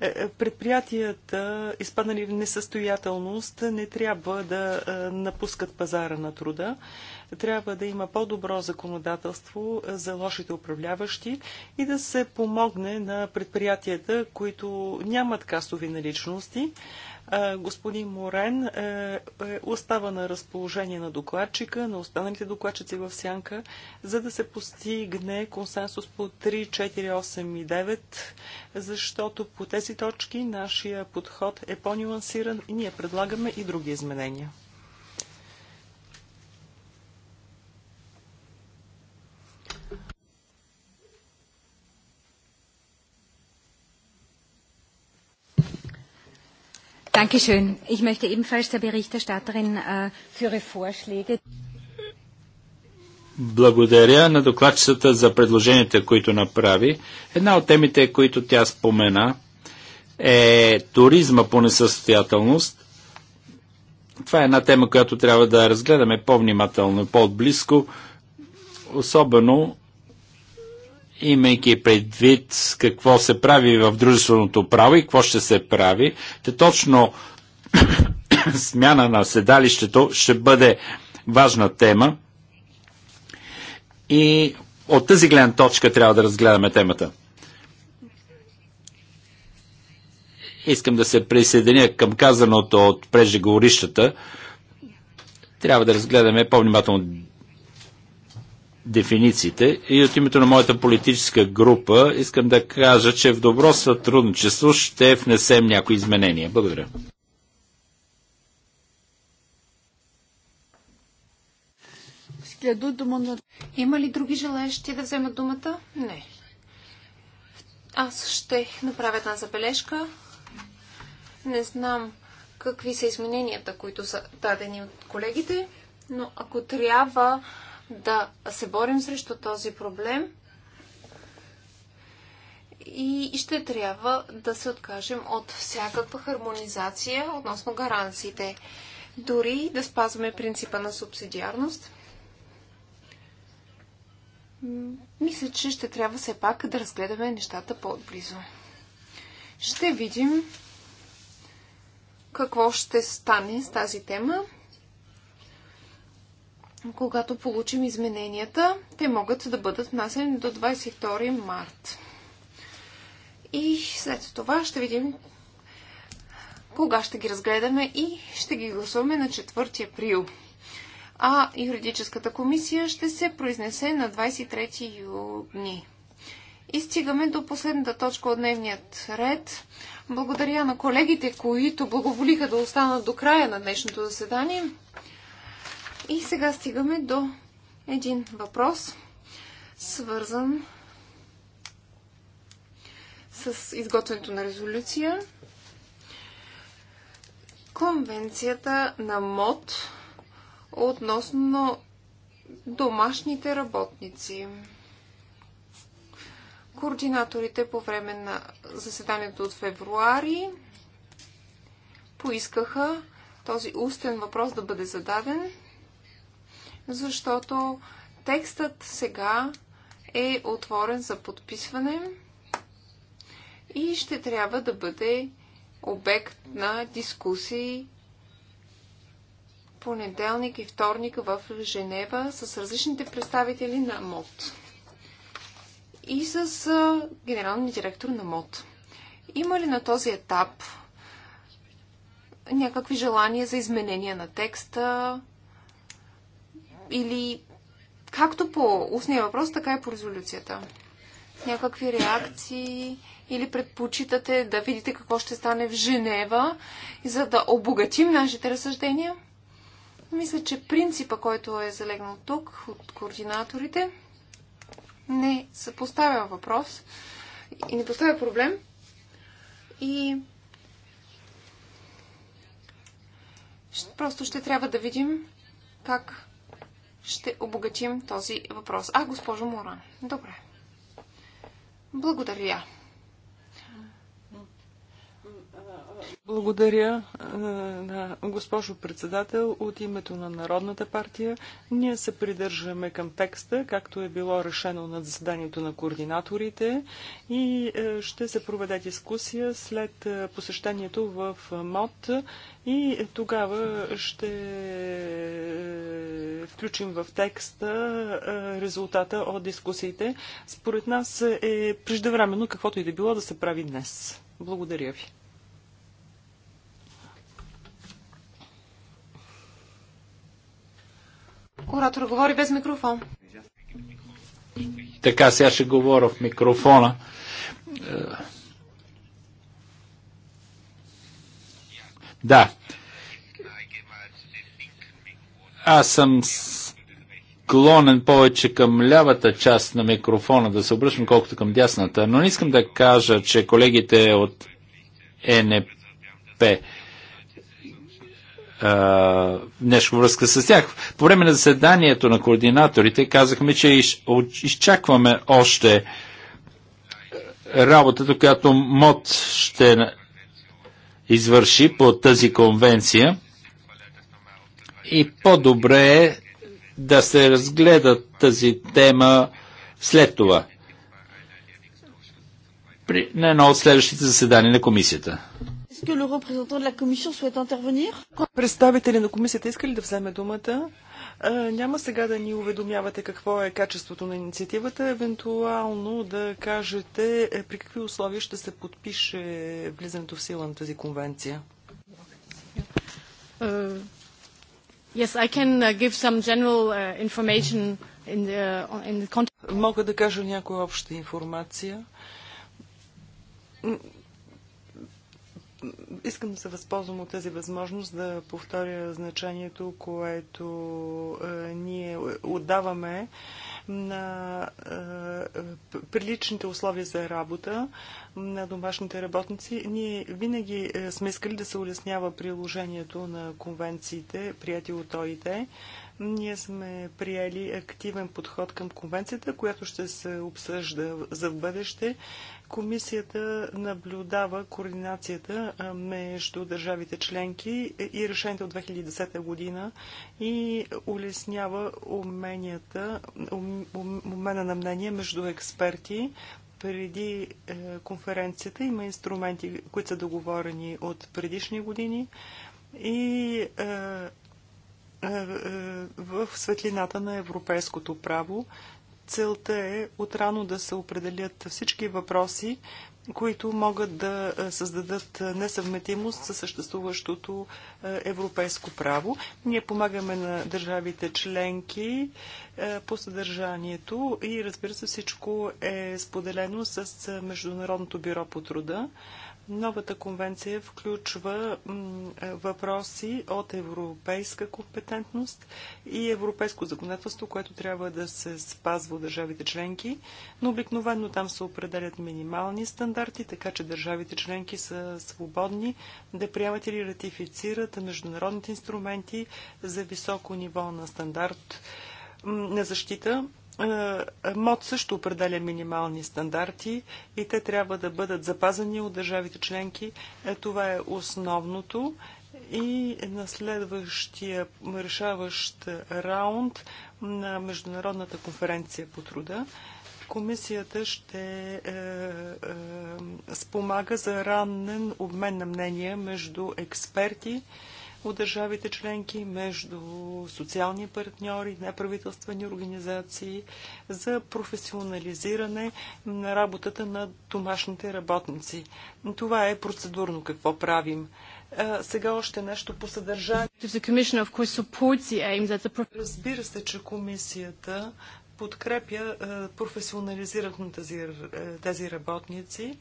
Е, е, предприятията, изпаднали в несъстоятелност, не трябва да напускат пазара на труда. Трябва да има по-добро законодателство за лошите управляващи и да се помогне на предприятията, които нямат касови наличности. Господин Морен е, е, остава на разположение на докладчика, на останалите докладчици в сянка, за да се постигне консенсус по 3, 4, 8 и 9, защото по тези точки нашия подход е по-нюансиран и ние предлагаме и други изменения. Danke schön. Ich möchte ebenfalls der Berichterstatterin äh, für ihre Vorschläge. Благодаря на докладчицата за предложенията, които направи. Една от темите, които тя спомена, е туризма по несъстоятелност. Това е една тема, която трябва да разгледаме по-внимателно, по-отблизко, особено имайки предвид какво се прави в дружественото право и какво ще се прави, те точно <coughs> смяна на седалището ще бъде важна тема и от тази гледна точка трябва да разгледаме темата. Искам да се присъединя към казаното от преждеговорищата. Трябва да разгледаме по-внимателно дефинициите. И от името на моята политическа група искам да кажа, че в добро сътрудничество ще внесем някои изменения. Благодаря. Има ли други желаящи да вземат думата? Не. Аз ще направя една забележка. Не знам какви са измененията, които са дадени от колегите, но ако трябва да се борим срещу този проблем и ще трябва да се откажем от всякаква хармонизация относно гаранциите. Дори да спазваме принципа на субсидиарност, мисля, че ще трябва все пак да разгледаме нещата по-отблизо. Ще видим какво ще стане с тази тема когато получим измененията, те могат да бъдат внасени до 22 март. И след това ще видим кога ще ги разгледаме и ще ги гласуваме на 4 април. А юридическата комисия ще се произнесе на 23 юни. И стигаме до последната точка от дневният ред. Благодаря на колегите, които благоволиха да останат до края на днешното заседание. И сега стигаме до един въпрос, свързан с изготвянето на резолюция. Конвенцията на МОД относно домашните работници. Координаторите по време на заседанието от февруари поискаха този устен въпрос да бъде зададен защото текстът сега е отворен за подписване и ще трябва да бъде обект на дискусии понеделник и вторник в Женева с различните представители на МОД и с генералния директор на МОД. Има ли на този етап някакви желания за изменения на текста, или както по устния въпрос, така и по резолюцията. Някакви реакции или предпочитате да видите какво ще стане в Женева, за да обогатим нашите разсъждения? Мисля, че принципа, който е залегнал тук от координаторите, не съпоставя въпрос и не поставя проблем. И просто ще трябва да видим как ще обогатим този въпрос. А, госпожо Моран. Добре. Благодаря. Благодаря, е, госпожо председател. От името на Народната партия ние се придържаме към текста, както е било решено на заседанието на координаторите и е, ще се проведе дискусия след е, посещението в МОД и тогава ще включим в текста резултата от дискусиите. Според нас е преждевременно каквото и да било да се прави днес. Благодаря ви. Оратор говори без микрофон. Така, сега ще говоря в микрофона. Да. Аз съм склонен повече към лявата част на микрофона, да се обръщам колкото към дясната, но не искам да кажа, че колегите от ЕНП нещо връзка с тях. По време на заседанието на координаторите казахме, че изчакваме още работата, която МОД ще извърши по тази конвенция и по-добре е да се разгледа тази тема след това. При, не, едно от следващите заседания на комисията. Est-ce que le représentant de la commission souhaite intervenir? на комисията иска ли да вземе думата? Няма сега да ни уведомявате какво е качеството на инициативата, евентуално да кажете е, при какви условия ще се подпише влизането в сила на тази конвенция. Uh, yes, I can uh, give some general uh, information in the, in the context. Мога да кажа някоя обща информация Искам да се възползвам от тази възможност да повторя значението, което е, ние отдаваме на е, приличните условия за работа на домашните работници. Ние винаги е, сме искали да се улеснява приложението на конвенциите, прияти от ОИТ. Ние сме приели активен подход към конвенцията, която ще се обсъжда за в бъдеще. Комисията наблюдава координацията между държавите членки и решението от 2010 година и улеснява уменията, умена на мнение между експерти, преди е, конференцията има инструменти, които са договорени от предишни години и е, е, е, в светлината на европейското право. Целта е отрано да се определят всички въпроси, които могат да е, създадат несъвметимост със съществуващото европейско право. Ние помагаме на държавите членки по съдържанието и разбира се всичко е споделено с Международното бюро по труда. Новата конвенция включва е, въпроси от европейска компетентност и европейско законодателство, което трябва да се спазва от държавите членки, но обикновено там се определят минимални стандарти, така че държавите членки са свободни да приемат или ратифицират международните инструменти за високо ниво на стандарт на защита е, МОД също определя минимални стандарти и те трябва да бъдат запазени от държавите членки. Е, това е основното. И на следващия решаващ раунд на Международната конференция по труда комисията ще е, е, спомага за ранен обмен на мнения между експерти, от държавите членки, между социални партньори, неправителствени организации за професионализиране на работата на домашните работници. Това е процедурно какво правим. Сега още нещо по съдържание. Разбира се, че комисията подкрепя е, професионализирането на тези, е, тези работници,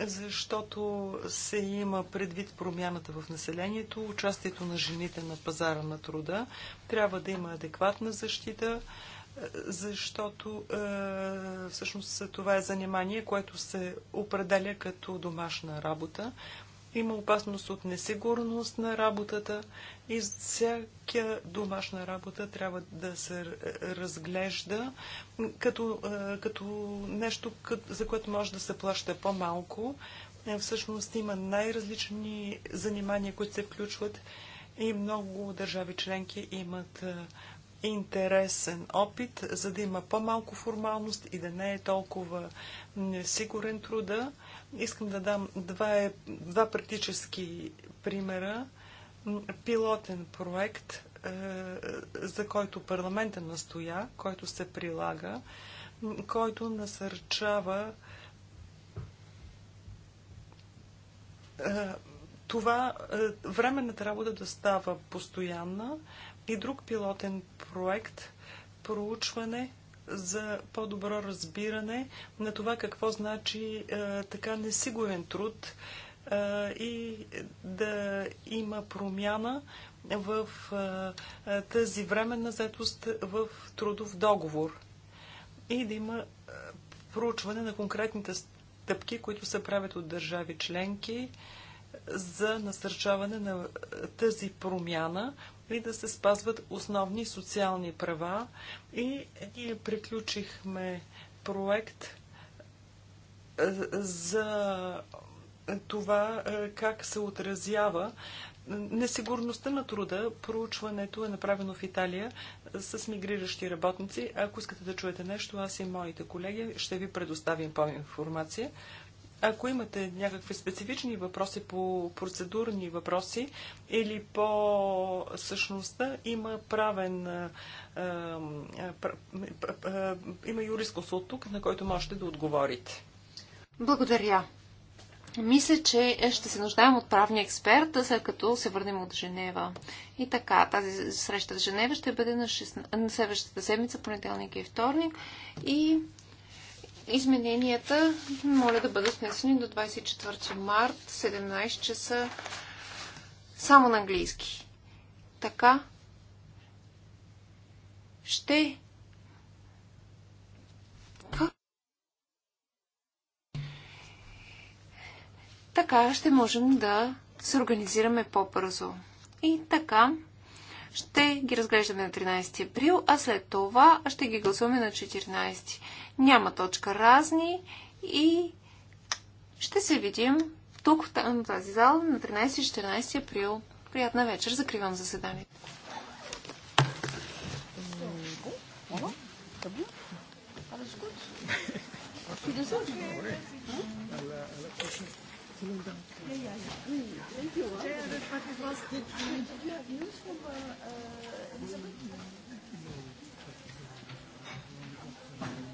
защото се има предвид промяната в населението, участието на жените на пазара на труда. Трябва да има адекватна защита, е, защото всъщност това е занимание, което се определя като домашна работа. Има опасност от несигурност на работата и всяка домашна работа трябва да се разглежда като, като нещо, за което може да се плаща по-малко. Е, всъщност има най-различни занимания, които се включват и много държави членки имат интересен опит, за да има по-малко формалност и да не е толкова несигурен труда. Искам да дам два, два практически примера. Пилотен проект, е, за който парламента настоя, който се прилага, който насърчава е, това е, временната работа да става постоянна и друг пилотен проект проучване за по-добро разбиране на това какво значи а, е, така несигурен труд а, е, и да има промяна в а, е, тази временна заетост в трудов договор и да има проучване на конкретните стъпки, които се правят от държави членки за насърчаване на тази промяна и да се спазват основни социални права. И ние приключихме проект е, за това е, как се отразява несигурността на труда. Проучването е направено в Италия е, с мигриращи работници. Ако искате да чуете нещо, аз и моите колеги ще ви предоставим по-информация. Ако имате някакви специфични въпроси по процедурни въпроси или по същността, има правен, а, пр, а, има юрисконсулт тук, на който можете да отговорите. Благодаря. Мисля, че ще се нуждаем от правния експерт, след като се върнем от Женева. И така, тази среща в Женева ще бъде на, 6, на следващата седмица, понеделник и вторник. И Измененията моля да бъдат внесени до 24 март, 17 часа, само на английски. Така ще Така ще можем да се организираме по-бързо. И така, ще ги разглеждаме на 13 април, а след това ще ги гласуваме на 14. Няма точка разни и ще се видим тук в тази зала на 13-14 април. Приятна вечер. Закривам заседанието. Alles gut? vielen Dank. Ja, Thank you. did, you have news from uh, Elizabeth?